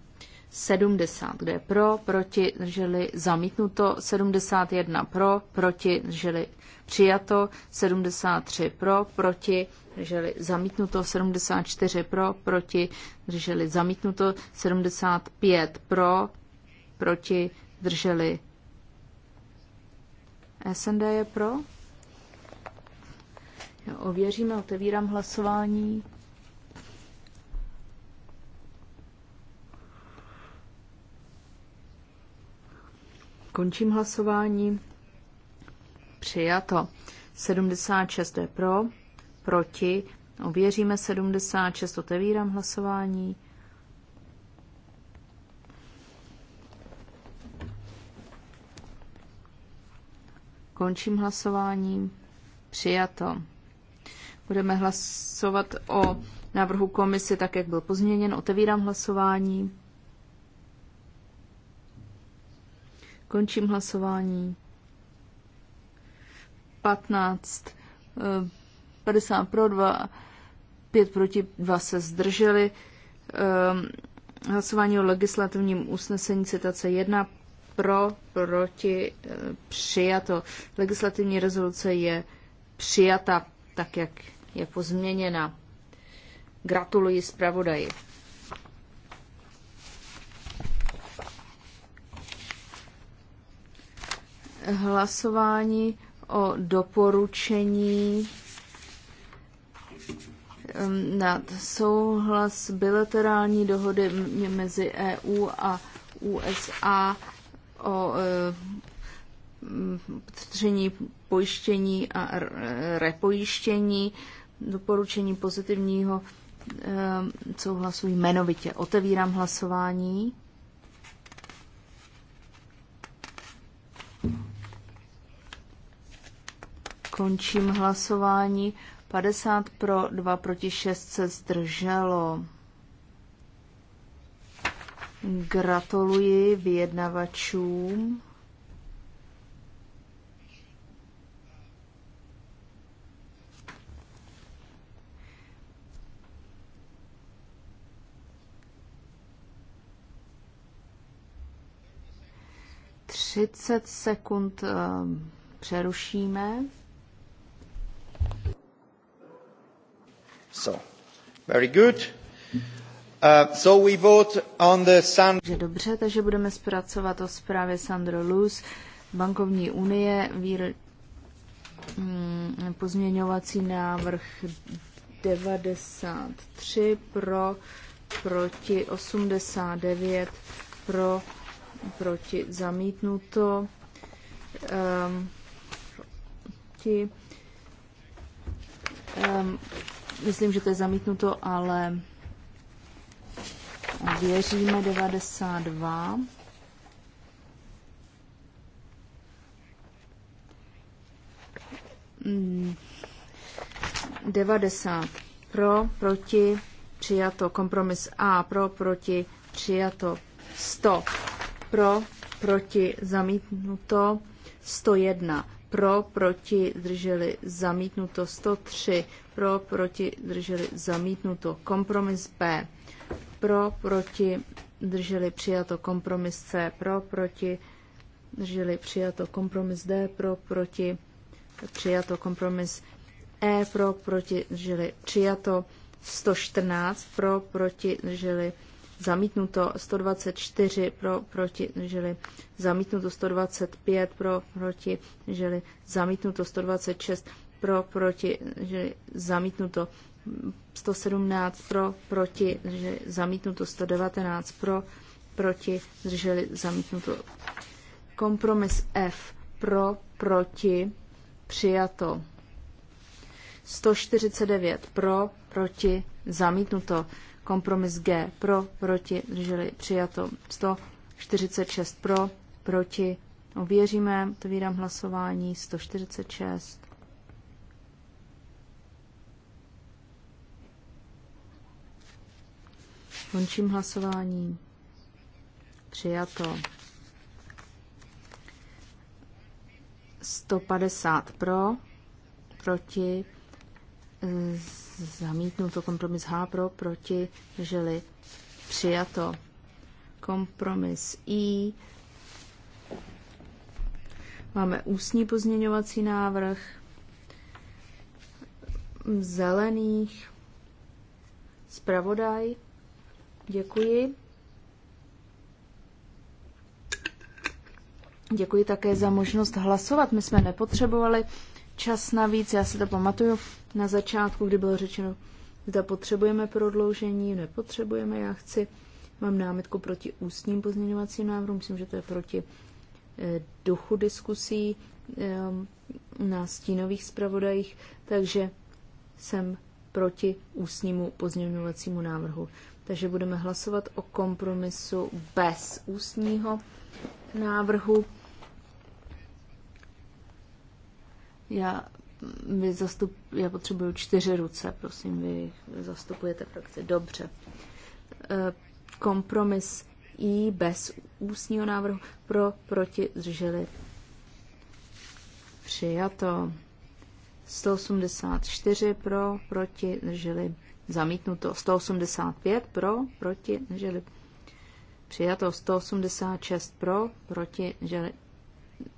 70, kde je pro, proti, drželi, zamítnuto, 71 pro, proti, drželi, přijato, 73 pro, proti, drželi, zamítnuto, 74 pro, proti, drželi, zamítnuto, 75 pro, proti, drželi. SND je pro? Jo, ověříme, otevírám hlasování. Končím hlasování. Přijato. 76 je pro, proti. Ověříme 76, otevírám hlasování. Končím hlasování. Přijato. Budeme hlasovat o návrhu komisy tak, jak byl pozměněn. Otevírám hlasování. Končím hlasování. 15, 50 eh, pro 2, 5 proti 2 se zdrželi. Ehm, hlasování o legislativním usnesení citace 1 pro, proti, eh, přijato. Legislativní rezoluce je přijata tak, jak je pozměněna. Gratuluji zpravodaji. hlasování o doporučení um, nad souhlas bilaterální dohody mezi EU a USA o tření um, pojištění a repojištění, doporučení pozitivního um, souhlasu jmenovitě. Otevírám hlasování. Končím hlasování. 50 pro, 2 proti 6 se zdrželo. Gratuluji vyjednavačům. Třicet sekund ehm, přerušíme. very good. Uh, dobře, takže budeme zpracovat o zprávě Sandro Luz, bankovní unie, výr... Mm, pozměňovací návrh 93 pro, proti 89 pro, proti zamítnuto. Um, proti, um, Myslím, že to je zamítnuto, ale věříme 92. Hmm. 90 pro, proti, přijato. Kompromis A pro, proti, přijato. 100 pro, proti, zamítnuto. 101 pro, proti, zdrželi, zamítnuto. 103 pro, proti, zdrželi, zamítnuto. Kompromis B. Pro, proti, zdrželi, přijato. Kompromis C. Pro, proti, zdrželi, přijato. Kompromis D. Pro, proti, přijato. Kompromis E. Pro, proti, zdrželi, přijato. 114 pro, proti, zdrželi, přijato zamítnuto 124 pro, proti, žili zamítnuto 125 pro, proti, žili zamítnuto 126 pro, proti, žili zamítnuto 117 pro, proti, žili zamítnuto 119 pro, proti, žili zamítnuto kompromis F pro, proti, přijato 149 pro, proti, zamítnuto Kompromis G pro, proti, drželi přijato 146 pro, proti, ověříme, vydám hlasování 146. Končím hlasování. Přijato. 150 pro, proti, z Zamítnuto kompromis H pro, proti, žili, přijato. Kompromis I. Máme ústní pozměňovací návrh zelených. Spravodaj. Děkuji. Děkuji také za možnost hlasovat. My jsme nepotřebovali čas navíc, já si to pamatuju na začátku, kdy bylo řečeno, zda potřebujeme prodloužení, nepotřebujeme, já chci, mám námitku proti ústním pozměňovacím návrhům, myslím, že to je proti eh, duchu diskusí eh, na stínových zpravodajích, takže jsem proti ústnímu pozměňovacímu návrhu. Takže budeme hlasovat o kompromisu bez ústního návrhu. Já vy zastup, já potřebuju čtyři ruce, prosím, vy zastupujete frakci. Dobře. E, kompromis I bez ústního návrhu pro, proti, zdrželi. Přijato. 184 pro, proti, zdrželi. Zamítnuto. 185 pro, proti, zdrželi. Přijato. 186 pro, proti, zdrželi.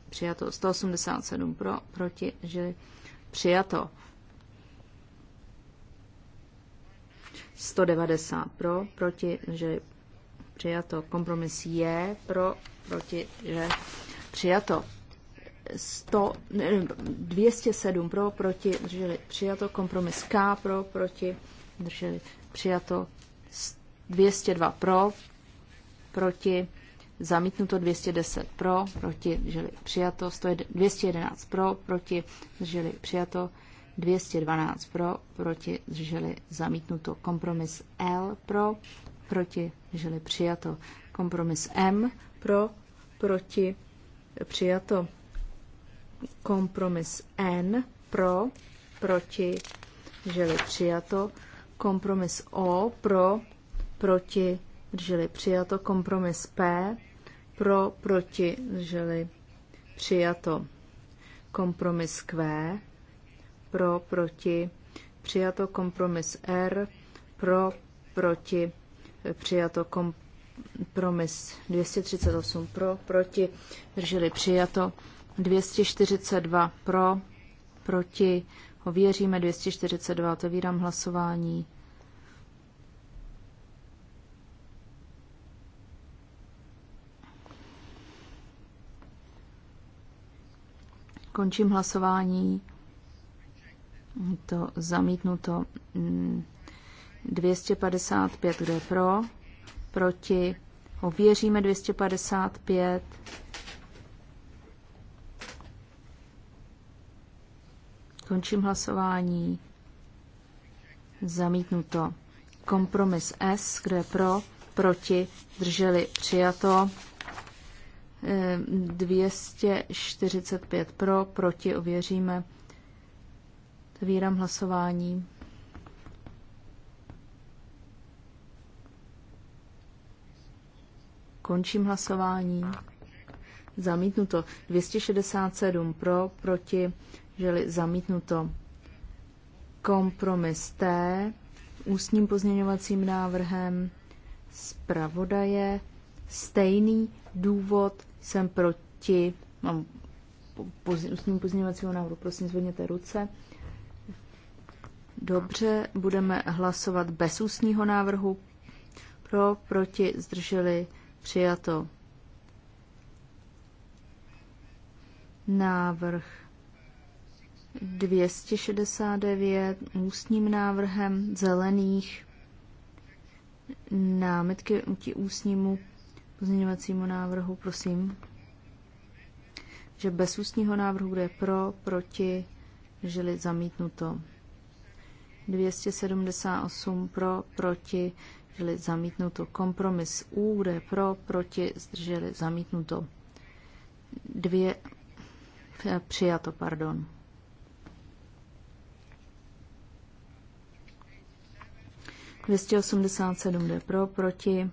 Přijato. 187 pro, proti, zdrželi Přijato. 190 pro, proti, že přijato. Kompromis je pro, proti, že přijato. 100, ne, 207 pro, proti, drželi přijato. Kompromis K pro, proti, drželi přijato. 202 pro, proti, zamítnuto 210 pro, proti, drželi přijato, 211 pro, proti, drželi přijato, 212 pro, proti, drželi zamítnuto, kompromis L pro, proti, drželi přijato, kompromis M pro, proti, přijato, kompromis N pro, proti, drželi přijato, kompromis O pro, proti, drželi přijato, kompromis P pro, proti, želi přijato. Kompromis Q, pro, proti, přijato. Kompromis R, pro, proti, přijato. Kompromis 238, pro, proti, zdrželi, přijato. 242 pro, proti, ověříme 242, vydám hlasování. Končím hlasování. To zamítnuto 255, mm, kdo je pro, proti, ověříme 255. Končím hlasování. Zamítnuto. Kompromis S, kdo je pro, proti, drželi přijato. 245 pro, proti, ověříme. Zavírám hlasování. Končím hlasování. Zamítnuto. 267 pro, proti, želi zamítnuto. Kompromis T ústním pozměňovacím návrhem zpravodaje. Stejný důvod jsem proti, mám ústním pozměňovacího návrhu, prosím zvedněte ruce. Dobře, budeme hlasovat bez ústního návrhu. Pro, proti, zdrželi, přijato. Návrh 269 ústním návrhem zelených námitky ústnímu pozměňovacímu návrhu, prosím. Že bez ústního návrhu, kde je pro, proti, žili zamítnuto. 278 pro, proti, zdrželi zamítnuto. Kompromis U, kde je pro, proti, zdrželi zamítnuto. Dvě, eh, přijato, pardon. Dvěstě osmdesát sedm jde pro, proti,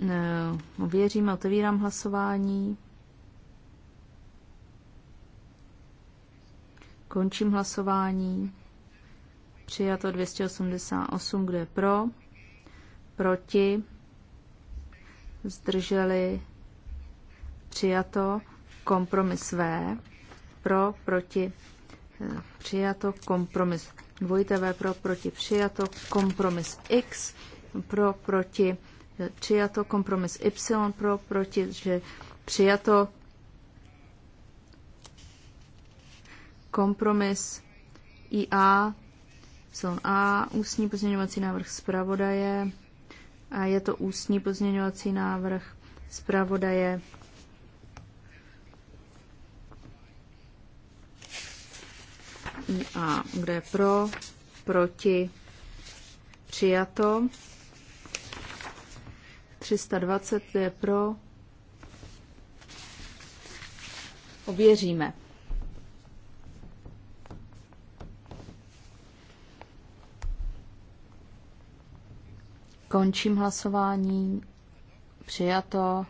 Eh, ověřím, otevírám hlasování. Končím hlasování. Přijato 288, kdo je pro, proti, zdrželi, přijato, kompromis V, pro, proti, eh, přijato, kompromis dvojité V, pro, proti, přijato, kompromis X, pro, proti, přijato, kompromis Y pro, proti, že přijato, kompromis IA, A, ústní pozměňovací návrh zpravodaje a je to ústní pozměňovací návrh zpravodaje. a kde je pro, proti, přijato. 320 je pro. Ověříme. Končím hlasování. Přijato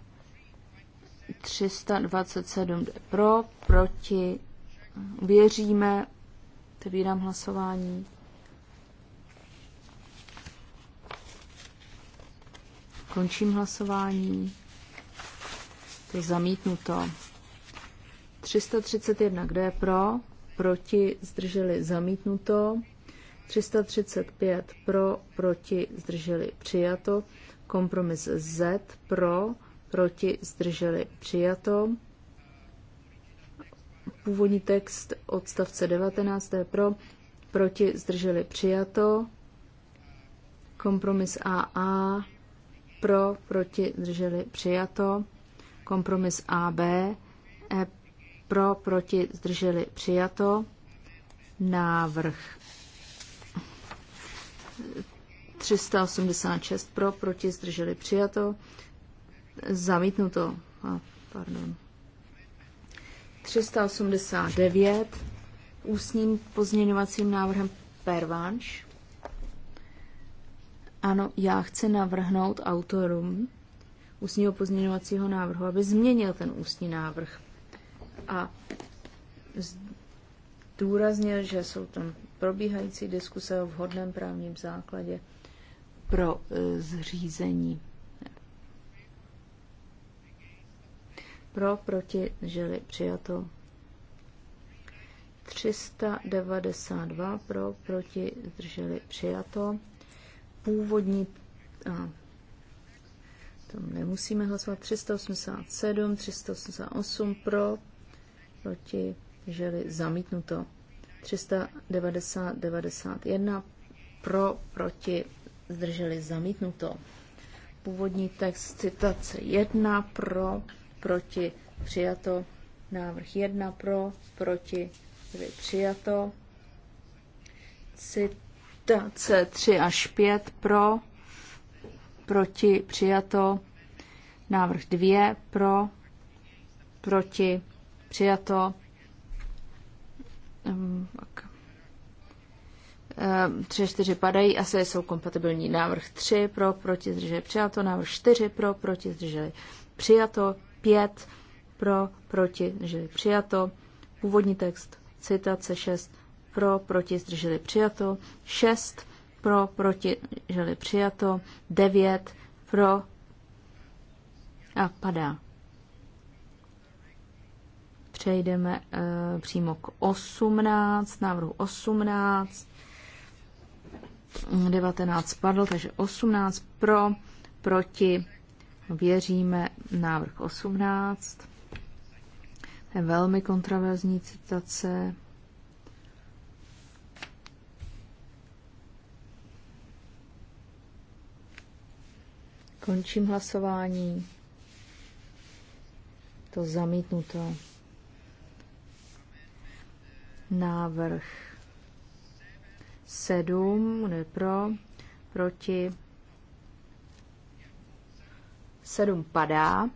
327 pro, proti. Věříme. Otevírám hlasování. Končím hlasování. To je zamítnuto. 331. Kdo je pro? Proti? Zdrželi? Zamítnuto. 335. Pro? Proti? Zdrželi? Přijato. Kompromis Z. Pro? Proti? Zdrželi? Přijato. Původní text odstavce 19. Je pro? Proti? Zdrželi? Přijato. Kompromis AA pro, proti, zdrželi, přijato. Kompromis AB, e, pro, proti, zdrželi, přijato. Návrh 386 pro, proti, zdrželi, přijato. Zamítnuto. A, pardon. 389 ústním pozměňovacím návrhem pervanš. Ano, já chci navrhnout autorům ústního pozměňovacího návrhu, aby změnil ten ústní návrh a zdůraznil, že jsou tam probíhající diskuse o vhodném právním základě pro e, zřízení. Pro, proti, žili, přijato. 392 pro, proti, zdrželi, přijato původní tam nemusíme hlasovat 387, 388 pro, proti, želi zamítnuto. 390, 91 pro, proti, zdrželi zamítnuto. Původní text citace 1 pro, proti, přijato. Návrh 1 pro, proti, přijato. Cit c 3 až 5 pro, proti přijato. Návrh 2 pro, proti přijato. Ehm, ehm, tři, čtyři padají, asi jsou kompatibilní. Návrh 3 pro, proti zdrželi přijato, návrh 4 pro, proti zdrželi přijato, 5 pro, proti zdrželi přijato, původní text, citace 6 pro, proti, zdrželi přijato, 6 pro, proti, zdrželi přijato, 9 pro a padá. Přejdeme e, přímo k 18, návrhu 18, 19 padl, takže 18 pro, proti, věříme, návrh 18. To je velmi kontroverzní citace. Končím hlasování. To zamítnuto. Návrh sedm, ne pro, proti. Sedm padá.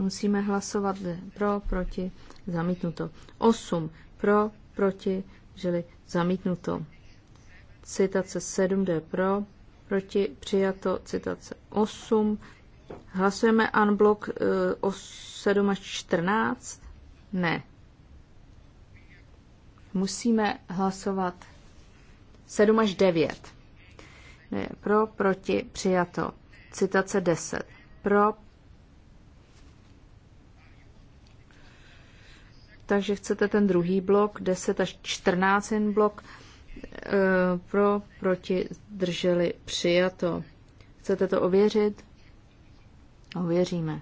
Musíme hlasovat pro, proti, zamítnuto. 8 pro, proti, žili zamítnuto. Citace 7 jde pro, proti, přijato, citace 8. Hlasujeme unblock eh, o 7 až 14? Ne. Musíme hlasovat 7 až 9. Ne, pro, proti, přijato. Citace 10. Pro, Takže chcete ten druhý blok, 10 až 14 blok e, pro, proti, drželi, přijato. Chcete to ověřit? Ověříme.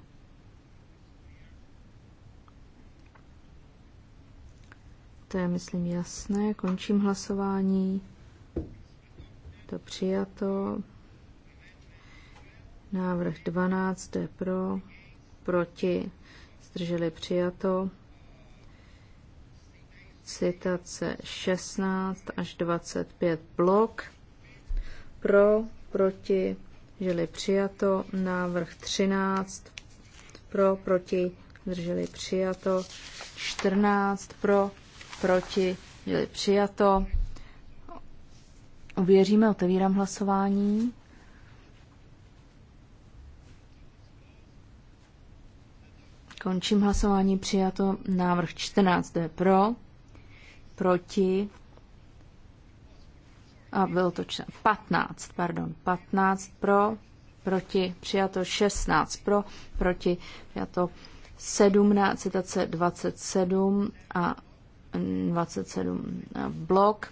To je, myslím, jasné. Končím hlasování. To přijato. Návrh 12, jde pro, proti, zdrželi přijato citace 16 až 25 blok. Pro, proti, drželi přijato. Návrh 13 pro, proti, drželi přijato. 14 pro, proti, drželi přijato. Uvěříme, otevírám hlasování. Končím hlasování přijato. Návrh 14 jde pro, proti a bylo to 15, pardon, 15 pro, proti, přijato 16 pro, proti, přijato 17, citace 27 a 27 blok,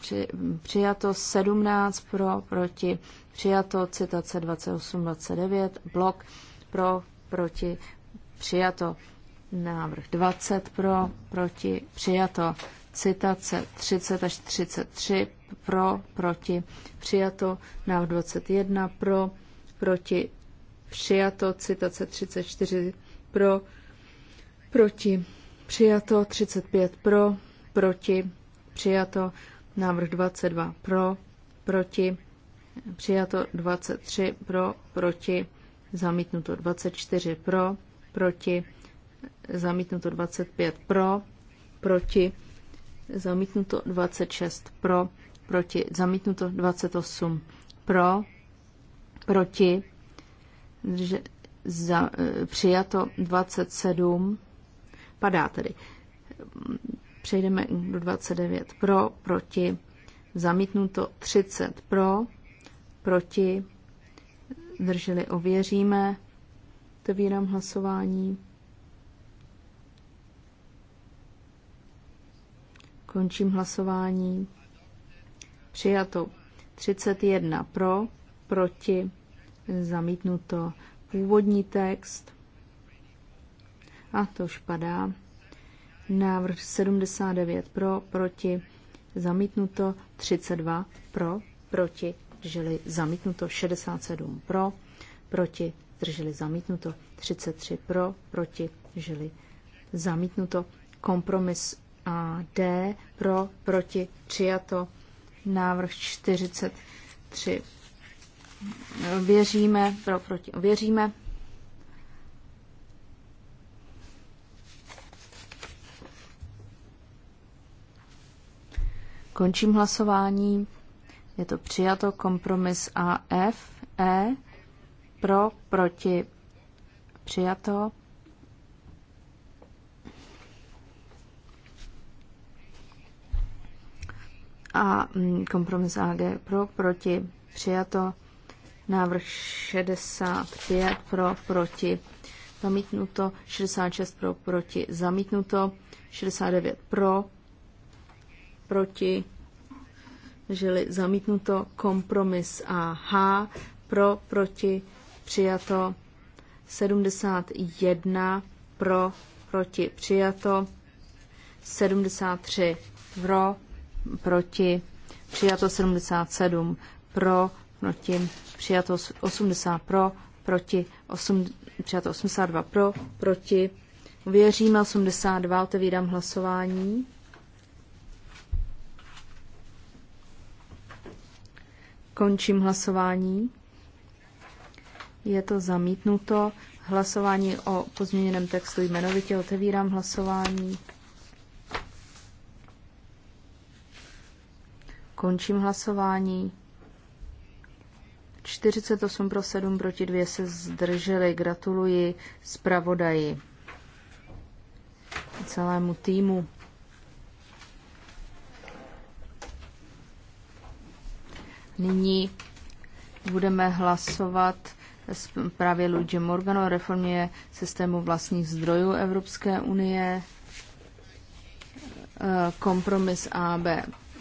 při, přijato 17 pro, proti, přijato citace 28, 29 blok pro, proti, přijato Návrh 20 pro, proti, přijato. Citace 30 až 33 pro, proti, přijato. Návrh 21 pro, proti, přijato. Citace 34 pro, proti, přijato. 35 pro, proti, přijato. Návrh 22 pro, proti, přijato. 23 pro, proti, zamítnuto. 24 pro, proti, zamítnuto 25 pro, proti, zamítnuto 26 pro, proti, zamítnuto 28 pro, proti, že za, e, přijato 27, padá tedy. Přejdeme do 29 pro, proti, zamítnuto 30 pro, proti, drželi ověříme, otevírám hlasování. Končím hlasování. Přijato 31 pro, proti, zamítnuto původní text. A to už padá. Návrh 79 pro, proti, zamítnuto 32 pro, proti, drželi zamítnuto 67 pro, proti, drželi zamítnuto 33 pro, proti, drželi zamítnuto kompromis a D pro, proti, přijato. Návrh 43. Věříme, pro, proti, věříme. Končím hlasování. Je to přijato kompromis F E, pro, proti, přijato. A mm, kompromis AG pro, proti, přijato. Návrh 65 pro, proti, zamítnuto. 66 pro, proti, zamítnuto. 69 pro, proti, žili zamítnuto. Kompromis AH pro, proti, přijato. 71 pro, proti, přijato. 73 pro, proti, přijato 77 pro, proti, přijato 80 pro, proti, 8, přijato 82 pro, proti, věříme 82, otevírám hlasování. Končím hlasování. Je to zamítnuto. Hlasování o pozměněném textu jmenovitě otevírám hlasování. Končím hlasování. 48 pro 7 proti 2 se zdrželi. Gratuluji zpravodaji celému týmu. Nyní budeme hlasovat právě Luigi Morgano o reformě systému vlastních zdrojů Evropské unie. Kompromis AB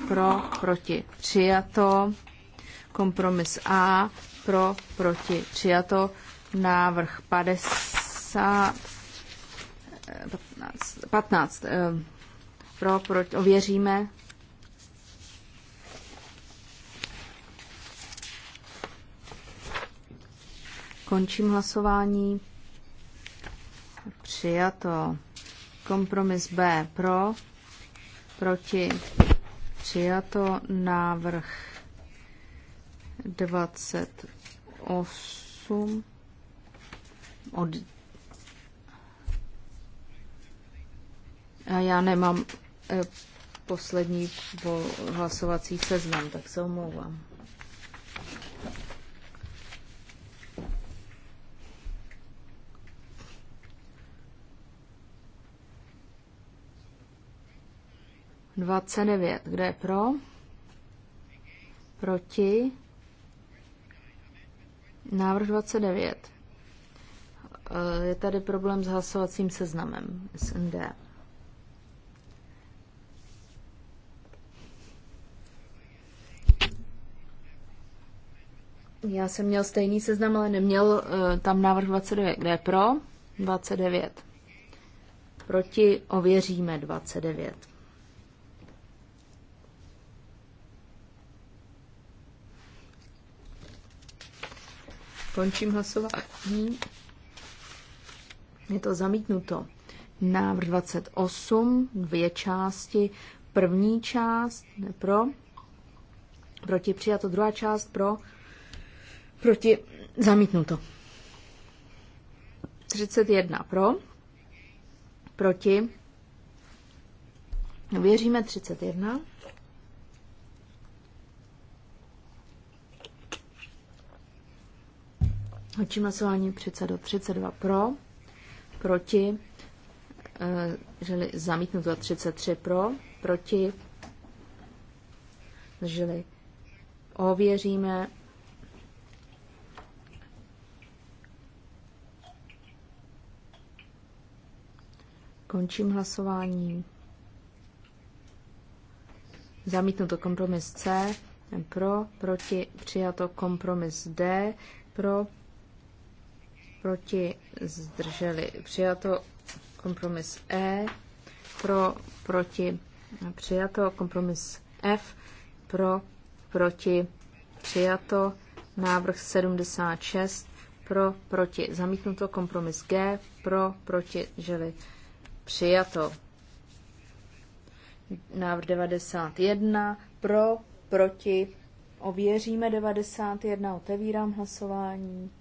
pro, proti, přijato. Kompromis A, pro, proti, přijato. Návrh 50, 15, 15 pro, proti, ověříme. Končím hlasování. Přijato. Kompromis B pro, proti, přijato. Návrh 28 od a já nemám eh, poslední hlasovací seznam, tak se omlouvám. 29. Kdo je pro? Proti? Návrh 29. Eh, je tady problém s hlasovacím seznamem SND. Já jsem měl stejný seznam, ale neměl uh, tam návrh 29. Kde je pro? 29. Proti ověříme 29. Končím hlasování. Je to zamítnuto. Návrh 28, dvě části. První část ne pro, proti přijato, druhá část pro, proti zamítnuto. 31 pro, proti, věříme 31. Končím hlasování 32, 32 pro, proti, eh, žili zamítnout 33 pro, proti, žili ověříme, Končím hlasování. Zamítnuto kompromis C, pro, proti, přijato kompromis D, pro, proti, zdrželi, přijato, kompromis E, pro, proti, přijato, kompromis F, pro, proti, přijato, návrh 76, pro, proti, zamítnuto, kompromis G, pro, proti, želi, přijato. Návrh 91, pro, proti, ověříme 91, otevírám hlasování.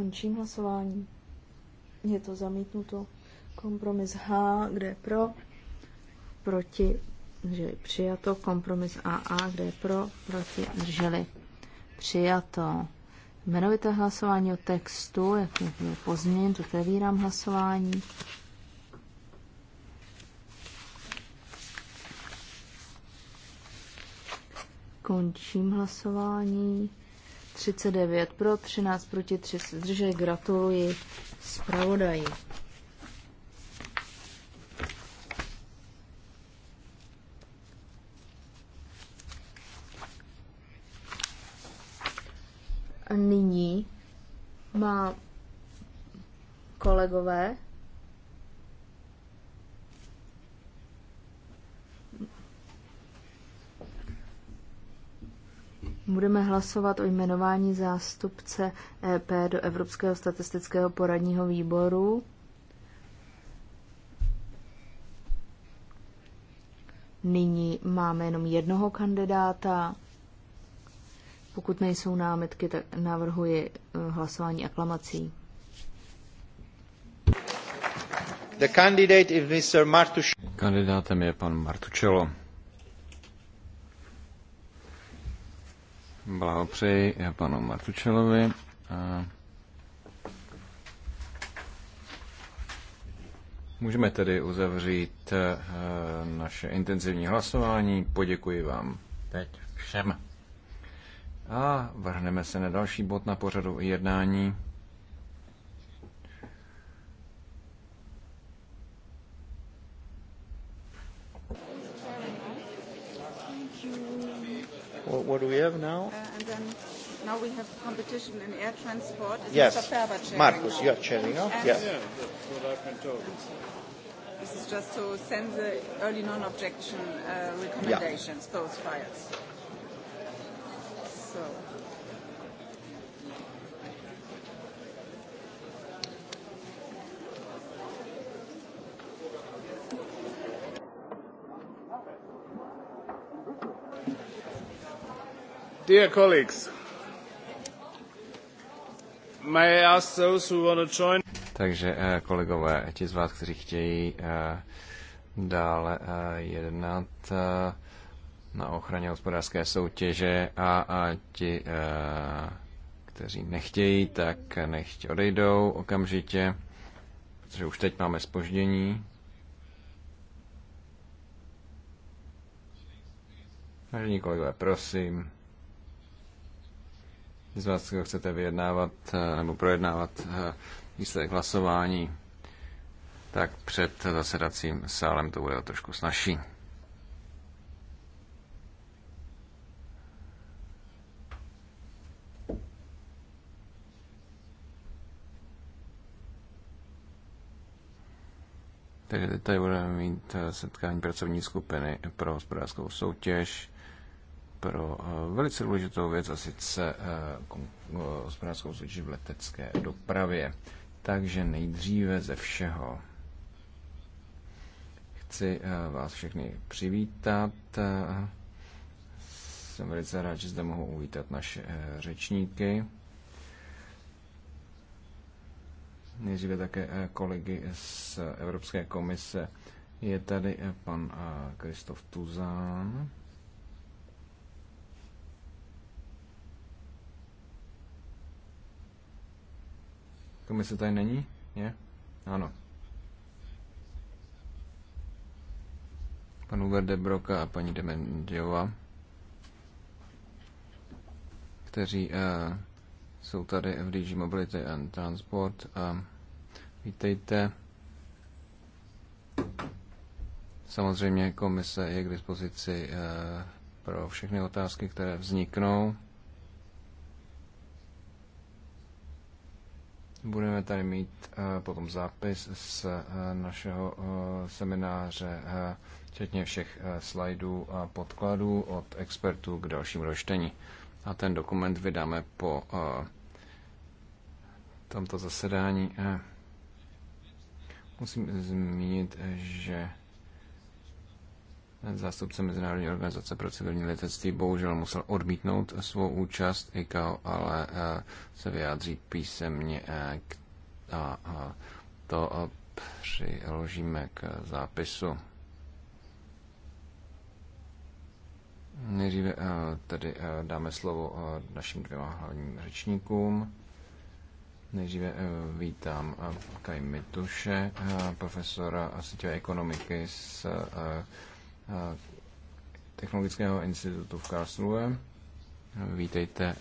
Končím hlasování. Je to zamítnuto. Kompromis H, kde je pro, proti, drželi přijato. Kompromis AA, kde je pro, proti, drželi přijato. Jmenovité hlasování o textu, jak pozměn pozměněn, otevírám hlasování. Končím hlasování. 39 pro, 13 proti, 3 se zdrželi. Gratuluji zpravodaji. A nyní má kolegové Budeme hlasovat o jmenování zástupce EP do Evropského statistického poradního výboru. Nyní máme jenom jednoho kandidáta. Pokud nejsou námitky, tak navrhuji eh, hlasování aklamací. The candidate is Mr. Martuš... Kandidátem je pan Martučelo. Blahopřeji panu Martučelovi. A můžeme tedy uzavřít eh, naše intenzivní hlasování. Poděkuji vám teď všem. A vrhneme se na další bod na pořadu jednání. What, what do we have now? Uh, and then now we have competition in air transport. Is yes. Marcus, you are chairing now? yes. Yeah, that's what I've been told. This is just to send the early non-objection uh, recommendations, yeah. both files. So. Dear colleagues, may I ask those who want to join... Takže eh, kolegové, ti z vás, kteří chtějí eh, dále eh, jednat na ochraně hospodářské soutěže a, a ti, kteří nechtějí, tak nechť odejdou okamžitě, protože už teď máme spoždění. Vážení kolegové, prosím z vás, chcete vyjednávat eh, nebo projednávat eh, výsledek hlasování, tak před zasedacím sálem to bude trošku snažší. Takže tady budeme mít eh, setkání pracovní skupiny pro hospodářskou soutěž pro eh, velice důležitou věc, a sice eh, eh, hospodářskou soutěž v letecké dopravě. Takže nejdříve ze všeho chci vás všechny přivítat. Jsem velice rád, že zde mohu uvítat naše řečníky. Nejdříve také kolegy z Evropské komise. Je tady pan Kristof Tuzán komise tady není? Je? Ano. Pan Uber de Broca a paní Demendiova, kteří uh, jsou tady v DG Mobility and Transport. Uh, vítejte. Samozřejmě komise je k dispozici uh, pro všechny otázky, které vzniknou. Budeme tady mít eh, potom zápis z eh, našeho eh, semináře, včetně všech slajdů a podkladů od expertů k dalšímu dočtení. A ten dokument vydáme po tomto zasedání. Musím zmínit, že Zástupce Mezinárodní organizace pro civilní letectví bohužel musel odmítnout svou účast ICAO, ale eh, se vyjádří písemně eh, a, a to eh, přiložíme k zápisu. Nejdříve tedy dáme slovo našim dvěma hlavním řečníkům. Nejdříve vítám Kaj Mituše, profesora sítě ekonomiky z Technologického institutu v Karlsruhe. Vítejte,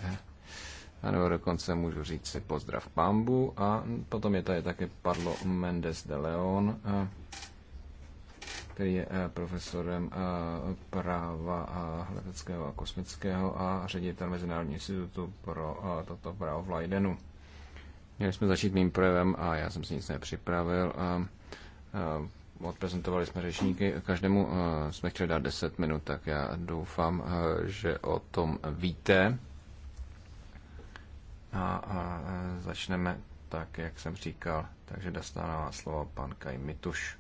nebo dokonce můžu říct si pozdrav Pambu. A potom je tady také Padlo Mendes de Leon, který je e, profesorem e, práva e, leteckého a kosmického a ředitel Mezinárodního institutu pro toto právo v Leidenu. Měli jsme začít mým projevem a já jsem si nic nepřipravil odprezentovali jsme řečníky. Každému eh, jsme chtěli dát 10 minut, tak já doufám, eh, že o tom víte. A eh, začneme tak, jak jsem říkal. Takže dostává slovo pan Kaj Mituš.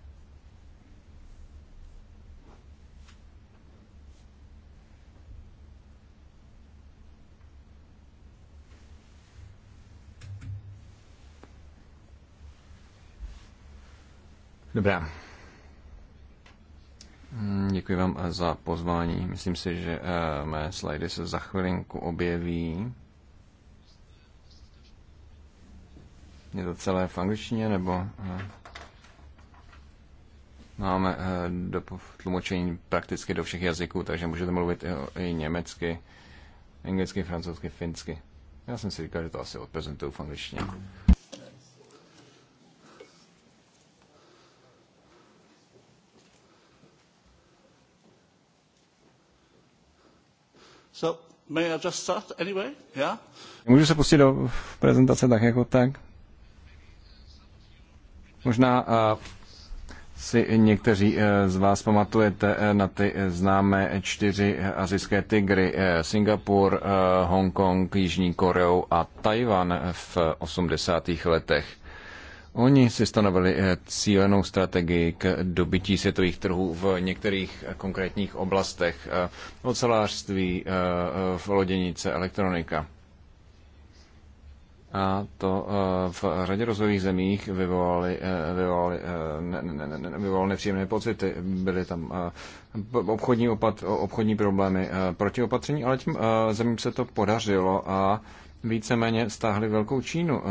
Dobrá. Mm, děkuji vám eh, za pozvání. Myslím si, že eh, mé slajdy se za chvilinku objeví. Je to celé v angličtině, nebo eh, máme do tlumočení prakticky do všech jazyků, takže můžete mluvit i německy, anglicky, francouzsky, finsky. Já jsem si říkal, že to asi odprezentuju v angličtině. So, may I just start anyway? Yeah? Můžu se pustit do prezentace tak jako tak? Možná uh, si někteří e, z vás pamatujete e, na ty e, známé čtyři azijské tygry Singapur, Hongkong, Jižní Koreu a Tajvan v 80. letech. Oni si stanovili eh, cílenou strategii k dobytí světových trhů v některých eh, konkrétních oblastech eh, ocelářství, v loděnice, elektronika. A to v řadě rozvojových zemích vyvolali, vyvolali, ne, ne, ne, vyvolali nepříjemné pocity. Byly tam obchodní, opat, obchodní problémy, protiopatření, ale tím zemím se to podařilo a víceméně stáhli Velkou Čínu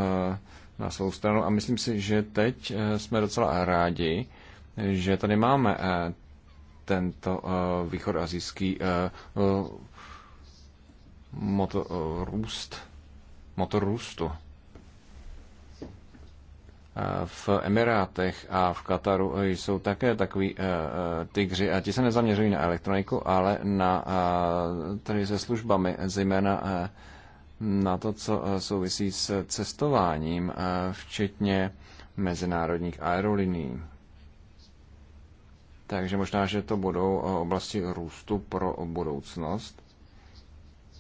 na svou stranu a myslím si, že teď eh, jsme docela rádi, že tady máme eh, tento eh, východoazijský motor růst, motor růstu. V Emirátech a v Kataru jsou také takový tygři a ti se nezaměřují na elektroniku, ale na tady se službami, zejména na to, co eh, souvisí s cestováním, eh, včetně mezinárodních aerolinií. Takže možná, že to budou eh, oblasti růstu pro budoucnost.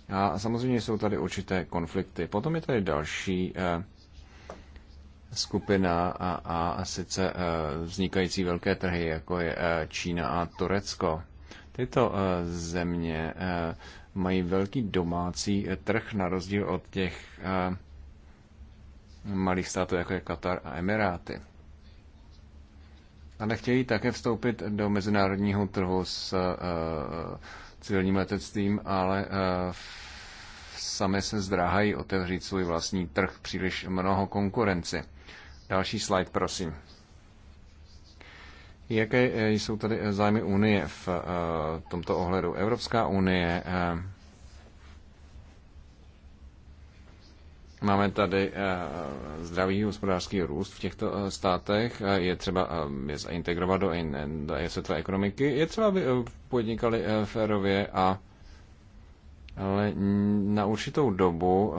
A samozřejmě jsou tady určité konflikty. Potom je tady další skupina a, a sice vznikající velké trhy, jako je Čína a Turecko. Tyto země mají velký domácí eh, trh na rozdíl od těch eh, malých států, jako je Katar a Emiráty. A nechtějí také vstoupit do mezinárodního trhu s eh, civilním letectvím, ale sami se zdráhají otevřít svůj vlastní trh příliš mnoho konkurenci. Další slide, prosím. Jaké eh, jsou tady eh, zájmy Unie v eh, tomto ohledu? Evropská unie. Máme tady zdravý hospodářský růst v těchto státech. Je třeba je zaintegrovat do, do světové ekonomiky. Je třeba, aby podnikali férově a ale na určitou dobu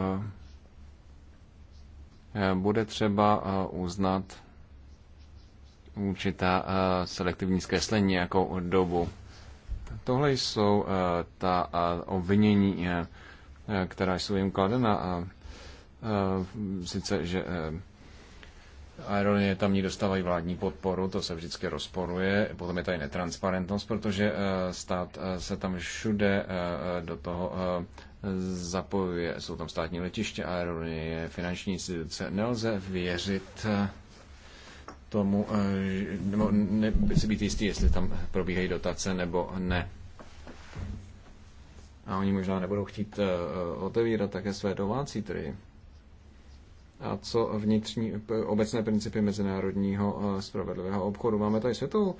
bude třeba uznat určitá eh, selektivní zkreslení nějakou dobu. Tohle jsou eh, ta eh, obvinění, která jsou jim kladena. Sice, že tam ní dostávají vládní podporu, to se vždycky rozporuje. Potom je tady netransparentnost, protože stát se tam všude do toho zapojuje. Jsou tam státní letiště, aeronie, finanční instituce. Nelze věřit tomu, eh, nebo ne, si být jistý, jestli tam probíhají dotace nebo ne. A oni možná nebudou chtít eh, otevírat také své domácí trhy. A co vnitřní obecné principy mezinárodního eh, spravedlivého obchodu? Máme tady světovou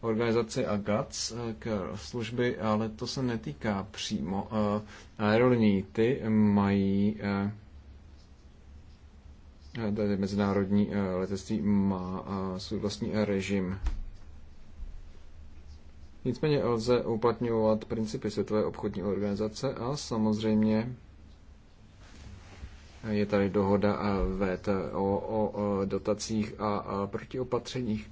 organizaci AGATS k služby, ale to se netýká přímo aerolinií. Ty mají tedy mezinárodní eh, letectví má eh, svůj vlastní režim. Nicméně lze uplatňovat principy Světové obchodní organizace a samozřejmě je tady dohoda eh, VTO o dotacích a protiopatřeních,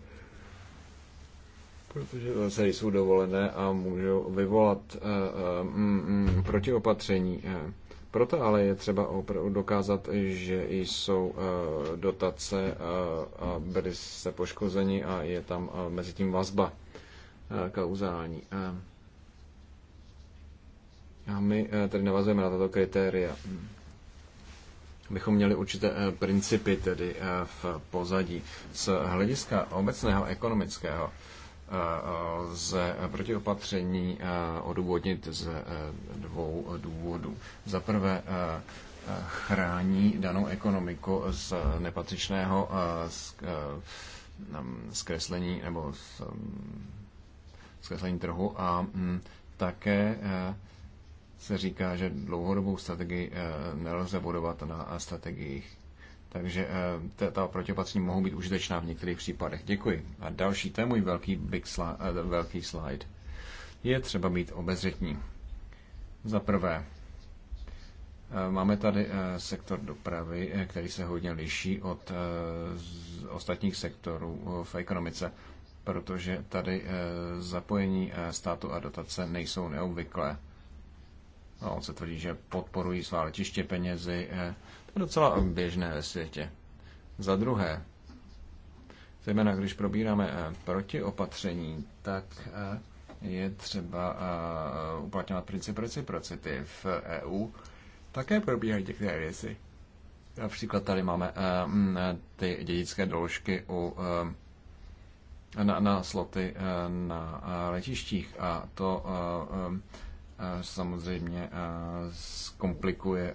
protože dotace jsou dovolené a můžou vyvolat mm, mm, protiopatření. Proto ale je třeba dokázat, že jsou eh, dotace eh, a byli se poškozeni a je tam eh, mezi tím vazba kauzální. A my tedy navazujeme na tato kritéria. Bychom měli určité principy tedy v pozadí. Z hlediska obecného ekonomického lze protiopatření eh, odůvodnit z eh, dvou důvodů. Za prvé eh, chrání danou ekonomiku z nepatřičného mm, zkreslení nebo mm, zkreslení trhu a mm, také se říká, že dlouhodobou strategii nelze budovat na strategiích takže eh, ta protiopatření mohou být užitečná v některých případech. Děkuji. A další, to je můj velký, big sli- eh, velký slide. Je třeba být obezřetní. Za prvé, eh, Máme tady sektor dopravy, který se hodně liší od ostatních sektorů v ekonomice, protože tady zapojení státu a dotace nejsou neobvyklé. On se tvrdí, že podporují svá letiště penězi, to je docela běžné ve světě. Za druhé, zejména když probíráme eh, protiopatření, tak eh, je třeba eh, uplatňovat princip reciprocity v EU. Také probíhají některé věci. Například tady máme mm, ty dědické doložky u, na, na sloty na letištích a to samozřejmě zkomplikuje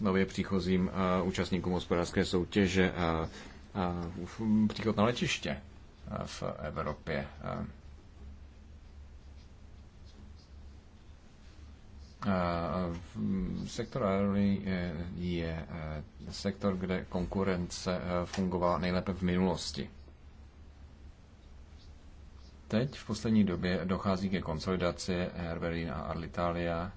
nově příchozím eh, účastníkům hospodářské soutěže eh, eh, příchod na letiště v Evropě. Sektor aerolí je sektor, kde konkurence fungovala nejlépe v minulosti. Teď v poslední době dochází ke konsolidaci Air Berlin a Arlitalia.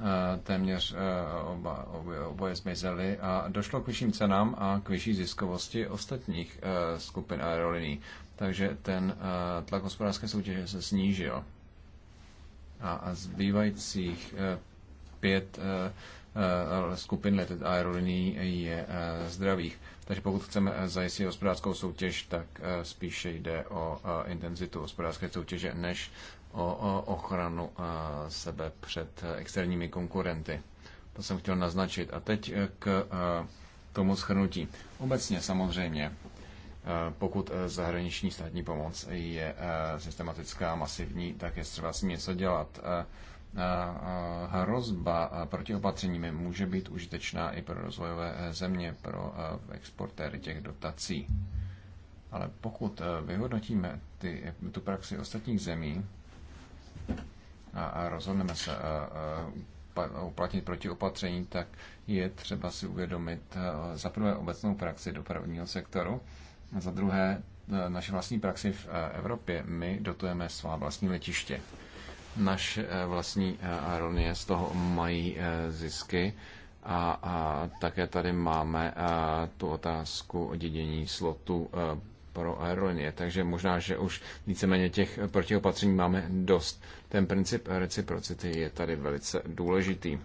Eh, téměř eh, oba, oboje zmizely a došlo k vyšším cenám a k vyšší ziskovosti ostatních eh, skupin aerolinií. Takže ten tlak hospodářské soutěže se snížil. A zbývajících pět skupin letet aerolinií je zdravých. Takže pokud chceme zajistit hospodářskou soutěž, tak spíše jde o intenzitu hospodářské soutěže než o ochranu eh, sebe před externími konkurenty. To jsem chtěl naznačit. A teď eh, k eh, tomu schrnutí. Obecně samozřejmě, pokud zahraniční státní pomoc je systematická, masivní, tak je třeba s ní něco dělat. Hrozba protiopatřeními může být užitečná i pro rozvojové země, pro exportéry těch dotací. Ale pokud vyhodnotíme ty, tu praxi ostatních zemí, a, a rozhodneme se a, a uplatnit protiopatření, tak je třeba si uvědomit za prvé obecnou praxi dopravního sektoru, a za druhé naše vlastní praxi v Evropě. My dotujeme svá vlastní letiště. Naše vlastní aeronie z toho mají zisky a, a také tady máme a, tu otázku o dědění slotu pro aerolinie. Takže možná, že už víceméně těch protiopatření máme dost. Ten princip reciprocity je tady velice důležitý.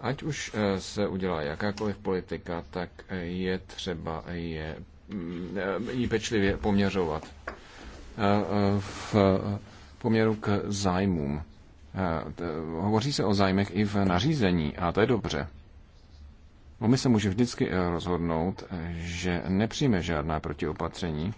Ať už eh, se udělá jakákoliv politika, tak je třeba je, mm, eh, ji pečlivě poměřovat eh, v poměru k zájmům. Hovoří se o zájmech i v nařízení a to je dobře. Komise no, může vždycky eh, rozhodnout, eh, že nepřijme žádná protiopatření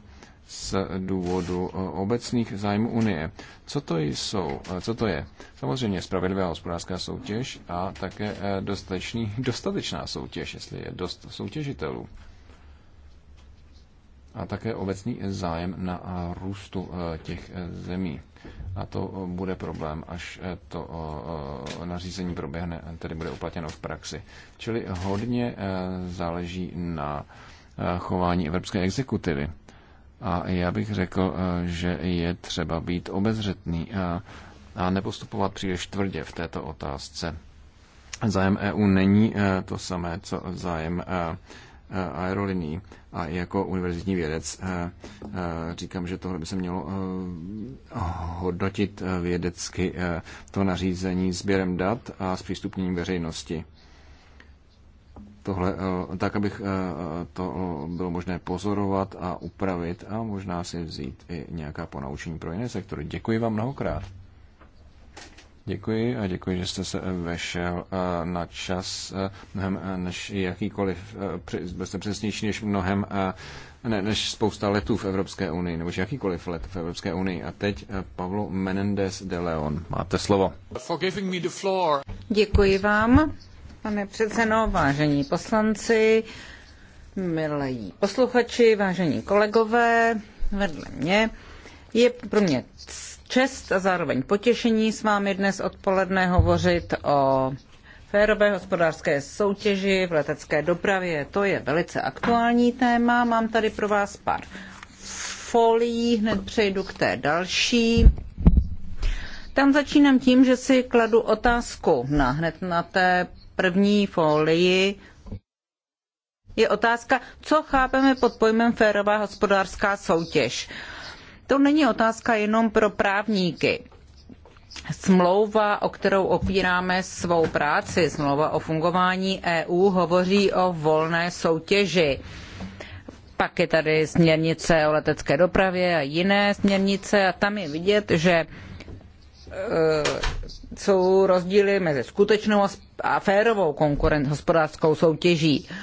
z důvodu eh, obecných zájmů Unie. Co to, jsou, co to je? Samozřejmě spravedlivá hospodářská soutěž a také dostatečný, dostatečná soutěž, jestli je dost soutěžitelů a také obecný zájem na růstu e, těch e, zemí. A to e, bude problém, až to nařízení proběhne, tedy bude uplatněno v praxi. Čili hodně záleží na chování evropské exekutivy. A já bych řekl, že je třeba být obezřetný a, nepostupovat příliš tvrdě v této otázce. Zájem EU není to samé, co zájem Eh, aerolinií. A jako univerzitní vědec eh, eh, říkám, že tohle by se mělo hodnotit vědecky to nařízení sběrem dat a zpřístupněním veřejnosti. Tohle, tak, abych to bylo možné pozorovat a upravit a možná si vzít i nějaká ponaučení pro jiné sektory. Děkuji vám mnohokrát. Děkuji a děkuji, že jste se eh, vešel eh, na čas eh, mnohem než jakýkoliv, byl jste přesnější než mnohem ne, než spousta letů v Evropské unii, nebo jakýkoliv let v Evropské unii. A teď Pavlo Menendez de Leon. Máte slovo. Děkuji vám, pane předseno, vážení poslanci, milí posluchači, vážení kolegové, vedle mě je pro mě čest a zároveň potěšení s vámi dnes odpoledne hovořit o férové hospodářské soutěži v letecké dopravě. To je velice aktuální téma. Mám tady pro vás pár folií, hned přejdu k té další. Tam začínám tím, že si kladu otázku na hned na té první folii. Je otázka, co chápeme pod pojmem férová hospodářská soutěž. Uh, to není otázka jenom pro právníky. Smlouva, o kterou opíráme svou práci, smlouva o fungování EU, hovoří o volné soutěži. Pak je tady směrnice o letecké dopravě a jiné směrnice a tam je vidět, že e, jsou rozdíly mezi skutečnou a férovou konkurent hospodářskou soutěží. E,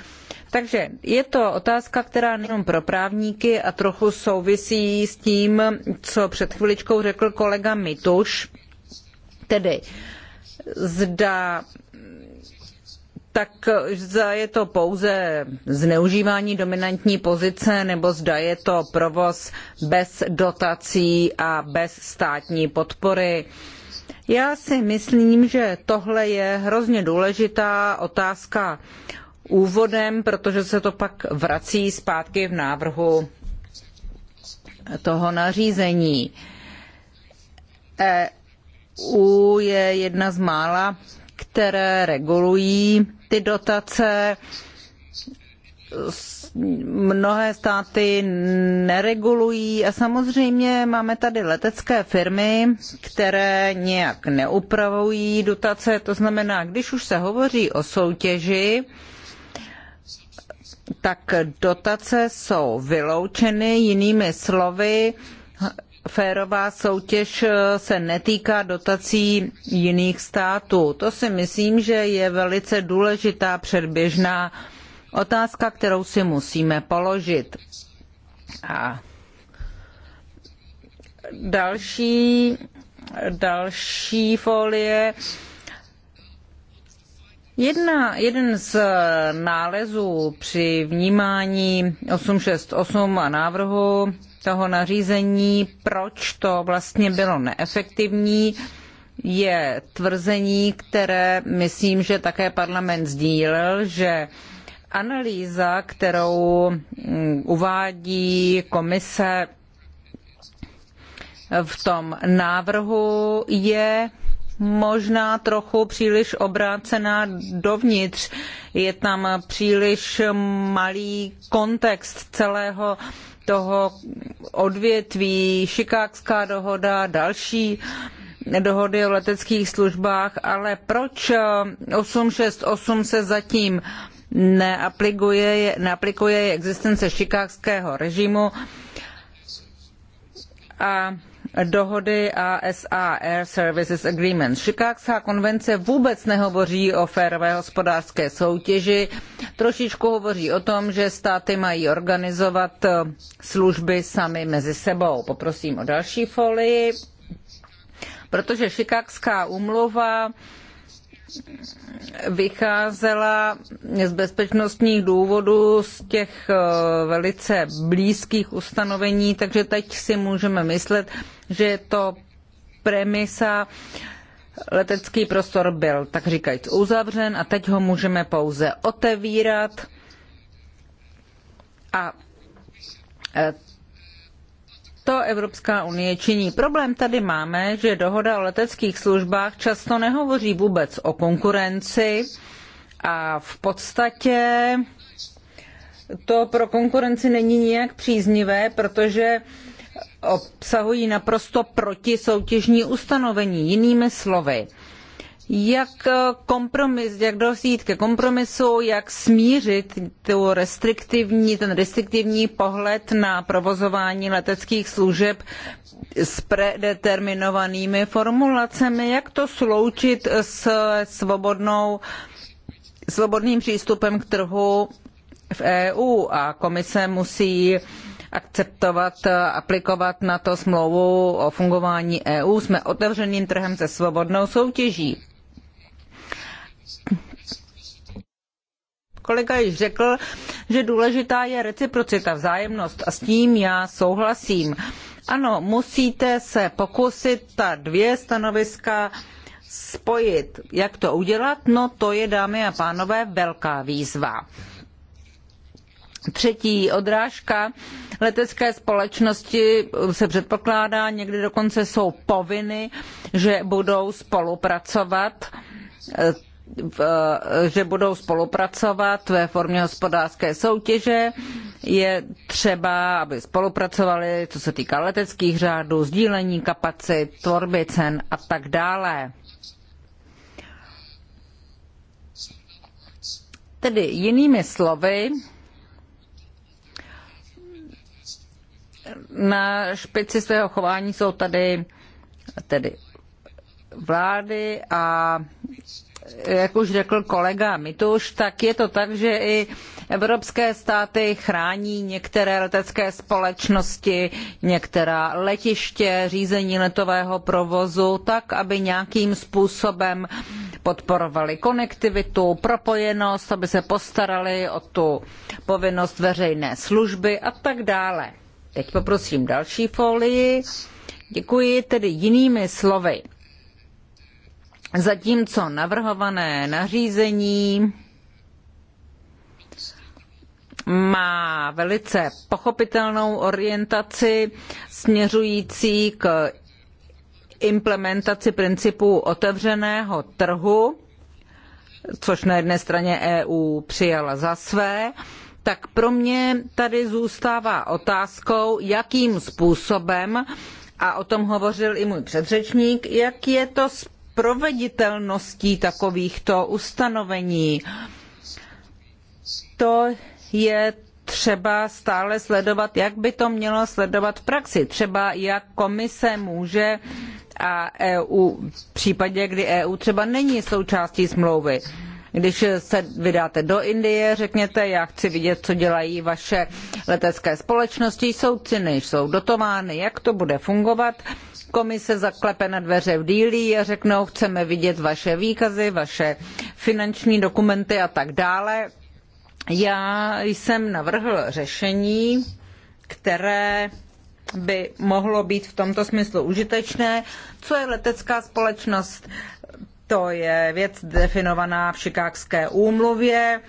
takže je to otázka, která nejenom pro právníky a trochu souvisí s tím, co před chviličkou řekl kolega Mituš, tedy zda tak zda je to pouze zneužívání dominantní pozice, nebo zda je to provoz bez dotací a bez státní podpory. Já si myslím, že tohle je hrozně důležitá otázka úvodem, protože se to pak vrací zpátky v návrhu toho nařízení. EU je jedna z mála, které regulují ty dotace. Mnohé státy neregulují a samozřejmě máme tady letecké firmy, které nějak neupravují dotace. To znamená, když už se hovoří o soutěži, tak dotace jsou vyloučeny. Jinými slovy, férová soutěž se netýká dotací jiných států. To si myslím, že je velice důležitá předběžná otázka, kterou si musíme položit. A další, další folie Jedna, jeden z eh, nálezů při vnímání 868 a návrhu toho nařízení, proč to vlastně bylo neefektivní, je tvrzení, které myslím, že také parlament sdílel, že analýza, kterou mm, uvádí komise v tom návrhu, je možná trochu příliš obrácená dovnitř. Je tam příliš malý kontext celého toho odvětví, Chicagská dohoda, další dohody o leteckých službách, ale proč 868 se zatím neaplikuje, neaplikuje existence chicagského režimu a dohody a Air Services Agreement. chicagská konvence vůbec nehovoří o férové hospodářské soutěži, trošičku hovoří o tom, že státy mají organizovat eh, služby sami mezi sebou. Poprosím o další folii, protože Chicagská úmluva vycházela z bezpečnostních důvodů z těch eh, velice blízkých ustanovení, takže teď si můžeme myslet, že je to premisa, letecký prostor byl, tak říkajíc, uzavřen a teď ho můžeme pouze otevírat a eh, to Evropská unie činí. Problém tady máme, že dohoda o leteckých službách často nehovoří vůbec o konkurenci a v podstatě to pro konkurenci není nijak příznivé, protože obsahují naprosto protisoutěžní ustanovení. Jinými slovy, jak kompromis, jak dosít ke kompromisu, jak smířit tu restriktivní, ten restriktivní pohled na provozování leteckých služeb s predeterminovanými formulacemi, jak to sloučit s svobodnou, svobodným přístupem k trhu v EU a komise musí akceptovat, aplikovat na to smlouvu o fungování EU. Jsme otevřeným trhem se svobodnou soutěží. Kolega již řekl, že důležitá je reciprocita, vzájemnost a s tím já souhlasím. Ano, musíte se pokusit ta dvě stanoviska spojit. Jak to udělat? No to je, dámy a pánové, velká výzva. Třetí odrážka letecké společnosti se předpokládá, někdy dokonce jsou povinny, že budou spolupracovat v, že budou spolupracovat ve formě hospodářské soutěže. Je třeba, aby spolupracovali, co se týká leteckých řádů, sdílení kapacit, tvorby cen a tak dále. Tedy jinými slovy, na špici svého chování jsou tady tedy vlády a jak už řekl kolega Mituš, tak je to tak, že i evropské státy chrání některé letecké společnosti, některá letiště, řízení letového provozu, tak, aby nějakým způsobem podporovali konektivitu, propojenost, aby se postarali o tu povinnost veřejné služby a tak dále. Teď poprosím další folii. Děkuji tedy jinými slovy. Zatímco navrhované nařízení má velice pochopitelnou orientaci směřující k implementaci principů otevřeného trhu, což na jedné straně EU přijala za své, tak pro mě tady zůstává otázkou, jakým způsobem, a o tom hovořil i můj předřečník, jak je to s proveditelností takovýchto ustanovení. To je třeba stále sledovat, jak by to mělo sledovat v praxi. Třeba jak komise může a EU, v případě, kdy EU třeba není součástí smlouvy. Když se vydáte do Indie, řekněte, já chci vidět, co dělají vaše letecké společnosti, jsou ceny, jsou dotovány, jak to bude fungovat, komise zaklepe na dveře v dílí a řeknou, chceme vidět vaše výkazy, vaše finanční dokumenty a tak dále. Já jsem navrhl řešení, které by mohlo být v tomto smyslu užitečné. Co je letecká společnost? To je věc definovaná v Chicagské úmluvě.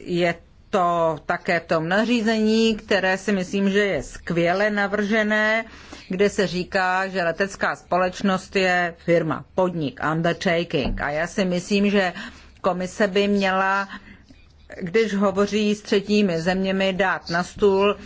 Je to také to tom nařízení, které si myslím, že je skvěle navržené, kde se říká, že letecká společnost je firma, podnik, undertaking. A já si myslím, že komise by měla když hovoří s třetími zeměmi, dát na stůl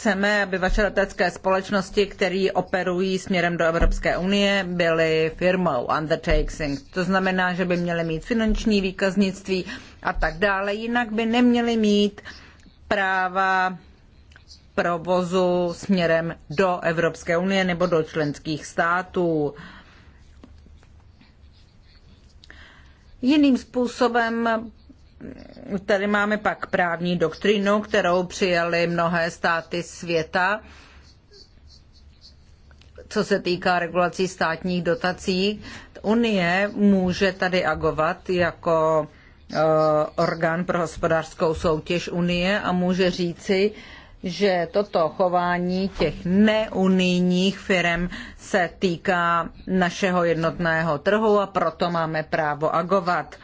chceme, aby vaše letecké společnosti, které operují směrem do Evropské unie, byly firmou undertaking. To znamená, že by měly mít finanční výkaznictví a tak dále, jinak by neměly mít práva provozu směrem do Evropské unie nebo do členských států. Jiným způsobem tady máme pak právní doktrinu, kterou přijali mnohé státy světa, co se týká regulací státních dotací. Unie může tady agovat jako e, orgán pro hospodářskou soutěž Unie a může říci, že toto chování těch neunijních firm se týká našeho jednotného trhu a proto máme právo agovat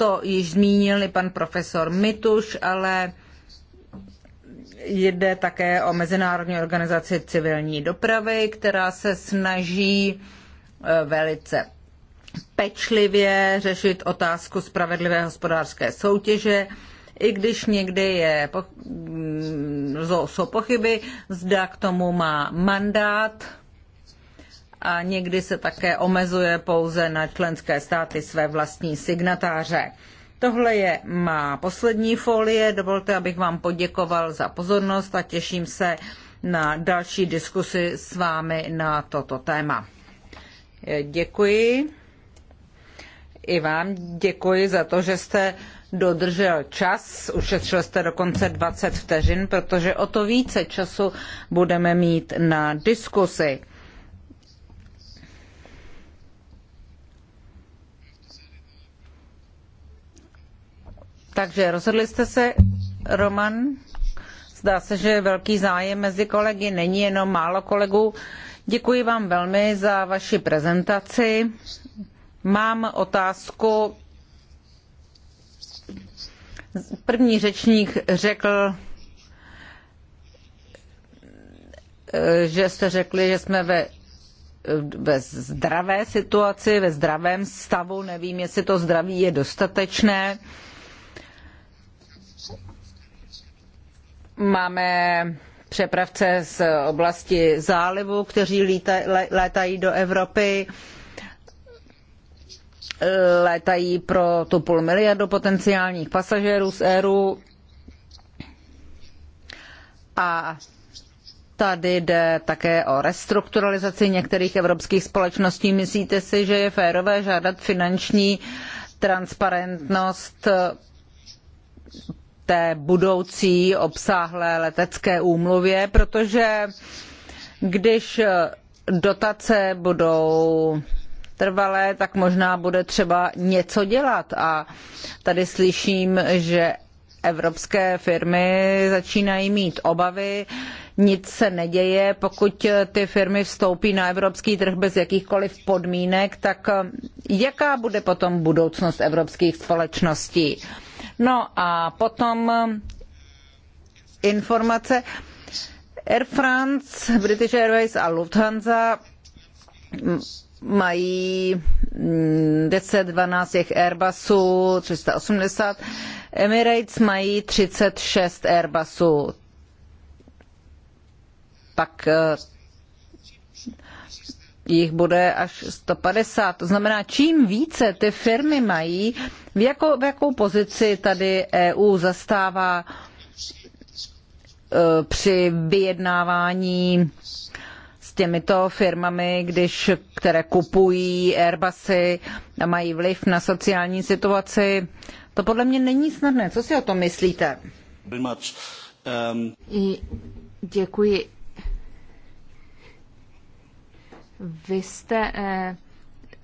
to již zmínil i pan profesor Mituš, ale jde také o Mezinárodní organizaci civilní dopravy, která se snaží e, velice pečlivě řešit otázku spravedlivé hospodářské soutěže, i když někdy je, jsou pochyby, zda k tomu má mandát a někdy se také omezuje pouze na členské státy své vlastní signatáře. Tohle je má poslední folie. Dovolte, abych vám poděkoval za pozornost a těším se na další diskusy s vámi na toto téma. Děkuji. I vám děkuji za to, že jste dodržel čas, ušetřil jste dokonce 20 vteřin, protože o to více času budeme mít na diskusi. Takže rozhodli jste se, Roman? Zdá se, že velký zájem mezi kolegy není jenom málo kolegů. Děkuji vám velmi za vaši prezentaci. Mám otázku. První řečník řekl, že jste řekli, že jsme ve, ve zdravé situaci, ve zdravém stavu. Nevím, jestli to zdraví je dostatečné. Máme přepravce z oblasti zálivu, kteří létají do Evropy létají pro tu půl miliardu potenciálních pasažérů z Eru. A tady jde také o restrukturalizaci některých evropských společností. Myslíte si, že je férové žádat finanční transparentnost té budoucí obsáhlé letecké úmluvě, protože když dotace budou trvalé, tak možná bude třeba něco dělat. A tady slyším, že evropské firmy začínají mít obavy, nic se neděje. Pokud ty firmy vstoupí na evropský trh bez jakýchkoliv podmínek, tak jaká bude potom budoucnost evropských společností? No a potom um, informace. Air France, British Airways a Lufthansa mají 10-12 mm, těch Airbusů 380, Emirates mají 36 Airbusů. Tak eh, jich bude až 150. To znamená, čím více ty firmy mají, v jakou, v jakou pozici tady EU zastává e, při vyjednávání s těmito firmami, když, které kupují Airbusy a mají vliv na sociální situaci. To podle mě není snadné. Co si o tom myslíte? Um, děkuji. Vy jste eh,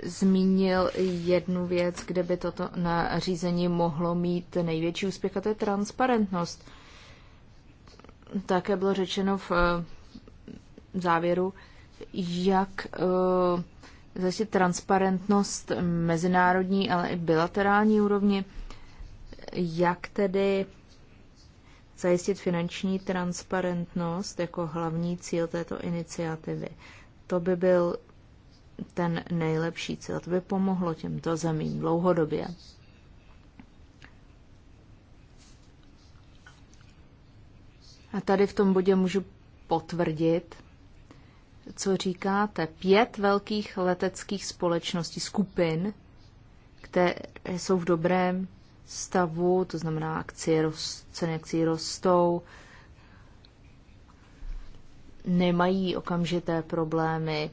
zmínil jednu věc, kde by toto nařízení mohlo mít největší úspěch, a to je transparentnost. Také bylo řečeno v eh, závěru, jak eh, zase transparentnost mezinárodní, ale i bilaterální úrovni, jak tedy zajistit finanční transparentnost jako hlavní cíl této iniciativy. To by byl ten nejlepší cíl. To by pomohlo těmto zemím dlouhodobě. A tady v tom bodě můžu potvrdit, co říkáte. Pět velkých leteckých společností, skupin, které jsou v dobrém stavu, to znamená akcie, ceny akcí rostou, nemají okamžité problémy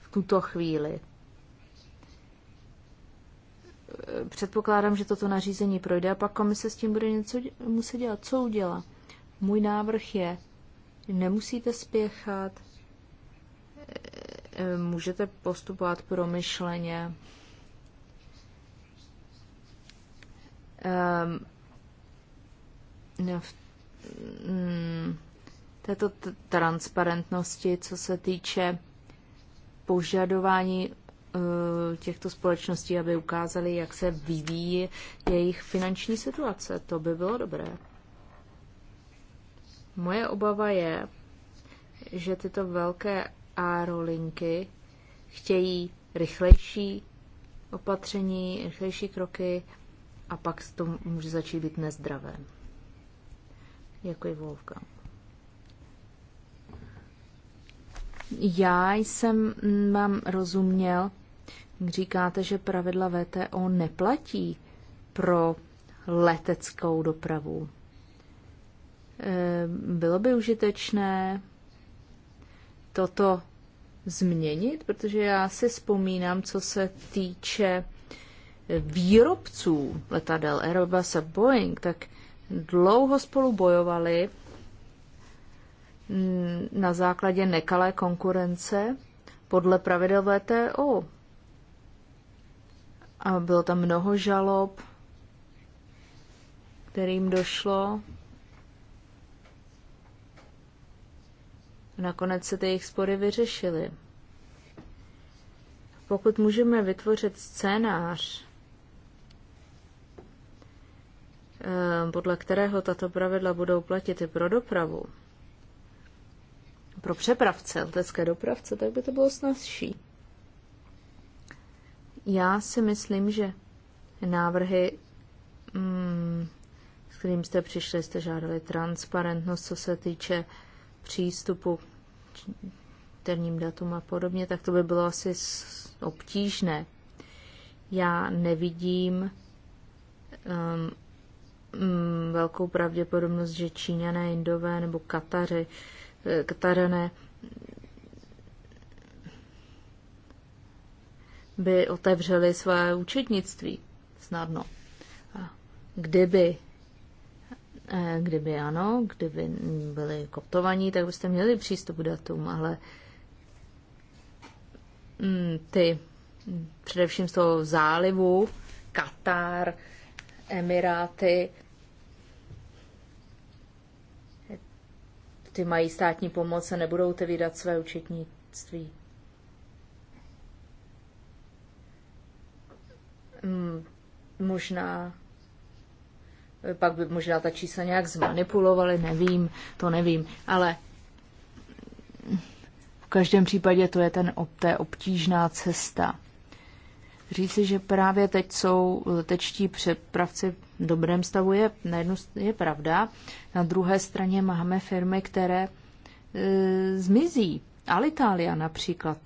v tuto chvíli. Předpokládám, že toto nařízení projde a pak komise s tím bude něco muset dělat. Co udělá? Můj návrh je, nemusíte spěchat, eh, můžete postupovat promyšleně. Um, v, mm, této transparentnosti, co se týče požadování eh, těchto společností, aby ukázali, jak se vyvíjí jejich finanční situace. To by bylo dobré. Moje obava je, že tyto velké aerolinky chtějí rychlejší opatření, rychlejší kroky a pak to může začít být nezdravé. Děkuji, Wolfgang. Já jsem vám rozuměl, říkáte, že pravidla VTO neplatí pro leteckou dopravu. Eh, bylo by užitečné toto změnit, protože já si vzpomínám, co se týče výrobců letadel Airbus a Boeing, tak dlouho spolu bojovali na základě nekalé konkurence podle pravidel VTO. A bylo tam mnoho žalob, kterým došlo. Nakonec se ty jejich spory vyřešily. Pokud můžeme vytvořit scénář, eh, podle kterého tato pravidla budou platit i pro dopravu, pro přepravce, letecké dopravce, tak by to bylo snazší. Já si myslím, že návrhy, mm, s kterým jste přišli, jste žádali transparentnost, co se týče přístupu k terním datům a podobně, tak to by bylo asi obtížné. Já nevidím um, mm, velkou pravděpodobnost, že Číňané, Indové nebo Kataři ne, by otevřeli své účetnictví snadno. Kdyby, eh, kdyby ano, kdyby byli koptovaní, tak byste měli přístup k datům, ale mm, ty mm, především z toho zálivu, Katar, Emiráty, ty mají státní pomoc a nebudou ty vydat své učetnictví. Hmm, možná pak by možná ta čísla nějak zmanipulovali, nevím, to nevím, ale v každém případě to je ten, té obtížná cesta říci, že právě teď jsou letečtí přepravci v dobrém stavu, je, na jednu je pravda. Na druhé straně máme firmy, které e, zmizí. Alitalia například,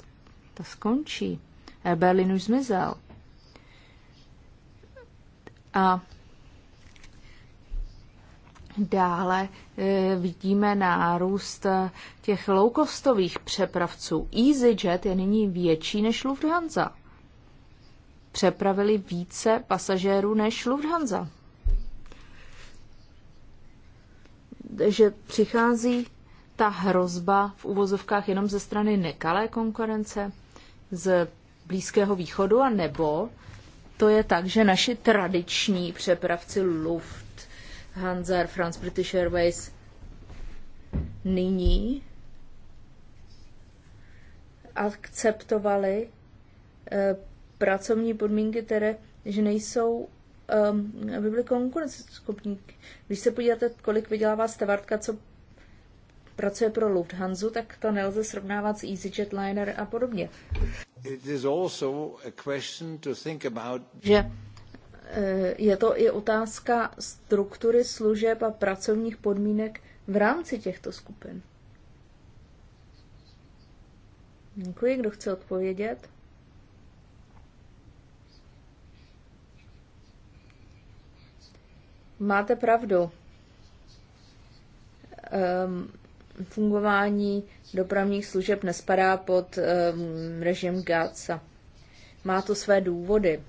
ta skončí. E Berlin už zmizel. A Dále e, vidíme nárůst těch loukostových přepravců. EasyJet je nyní větší než Lufthansa přepravili více pasažérů než Lufthansa. Že přichází ta hrozba v uvozovkách jenom ze strany nekalé konkurence z Blízkého východu, a nebo to je tak, že naši tradiční přepravci Luft, Hansa, France British Airways nyní akceptovali eh, pracovní podmínky, které že nejsou um, aby byly konkurenceschopní. Když se podíváte, kolik vydělává stavartka, co pracuje pro Lufthansa, tak to nelze srovnávat s EasyJet Liner a podobně. Že eh, je to i otázka struktury služeb a pracovních podmínek v rámci těchto skupin. Děkuji, kdo chce odpovědět. Máte pravdu. Um, fungování dopravních služeb nespadá pod um, režim GATSA. Má to své důvody.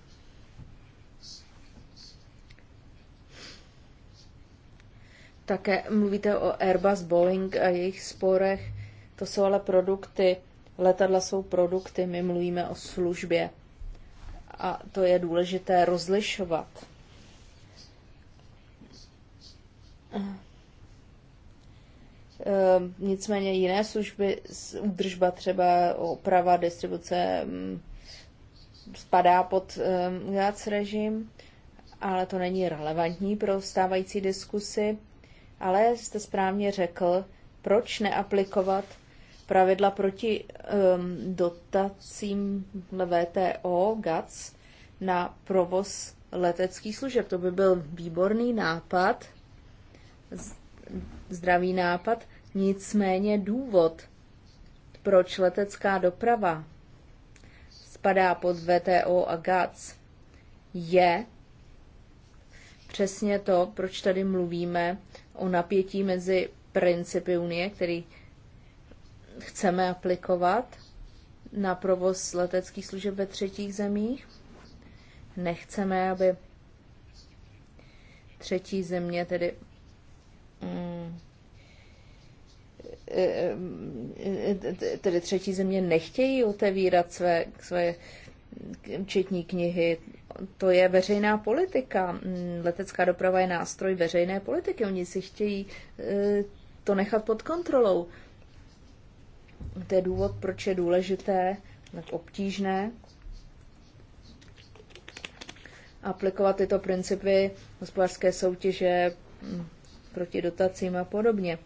Také mluvíte o Airbus, Boeing a jejich sporech. To jsou ale produkty. Letadla jsou produkty, my mluvíme o službě. A to je důležité rozlišovat. Ehm, nicméně jiné služby, údržba třeba, oprava, distribuce, mm, spadá pod ehm, GATS režim, ale to není relevantní pro stávající diskusy. Ale jste správně řekl, proč neaplikovat pravidla proti um, dotacím VTO GATS na provoz leteckých služeb. To by byl výborný nápad zdravý nápad, nicméně důvod, proč letecká doprava spadá pod VTO a GATS, je přesně to, proč tady mluvíme o napětí mezi principy Unie, který chceme aplikovat na provoz leteckých služeb ve třetích zemích. Nechceme, aby třetí země tedy tedy třetí země nechtějí otevírat své, své četní knihy. To je veřejná politika. Letecká doprava je nástroj veřejné politiky. Oni si chtějí eh, to nechat pod kontrolou. To je důvod, proč je důležité, tak obtížné, aplikovat tyto principy hospodářské soutěže, hm, proti dotacím a podobně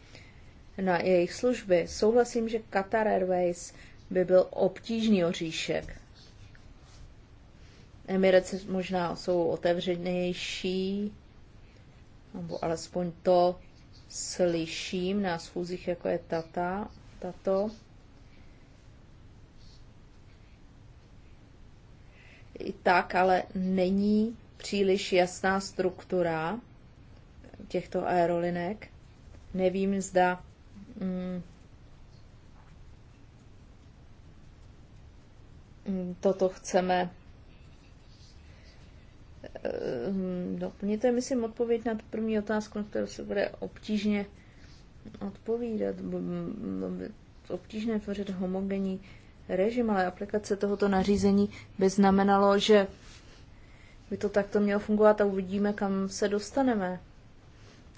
na jejich služby. Souhlasím, že Qatar Airways by byl obtížný oříšek. Emirates možná jsou otevřenější, nebo alespoň to slyším na schůzích, jako je tata, tato. I tak, ale není příliš jasná struktura těchto aerolinek. Nevím, zda mm, mm toto chceme eh, mm, doplnit. To je, myslím, odpověď na tu první otázku, na kterou se bude obtížně odpovídat. Obtížné tvořit homogenní režim, ale aplikace tohoto nařízení by znamenalo, že by to takto mělo fungovat a uvidíme, kam se dostaneme.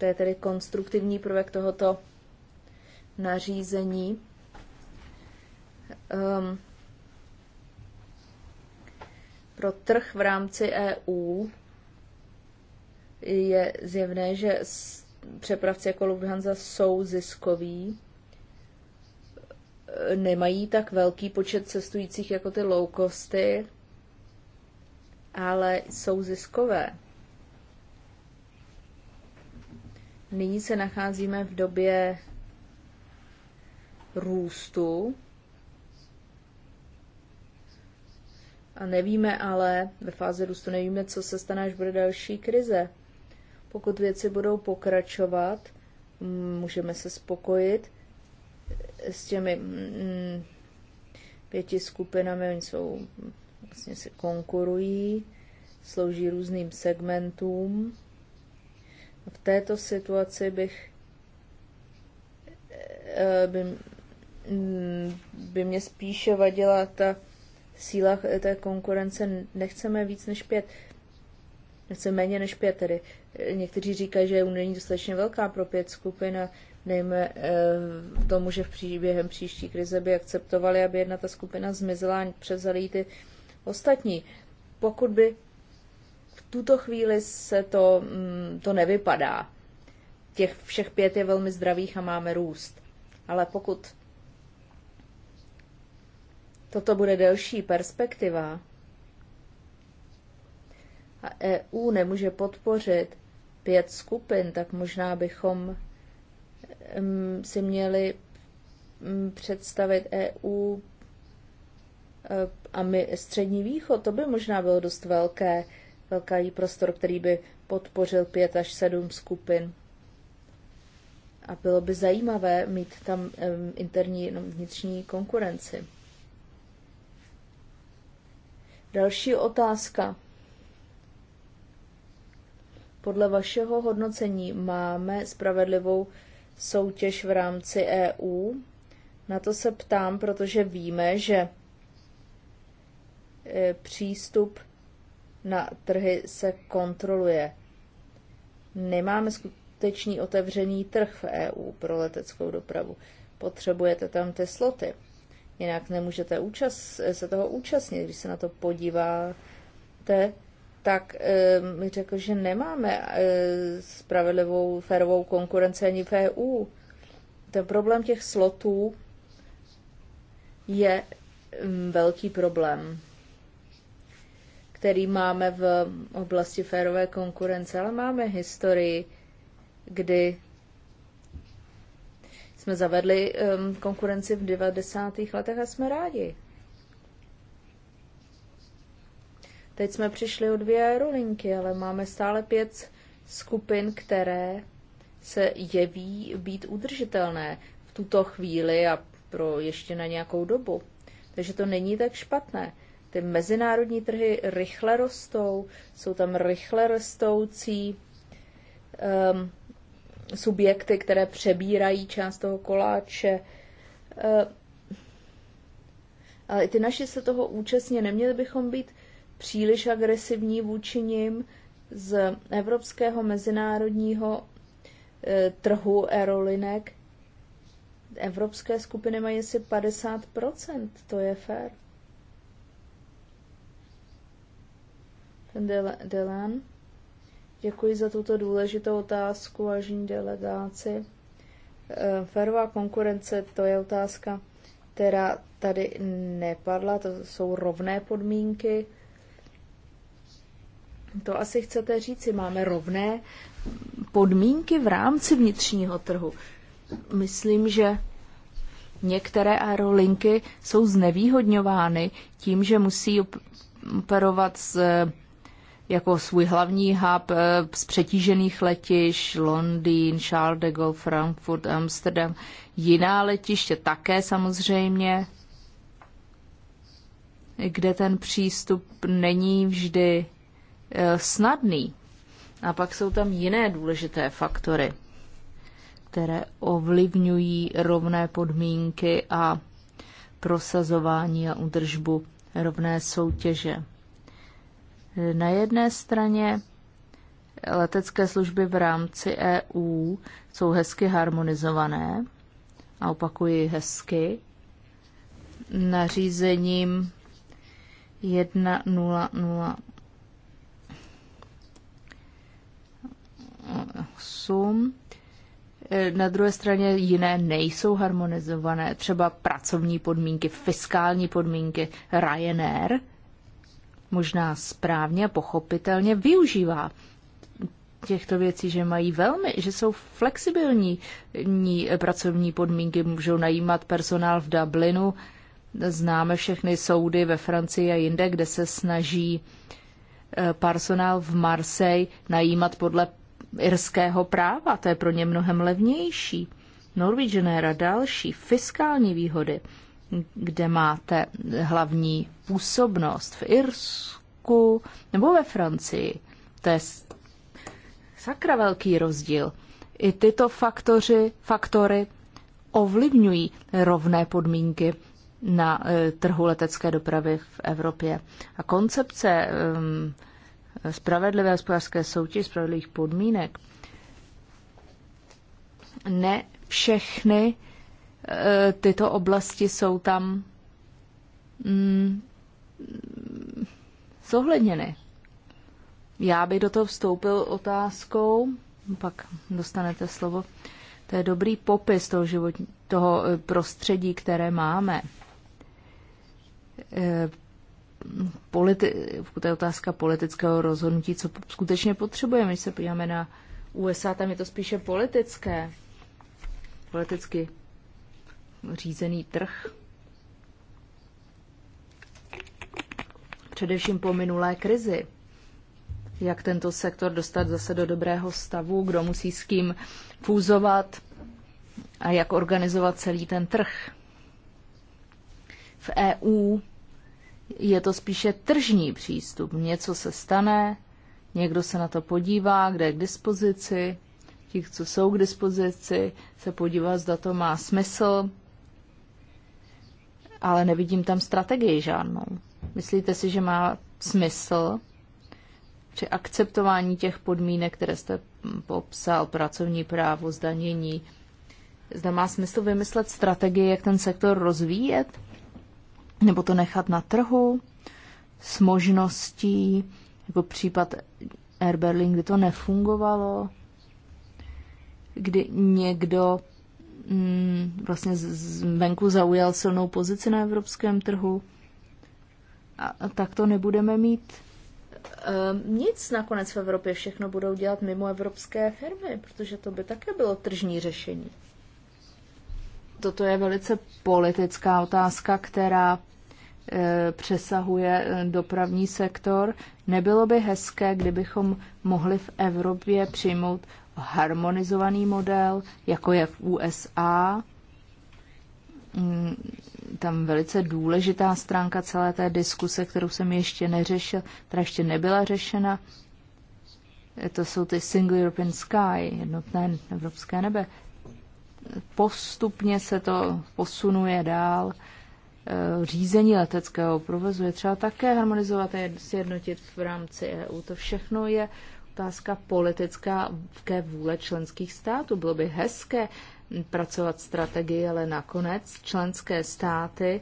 To je tedy konstruktivní prvek tohoto nařízení. Um, pro trh v rámci EU je zjevné, že přepravci jako Lufthansa jsou ziskoví, e, nemají tak velký počet cestujících jako ty low costy, ale jsou ziskové. Nyní se nacházíme v době růstu. A nevíme ale, ve fázi růstu nevíme, co se stane, až bude další krize. Pokud věci budou pokračovat, můžeme se spokojit s těmi mm, pěti skupinami, oni jsou, vlastně se konkurují, slouží různým segmentům v této situaci bych eh, by, mm, by mě spíše vadila ta síla eh, té konkurence. Nechceme víc než pět. Nechceme méně než pět tedy. Eh, někteří říkají, že Unie není dostatečně velká pro pět skupin a nejme eh, tomu, že v pří, během příští krize by akceptovali, aby jedna ta skupina zmizela a převzali ty ostatní. Pokud by tuto chvíli se to, mm, to nevypadá. Těch všech pět je velmi zdravých a máme růst. Ale pokud toto bude delší perspektiva a EU nemůže podpořit pět skupin, tak možná bychom mm, si měli mm, představit EU e, a my, Střední východ, to by možná bylo dost velké velký prostor, který by podpořil pět až sedm skupin. A bylo by zajímavé mít tam interní no, vnitřní konkurenci. Další otázka. Podle vašeho hodnocení máme spravedlivou soutěž v rámci EU? Na to se ptám, protože víme, že e, přístup na trhy se kontroluje. Nemáme skutečný otevřený trh v EU pro leteckou dopravu. Potřebujete tam ty sloty. Jinak nemůžete účast, se toho účastnit. Když se na to podíváte, tak eh, mi e, řekl, že nemáme e, spravedlivou, férovou konkurenci ani v EU. Ten problém těch slotů je mm, velký problém který máme v oblasti férové konkurence, ale máme historii, kdy jsme zavedli um, konkurenci v 90. letech a jsme rádi. Teď jsme přišli o dvě aerolinky, ale máme stále pět skupin, které se jeví být udržitelné v tuto chvíli a pro ještě na nějakou dobu. Takže to není tak špatné. Ty mezinárodní trhy rychle rostou, jsou tam rychle rostoucí um, subjekty, které přebírají část toho koláče. Uh, ale i ty naši se toho účastně neměli bychom být příliš agresivní vůči nim z evropského mezinárodního uh, trhu aerolinek. Evropské skupiny mají asi 50%, to je fér. Delan. Děkuji za tuto důležitou otázku, vážení delegáci. Eh, Ferová konkurence, to je otázka, která tady nepadla, to jsou rovné podmínky. To asi chcete říci, máme rovné podmínky v rámci vnitřního trhu. Myslím, že některé aerolinky jsou znevýhodňovány tím, že musí operovat s jako svůj hlavní hub eh, z přetížených letiš Londýn, Charles de Gaulle, Frankfurt, Amsterdam, jiná letiště také samozřejmě, kde ten přístup není vždy eh, snadný. A pak jsou tam jiné důležité faktory, které ovlivňují rovné podmínky a prosazování a udržbu rovné soutěže. Na jedné straně letecké služby v rámci EU jsou hezky harmonizované, a opakuji hezky, nařízením 1008. Na druhé straně jiné nejsou harmonizované, třeba pracovní podmínky, fiskální podmínky Ryanair – možná správně a pochopitelně využívá těchto věcí, že mají velmi, že jsou flexibilní ní, eh, pracovní podmínky, můžou najímat personál v Dublinu. Známe všechny soudy ve Francii a jinde, kde se snaží eh, personál v Marseille najímat podle irského práva. To je pro ně mnohem levnější. Norwegian další fiskální výhody kde máte hlavní působnost v Irsku nebo ve Francii. To je sakra velký rozdíl. I tyto faktory, faktory ovlivňují rovné podmínky na e, trhu letecké dopravy v Evropě. A koncepce um, spravedlivé hospodářské soutěže, spravedlivých podmínek, ne všechny Eh, tyto oblasti jsou tam mm, zohledněny. Já bych do toho vstoupil otázkou, pak dostanete slovo. To je dobrý popis toho, život, toho eh, prostředí, které máme. Eh, politi- to je otázka politického rozhodnutí, co skutečně potřebujeme. Když se podíváme na USA, tam je to spíše politické, politicky řízený trh. Především po minulé krizi. Jak tento sektor dostat zase do dobrého stavu, kdo musí s kým fúzovat a jak organizovat celý ten trh. V EU je to spíše tržní přístup. Něco se stane, někdo se na to podívá, kde je k dispozici, ti, co jsou k dispozici, se podívá, zda to má smysl, ale nevidím tam strategii žádnou. Myslíte si, že má smysl při akceptování těch podmínek, které jste popsal, pracovní právo, zdanění, zda má smysl vymyslet strategii, jak ten sektor rozvíjet, nebo to nechat na trhu s možností, jako případ Air Berlin, kdy to nefungovalo, kdy někdo Mm, vlastně venku zaujal silnou pozici na evropském trhu. A tak to nebudeme mít ehm, nic nakonec v Evropě. Všechno budou dělat mimo evropské firmy, protože to by také bylo tržní řešení. Toto je velice politická otázka, která e, přesahuje e, dopravní sektor. Nebylo by hezké, kdybychom mohli v Evropě přijmout harmonizovaný model, jako je v USA. Mm, tam velice důležitá stránka celé té diskuse, kterou jsem ještě neřešil, která ještě nebyla řešena. To jsou ty Single European Sky, jednotné evropské nebe. Postupně se to posunuje dál e, řízení leteckého provozu je třeba také harmonizovat a sjednotit v rámci EU. To všechno je otázka politická ke vůle členských států. Bylo by hezké pracovat strategii, ale nakonec členské státy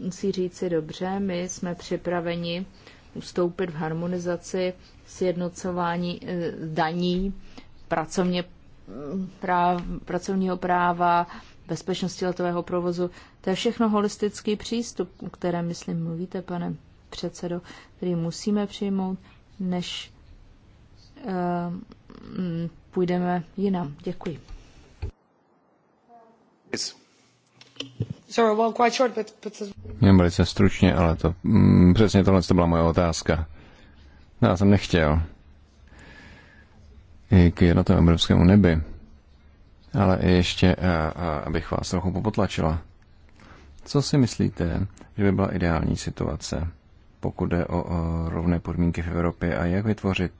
musí říci dobře, my jsme připraveni ustoupit v harmonizaci sjednocování eh, daní, pracovně práv, pracovního práva, bezpečnosti letového provozu. To je všechno holistický přístup, o kterém, myslím, mluvíte, pane předsedo, který musíme přijmout, než Eh, půjdeme jinam. Děkuji. Jen velice stručně, ale to, mm, přesně tohle to byla moje otázka. No, já jsem nechtěl. I k jednotnému evropskému nebi. Ale ještě, a, eh, a, eh, abych vás trochu popotlačila. Co si myslíte, že by byla ideální situace, pokud jde o, o rovné podmínky v Evropě a jak vytvořit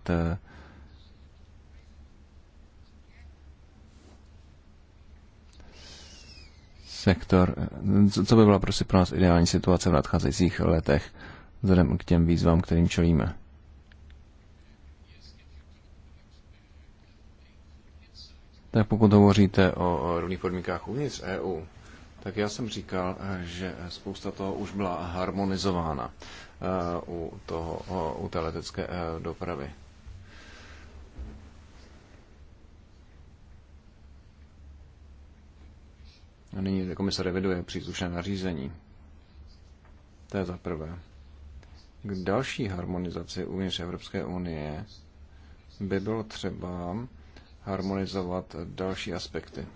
sektor, co by byla prostě pro nás ideální situace v nadcházejících letech, vzhledem k těm výzvám, kterým čelíme? Tak pokud hovoříte o rovných podmínkách uvnitř EU, tak já jsem říkal, že spousta toho už byla harmonizována e, u, toho, u té letecké e, dopravy. Nyní komise reviduje příslušné nařízení. To je za prvé. K další harmonizaci uvnitř Evropské unie by bylo třeba harmonizovat další aspekty,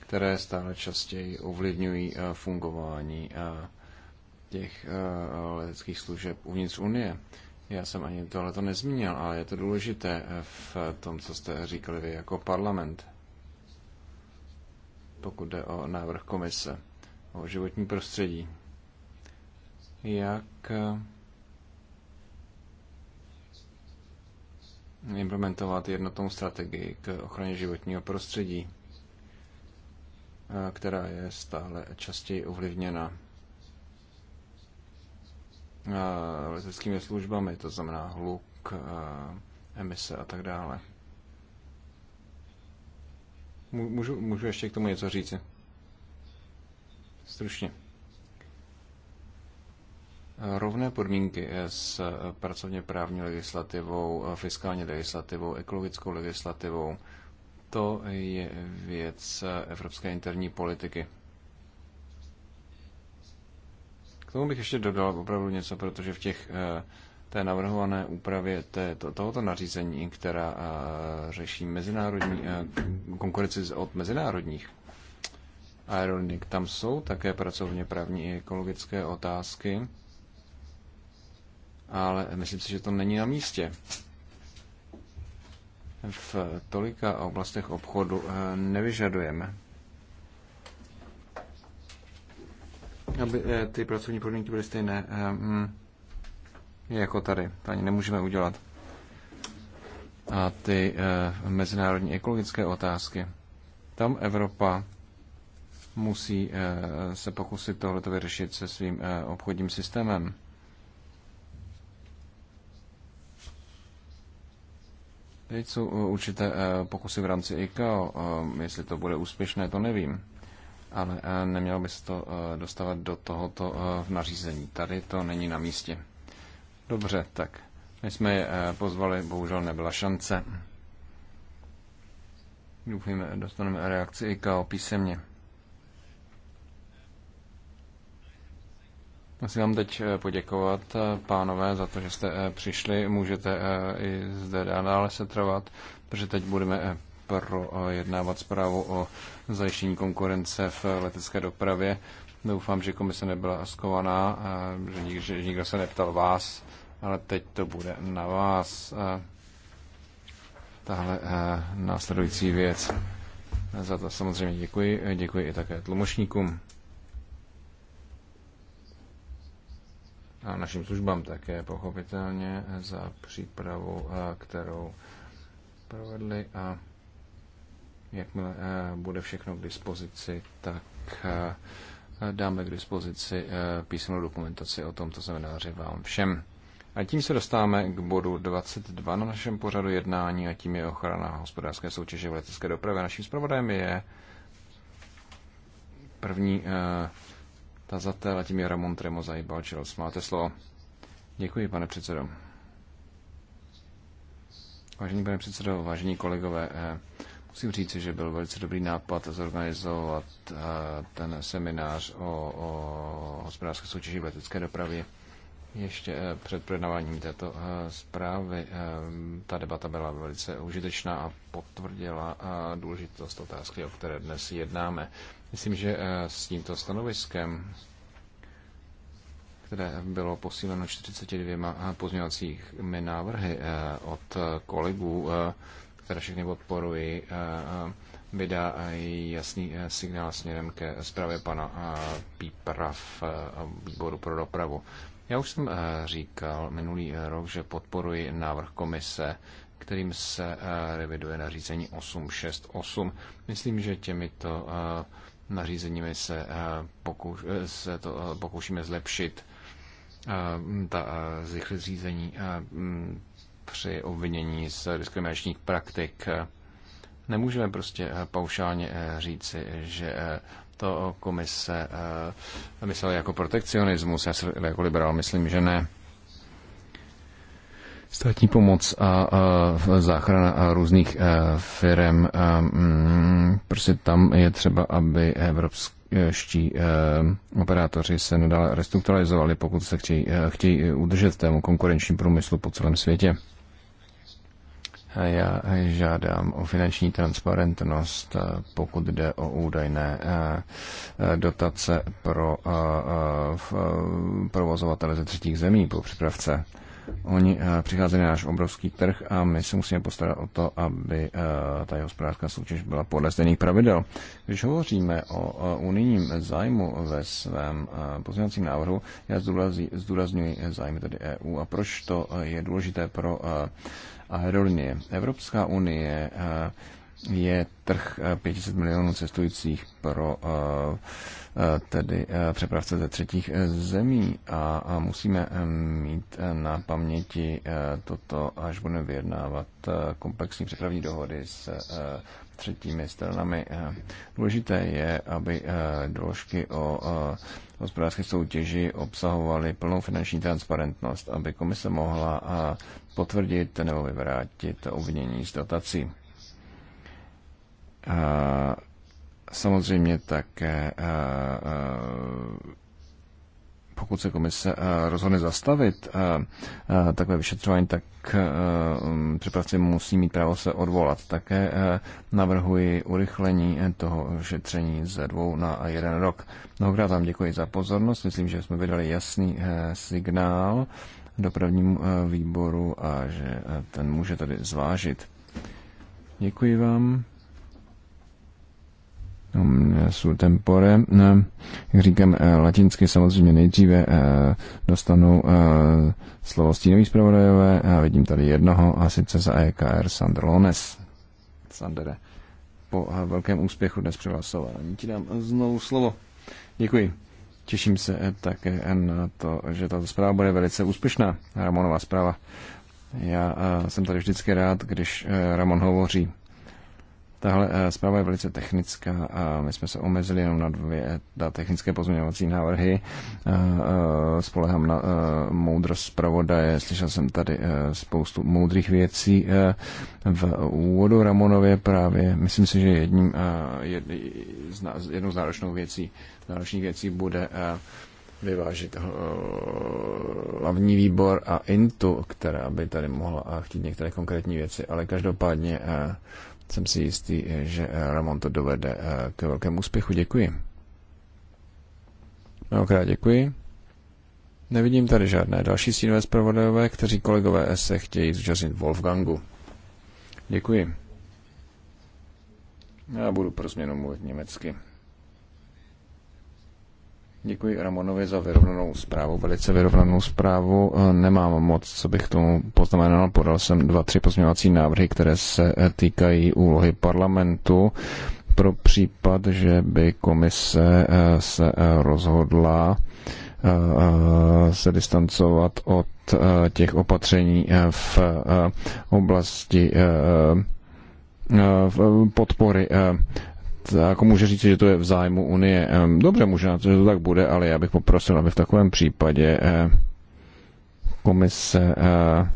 které stále častěji ovlivňují eh, fungování eh, těch eh, leteckých služeb uvnitř Unie. Já jsem ani tohle to nezmínil, ale je to důležité v tom, co jste říkali vy jako parlament pokud jde o návrh komise o životní prostředí. Jak eh, implementovat jednotnou strategii k ochraně životního prostředí, eh, která je stále častěji ovlivněna eh, leteckými službami, to znamená hluk, emise a tak dále. Můžu, můžu ještě k tomu něco říct? Stručně. Rovné podmínky s pracovně právní legislativou, fiskální legislativou, ekologickou legislativou, to je věc evropské interní politiky. K tomu bych ještě dodal opravdu něco, protože v těch eh, té navrhované úpravě to, tohoto nařízení, která řeší mezinárodní konkurenci od mezinárodních aerolinik. Tam jsou také pracovně právní i ekologické otázky, ale myslím si, že to není na místě. V tolika oblastech obchodu nevyžadujeme, aby e, ty pracovní podmínky byly stejné. Mm, jako tady. To ani nemůžeme udělat. A ty eh, mezinárodní ekologické otázky. Tam Evropa musí eh, se pokusit tohleto vyřešit se svým eh, obchodním systémem. Teď jsou eh, určité eh, pokusy v rámci ICAO, eh, jestli to bude úspěšné, to nevím. Ale nemělo by se to dostávat do tohoto v nařízení. Tady to není na místě. Dobře, tak my jsme je eh, pozvali, bohužel nebyla šance. Doufujeme, dostaneme reakci IKO písemně. Musím vám teď eh, poděkovat, eh, pánové, za to, že jste přišli. Můžete i zde dále se trvat, protože teď budeme projednávat zprávu o zajištění konkurence v letecké dopravě. Doufám, že komise nebyla askovaná, že nikdo se neptal vás ale teď to bude na vás. E, tahle e, následující věc. Za to samozřejmě děkuji. E, děkuji i také tlumočníkům. A našim službám také pochopitelně za přípravu, kterou provedli a jakmile bude všechno k dispozici, tak dáme k dispozici písemnou dokumentaci o tomto semináři vám všem. A tím se dostáváme k bodu 22 na našem pořadu jednání a tím je ochrana hospodářské soutěže v letecké dopravě. Naším zpravodajem je první uh, tazatel a tím je Ramon Tremozaj Balčils. Máte slovo. Děkuji, pane předsedo. Vážený pane předsedo, vážení kolegové, eh, musím říct, že byl velice dobrý nápad zorganizovat eh, ten seminář o, o hospodářské soutěži v letecké dopravě ještě eh, před projednáváním této eh, zprávy. Eh, ta debata byla velice užitečná a potvrdila důležitost otázky, o které dnes jednáme. Myslím, že s tímto stanoviskem, které bylo posíleno 42 pozměňovacími návrhy od kolegů, které všechny podporuji, vydá jasný signál směrem ke zprávě pana Píprav v výboru pro dopravu. Já už jsem eh, říkal minulý eh, rok, že podporuji návrh komise, kterým se eh, reviduje nařízení 868. Myslím, že těmito nařízeními se, pokuš, se to pokoušíme zlepšit ta zrychlé řízení mm, při obvinění z diskriminačních praktik. Nemůžeme prostě paušálně říci, že to komise eh, myslela jako protekcionismus. Já si jako liberál myslím, že ne. Státní pomoc a, a záchrana a různých a, eh, firm, a, eh, mm, prostě tam je třeba, aby evropští a, operátoři se nadále restrukturalizovali, pokud se chtějí, a, chtějí udržet tému konkurenčním průmyslu po celém světě. Já žádám o finanční transparentnost, eh, pokud jde o údajné eh, eh, dotace pro provozovatele ze třetích zemí po připravce. Oni přicházeli na náš obrovský trh a my se musíme postarat o to, aby ta jeho hospodářská soutěž byla podle stejných pravidel. Když hovoříme o unijním zájmu ve svém pozměňovacím návrhu, já zdůrazňuji zájmy tedy EU a proč to je důležité pro aerolinie. Evropská unie eh, je trh 500 eh, milionů cestujících pro eh, tedy přepravce ze třetích zemí a musíme mít na paměti toto, až budeme vyjednávat komplexní přepravní dohody s třetími stranami. Eh, důležité je, aby eh, doložky o eh, hospodářské soutěži obsahovaly plnou finanční transparentnost, aby komise mohla potvrdit nebo vyvrátit obvinění z dotací. Samozřejmě také pokud se komise eh, rozhodne zastavit eh, eh, takové vyšetřování, tak mm, přepravci musí mít právo se odvolat. Také navrhuji urychlení toho šetření ze dvou na jeden rok. Mnohokrát vám děkuji za pozornost. Myslím, že jsme vydali jasný signál dopravnímu výboru a že ten může tady zvážit. Děkuji vám. No, mm, sur tempore, no, jak říkám eh, latinsky samozřejmě nejdříve eh, dostanou eh, slovo stínový zpravodajové a vidím tady jednoho a sice za EKR Lones. Sandere, po velkém úspěchu dnes přihlasování ti dám znovu slovo. Děkuji. Těším se také na to, že tato zpráva bude velice úspěšná, Ramonová zpráva. Já jsem tady vždycky rád, když Ramon hovoří Tahle eh, zpráva je velice technická a my jsme se omezili jenom na dvě eh, na technické pozměňovací návrhy. Eh, spolehám na moudrost zpravodaje. Slyšel jsem tady spoustu moudrých věcí v úvodu Ramonově právě. Myslím si, že jedním, jednou z náročných věcí, náročných věcí bude vyvážit hlavní výbor a Intu, která by tady mohla chtít některé konkrétní věci, ale každopádně jsem si jistý, že eh, Ramon to dovede eh, k velkému úspěchu. Děkuji. Mnohokrát děkuji. Nevidím tady žádné další stínové zpravodajové, kteří kolegové se chtějí zúčastnit Wolfgangu. Děkuji. Já budu pro změnu mluvit německy. Děkuji Ramonovi za vyrovnanou zprávu, velice vyrovnanou zprávu. Eh, nemám moc, co bych tomu poznamenal. Podal jsem dva, tři pozměňovací návrhy, které se eh, týkají úlohy parlamentu pro případ, že by komise eh, se rozhodla se distancovat od těch opatření v oblasti podpory jako může říct, že to je v zájmu Unie. Dobře, možná, že to tak bude, ale já bych poprosil, aby v takovém případě eh, komise eh,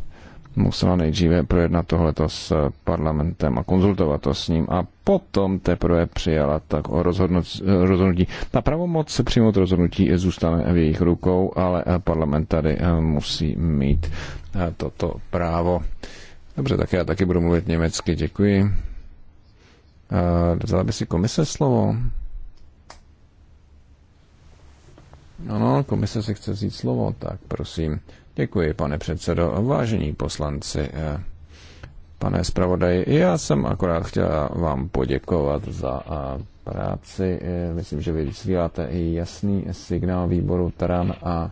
musela nejdříve projednat tohleto s parlamentem a konzultovat to s ním a potom teprve přijala tak o eh, rozhodnutí. Ta pravomoc přijmout rozhodnutí zůstane v jejich rukou, ale parlament tady musí mít toto právo. Dobře, tak já taky budu mluvit německy, děkuji. Vzala by si komise slovo? Ano, komise si chce vzít slovo, tak prosím. Děkuji, pane předsedo. Vážení poslanci, eh, pane zpravodaji, já jsem akorát chtěla vám poděkovat za eh, práci. Eh, myslím, že vy vysíláte i jasný signál výboru TRAN a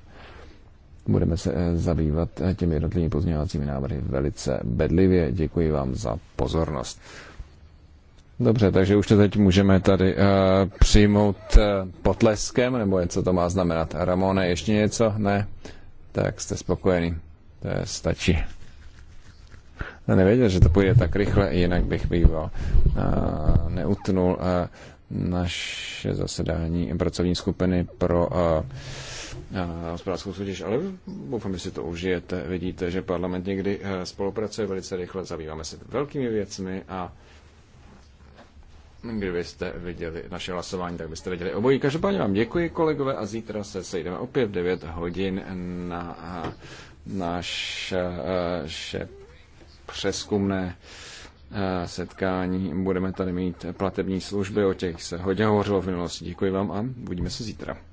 budeme se zabývat těmi jednotlivými pozměňovacími návrhy velice bedlivě. Děkuji vám za pozornost. Dobře, takže už to teď můžeme tady uh, přijmout uh, potleskem, nebo co to má znamenat. Ramone, ještě něco? Ne? Tak jste spokojený. To je, stačí. Já nevěděl, že to půjde tak rychle, jinak bych býval uh, neutnul uh, naše zasedání pracovní skupiny pro uh, uh, soutěž, ale doufám, že si to užijete. Vidíte, že parlament někdy spolupracuje velice rychle, zabýváme se velkými věcmi a Kdybyste viděli naše hlasování, tak byste viděli obojí. Každopádně vám děkuji, kolegové, a zítra se sejdeme opět v 9 hodin na eh, eh, naše přeskumné eh, setkání. Budeme tady mít platební služby, o těch se hodně hovořilo v minulosti. Děkuji vám a budíme se zítra.